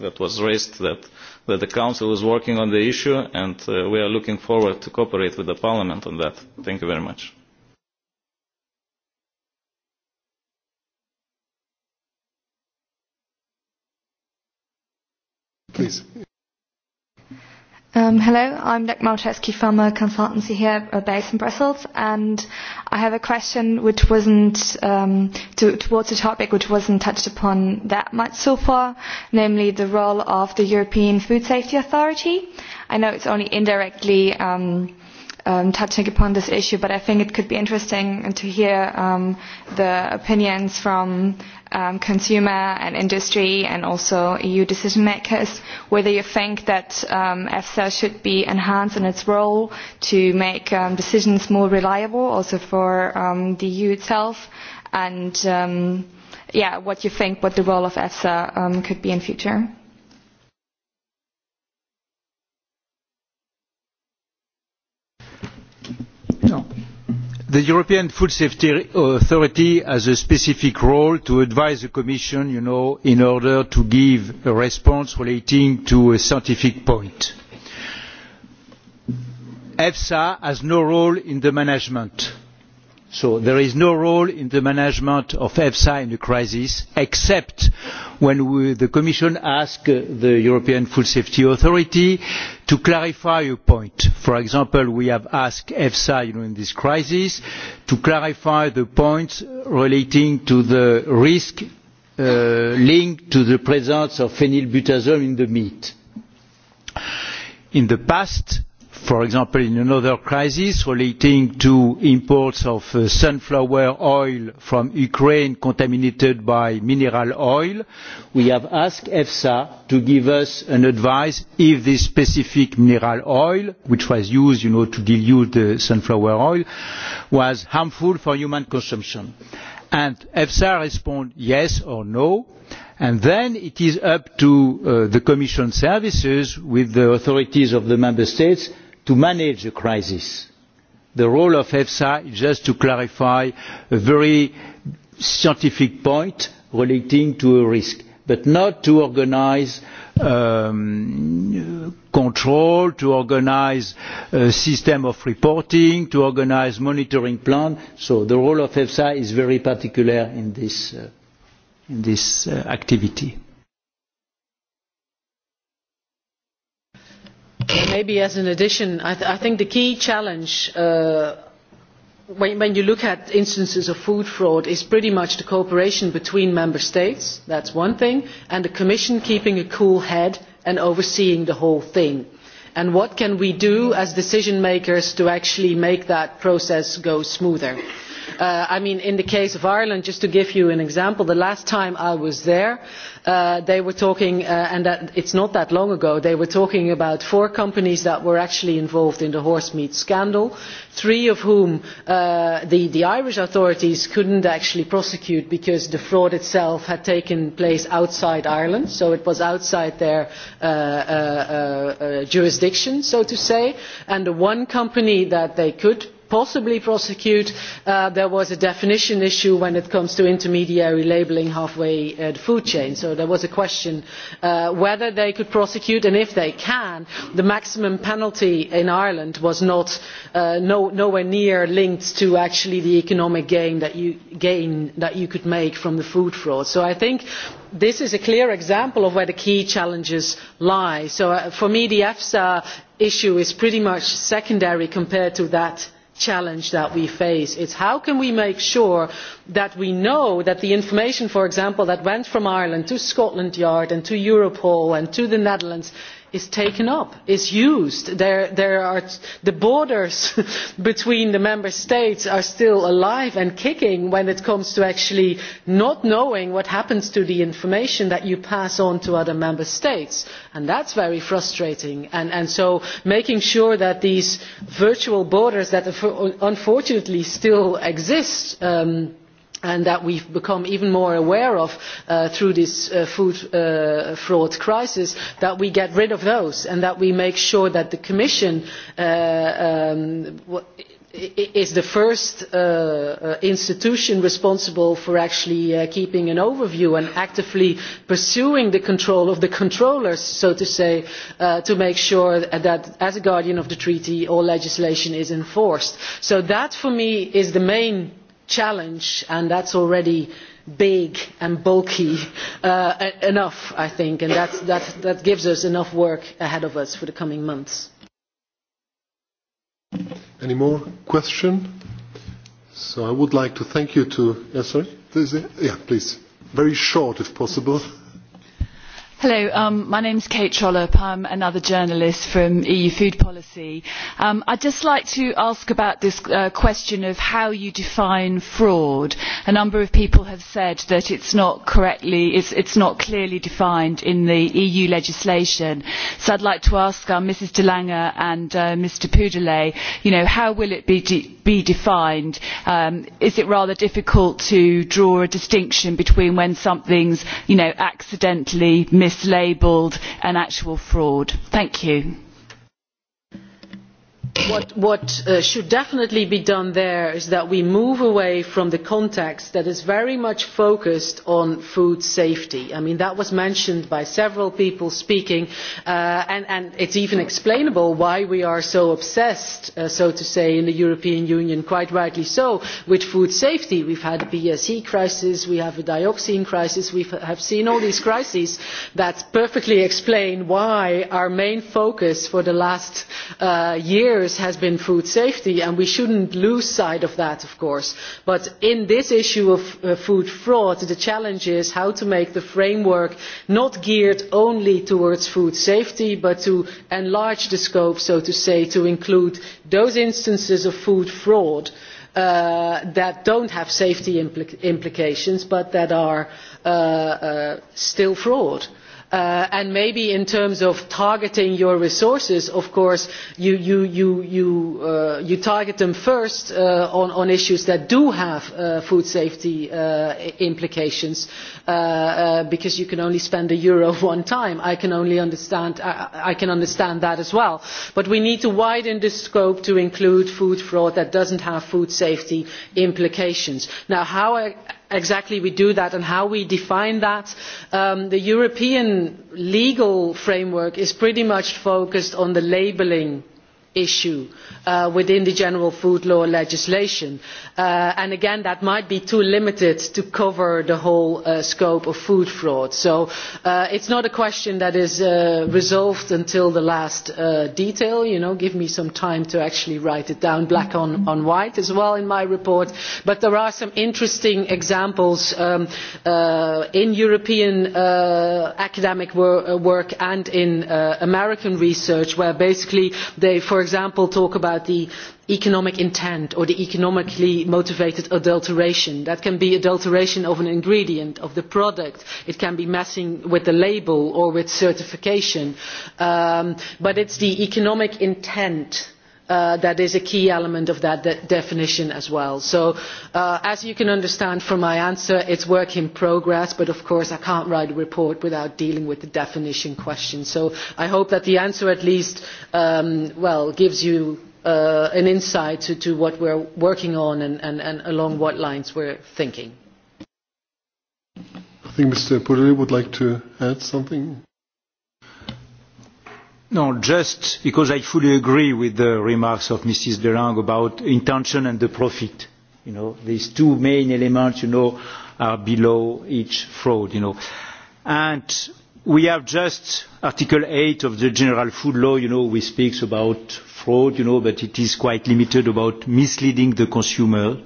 S13: that was raised that, that the Council is working on the issue and uh, we are looking forward to cooperate with the Parliament on that. Thank you very much.
S10: Please.
S7: Um, hello, I'm Nick Malczewski from a consultancy here uh, based in Brussels, and I have a question which wasn't um, to, towards a topic which wasn't touched upon that much so far, namely the role of the European Food Safety Authority. I know it's only indirectly um, um, touching upon this issue, but I think it could be interesting to hear um, the opinions from um, consumer and industry and also EU decision makers, whether you think that um, EFSA should be enhanced in its role to make um, decisions more reliable also for um, the EU itself, and um, yeah, what you think, what the role of EFSA um, could be in future.
S2: the european food safety authority has a specific role to advise the commission in order to give a response relating to a scientific point. efsa has no role in the management so there is no role in the management of efsa in a crisis except when the commission asks the european food safety authority to clarify a point. for example we have asked efsa during this crisis to clarify the points relating to the risk linked to the presence of phenylbutazone in the meat. in the past for example in another crisis relating to imports of sunflower oil from ukraine contaminated by mineral oil we have asked efsa to give us advice if this specific mineral oil which was used to dilute sunflower oil was harmful for human consumption and efsa responded yes or no and then it is up to the commission services with the authorities of the member states to manage the crisis. The role of EFSA is just to clarify a very scientific point relating to a risk, but not to organise control, to organise a system of reporting, to organise monitoring plan. So the role of EFSA is very particular in this, activity
S1: Maybe as an addition, I, th I think the key challenge uh, when, when you look at instances of food fraud is pretty much the cooperation between member states, that's one thing, and the Commission keeping a cool head and overseeing the whole thing. And what can we do as decision makers to actually make that process go smoother? I mean, in the case of Ireland, just to give you an example, the last time I was there, they were talking, and that, it's not that long ago, they were talking about four companies that were actually involved in the horsemeat scandal, three of whom the, Irish authorities could not actually prosecute because the fraud itself had taken place outside Ireland, so it was outside their jurisdiction, so to say, and the one company that they could possibly prosecute. there was a definition issue when it comes to intermediary labelling halfway uh, the food chain. So there was a question whether they could prosecute, and if they can, the maximum penalty in Ireland was not nowhere near linked to actually the economic gain that you gain that you could make from the food fraud. So I think this is a clear example of where the key challenges lie. So for me, the EFSA issue is pretty much secondary compared to that challenge that we face. It is how can we make sure that we know that the information, for example, that went from Ireland to Scotland Yard and to Europol and to the Netherlands is taken up is used the borders between the member states are still alive and kicking when it comes to actually not knowing what happens to the information that you pass on to other member states and that is very frustrating so making sure that these virtual borders that unfortunately still exist and that we have become even more aware of through this food fraud crisis that we get rid of those and that we make sure that the commission is the first institution responsible for actually keeping an overview and actively pursuing the control of the controllers, so to say, to make sure that as a guardian of the treaty all legislation is enforced. So that for me is the main challenge and that is already big and bulky enough i think and that gives us enough work ahead of us for the coming months.
S10: any more questions? so i would like to thank you to yes sorry. yeah please very short if possible
S8: Hello, um, my name is Kate Trollope. I'm another journalist from EU food policy. Um, I'd just like to ask about this uh, question of how you define fraud. A number of people have said that it's not correctly, it's, it's not clearly defined in the EU legislation. So I'd like to ask uh, Mrs. De Lange and uh, Mr. Poudelet, you know, how will it be de be defined? is it rather difficult to draw a distinction between when something is accidentally mislabelled and actual fraud? thank you
S1: what should definitely be done there is that we move away from the context that is very much focused on food safety. that was mentioned by several people speaking and it is even explainable why we are so obsessed so to say in the european union quite rightly so with food safety. we have had a bse crisis we have a dioxin crisis we have seen all these crises that perfectly explain why our main focus for the last years years has been food safety and we should not lose sight of that of course but in this issue of food fraud the challenge is how to make the framework not geared only towards food safety but to enlarge the scope so to say to include those instances of food fraud that do not have safety implications but that are still fraud and maybe in terms of targeting your resources of course you target them first on issues that do have food safety implications because you can only spend a euro one time i can understand that as well but we need to widen the scope to include food fraud that does not have food safety implications. how exactly we do that and how we define that. the european legal framework is pretty much focused on the labelling issue within the general food law legislation and again that might be too limited to cover the whole scope of food fraud so it is not a question that is resolved until the last detail give me some time to actually write it down black on white as well in my report but there are some interesting examples in European academic work and in American research where basically they for for example talk about the economic intent or the economically motivated adulteration. That can be adulteration of an ingredient, of the product. It can be messing with the label or with certification. but it is the economic intent that is a key element of that definition as well. So as you can understand from my answer, it is work in progress, but of course I cannot write a report without dealing with the definition question. So I hope that the answer at least, gives you an insight to what we are working on and along what lines we are thinking.
S10: I think Mr. Purley would like to add something.
S2: No, just because I fully agree with the remarks of Mrs. Delang about intention and the profit. You know, these two main elements, you know, are below each fraud, you know. And we have just Article 8 of the General Food Law, you know, which speaks about fraud, you know, but it is quite limited about misleading the consumer. Uh,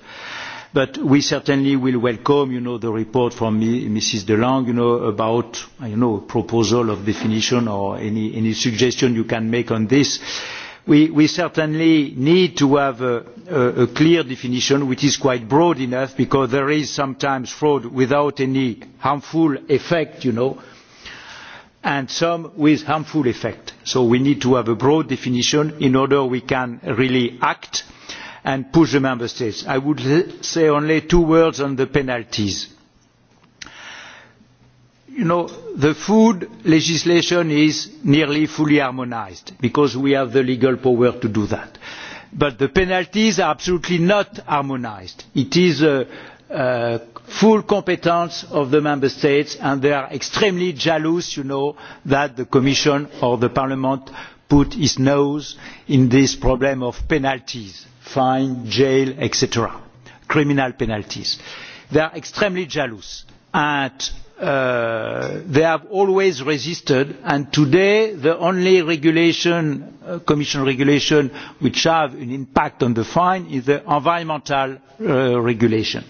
S2: But we certainly will welcome, the report from Mrs. De Lange, about, a proposal of definition or any, any suggestion you can make on this we certainly need to have a clear definition which is quite broad enough because there is sometimes fraud without any harmful effect and some with harmful effect. so we need to have a broad definition in order we can really act and push the member states. i would say only two words on the penalties. the food legislation is nearly fully harmonised because we have the legal power to do that but the penalties are absolutely not harmonised. it is the full competence of the member states and they are extremely jealous that the commission or parliament put his nose in this problem of penalties, fine, jail, etc., criminal penalties. They are extremely jealous and they have always resisted and today the only regulation, commission regulation which has an impact on the fine is the environmental regulation.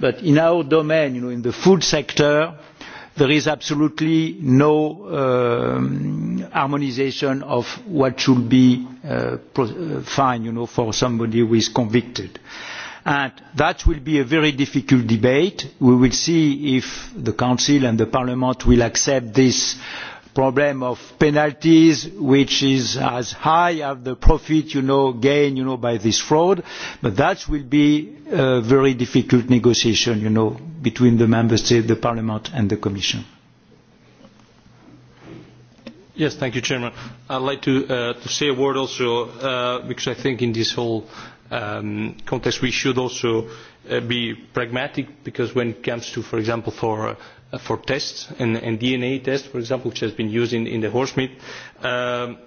S2: But in our domain, in the food sector, there is absolutely no harmonisation of what should be fine for somebody who is convicted. that will be a very difficult debate. We will see if the Council and Parliament will accept this problem of penalties which is as high as the profit you know gained you know by this fraud but that will be a very difficult negotiation you know between the member states the parliament and the commission
S12: Yes, thank you, Chairman. I'd like to, uh, to say a word also, uh, because I think in this whole um, context we should also uh, be pragmatic, because when it comes to, for example, for uh, for tests and, and DNA tests, for example, which has been used in, in the horse meat. Um,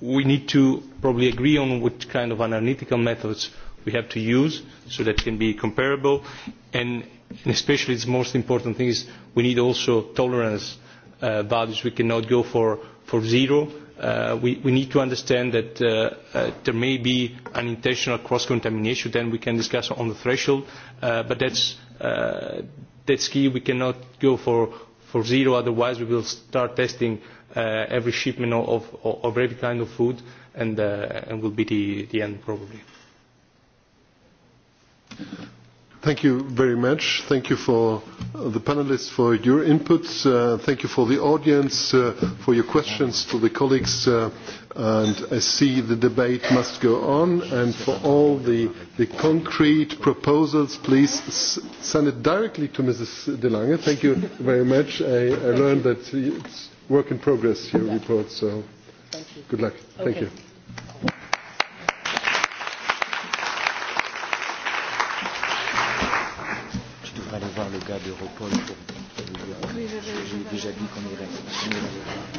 S12: we need to probably agree on which kind of analytical methods we have to use so that can be comparable. And, and especially the most important thing is we need also tolerance uh, values. We cannot go for, for zero. Uh, we, we need to understand that uh, uh, there may be an intentional cross-contamination. Then we can discuss on the threshold. Uh, but that's, uh, that's key. We cannot go for, for zero, otherwise we will start testing uh, every shipment of, of, of every kind of food and, uh, and will be the, the end probably.
S10: Thank you very much. Thank you for the panelists for your input. Uh, thank you for the audience uh, for your questions to the colleagues. Uh, and I see the debate must go on. And for all the, the concrete proposals, please s send it directly to Mrs. De Lange. Thank you very much. I, I learned that it's work in progress, your report. So good luck. Thank you.
S2: d'Europol pour vous dire. J'ai déjà dit qu'on irait.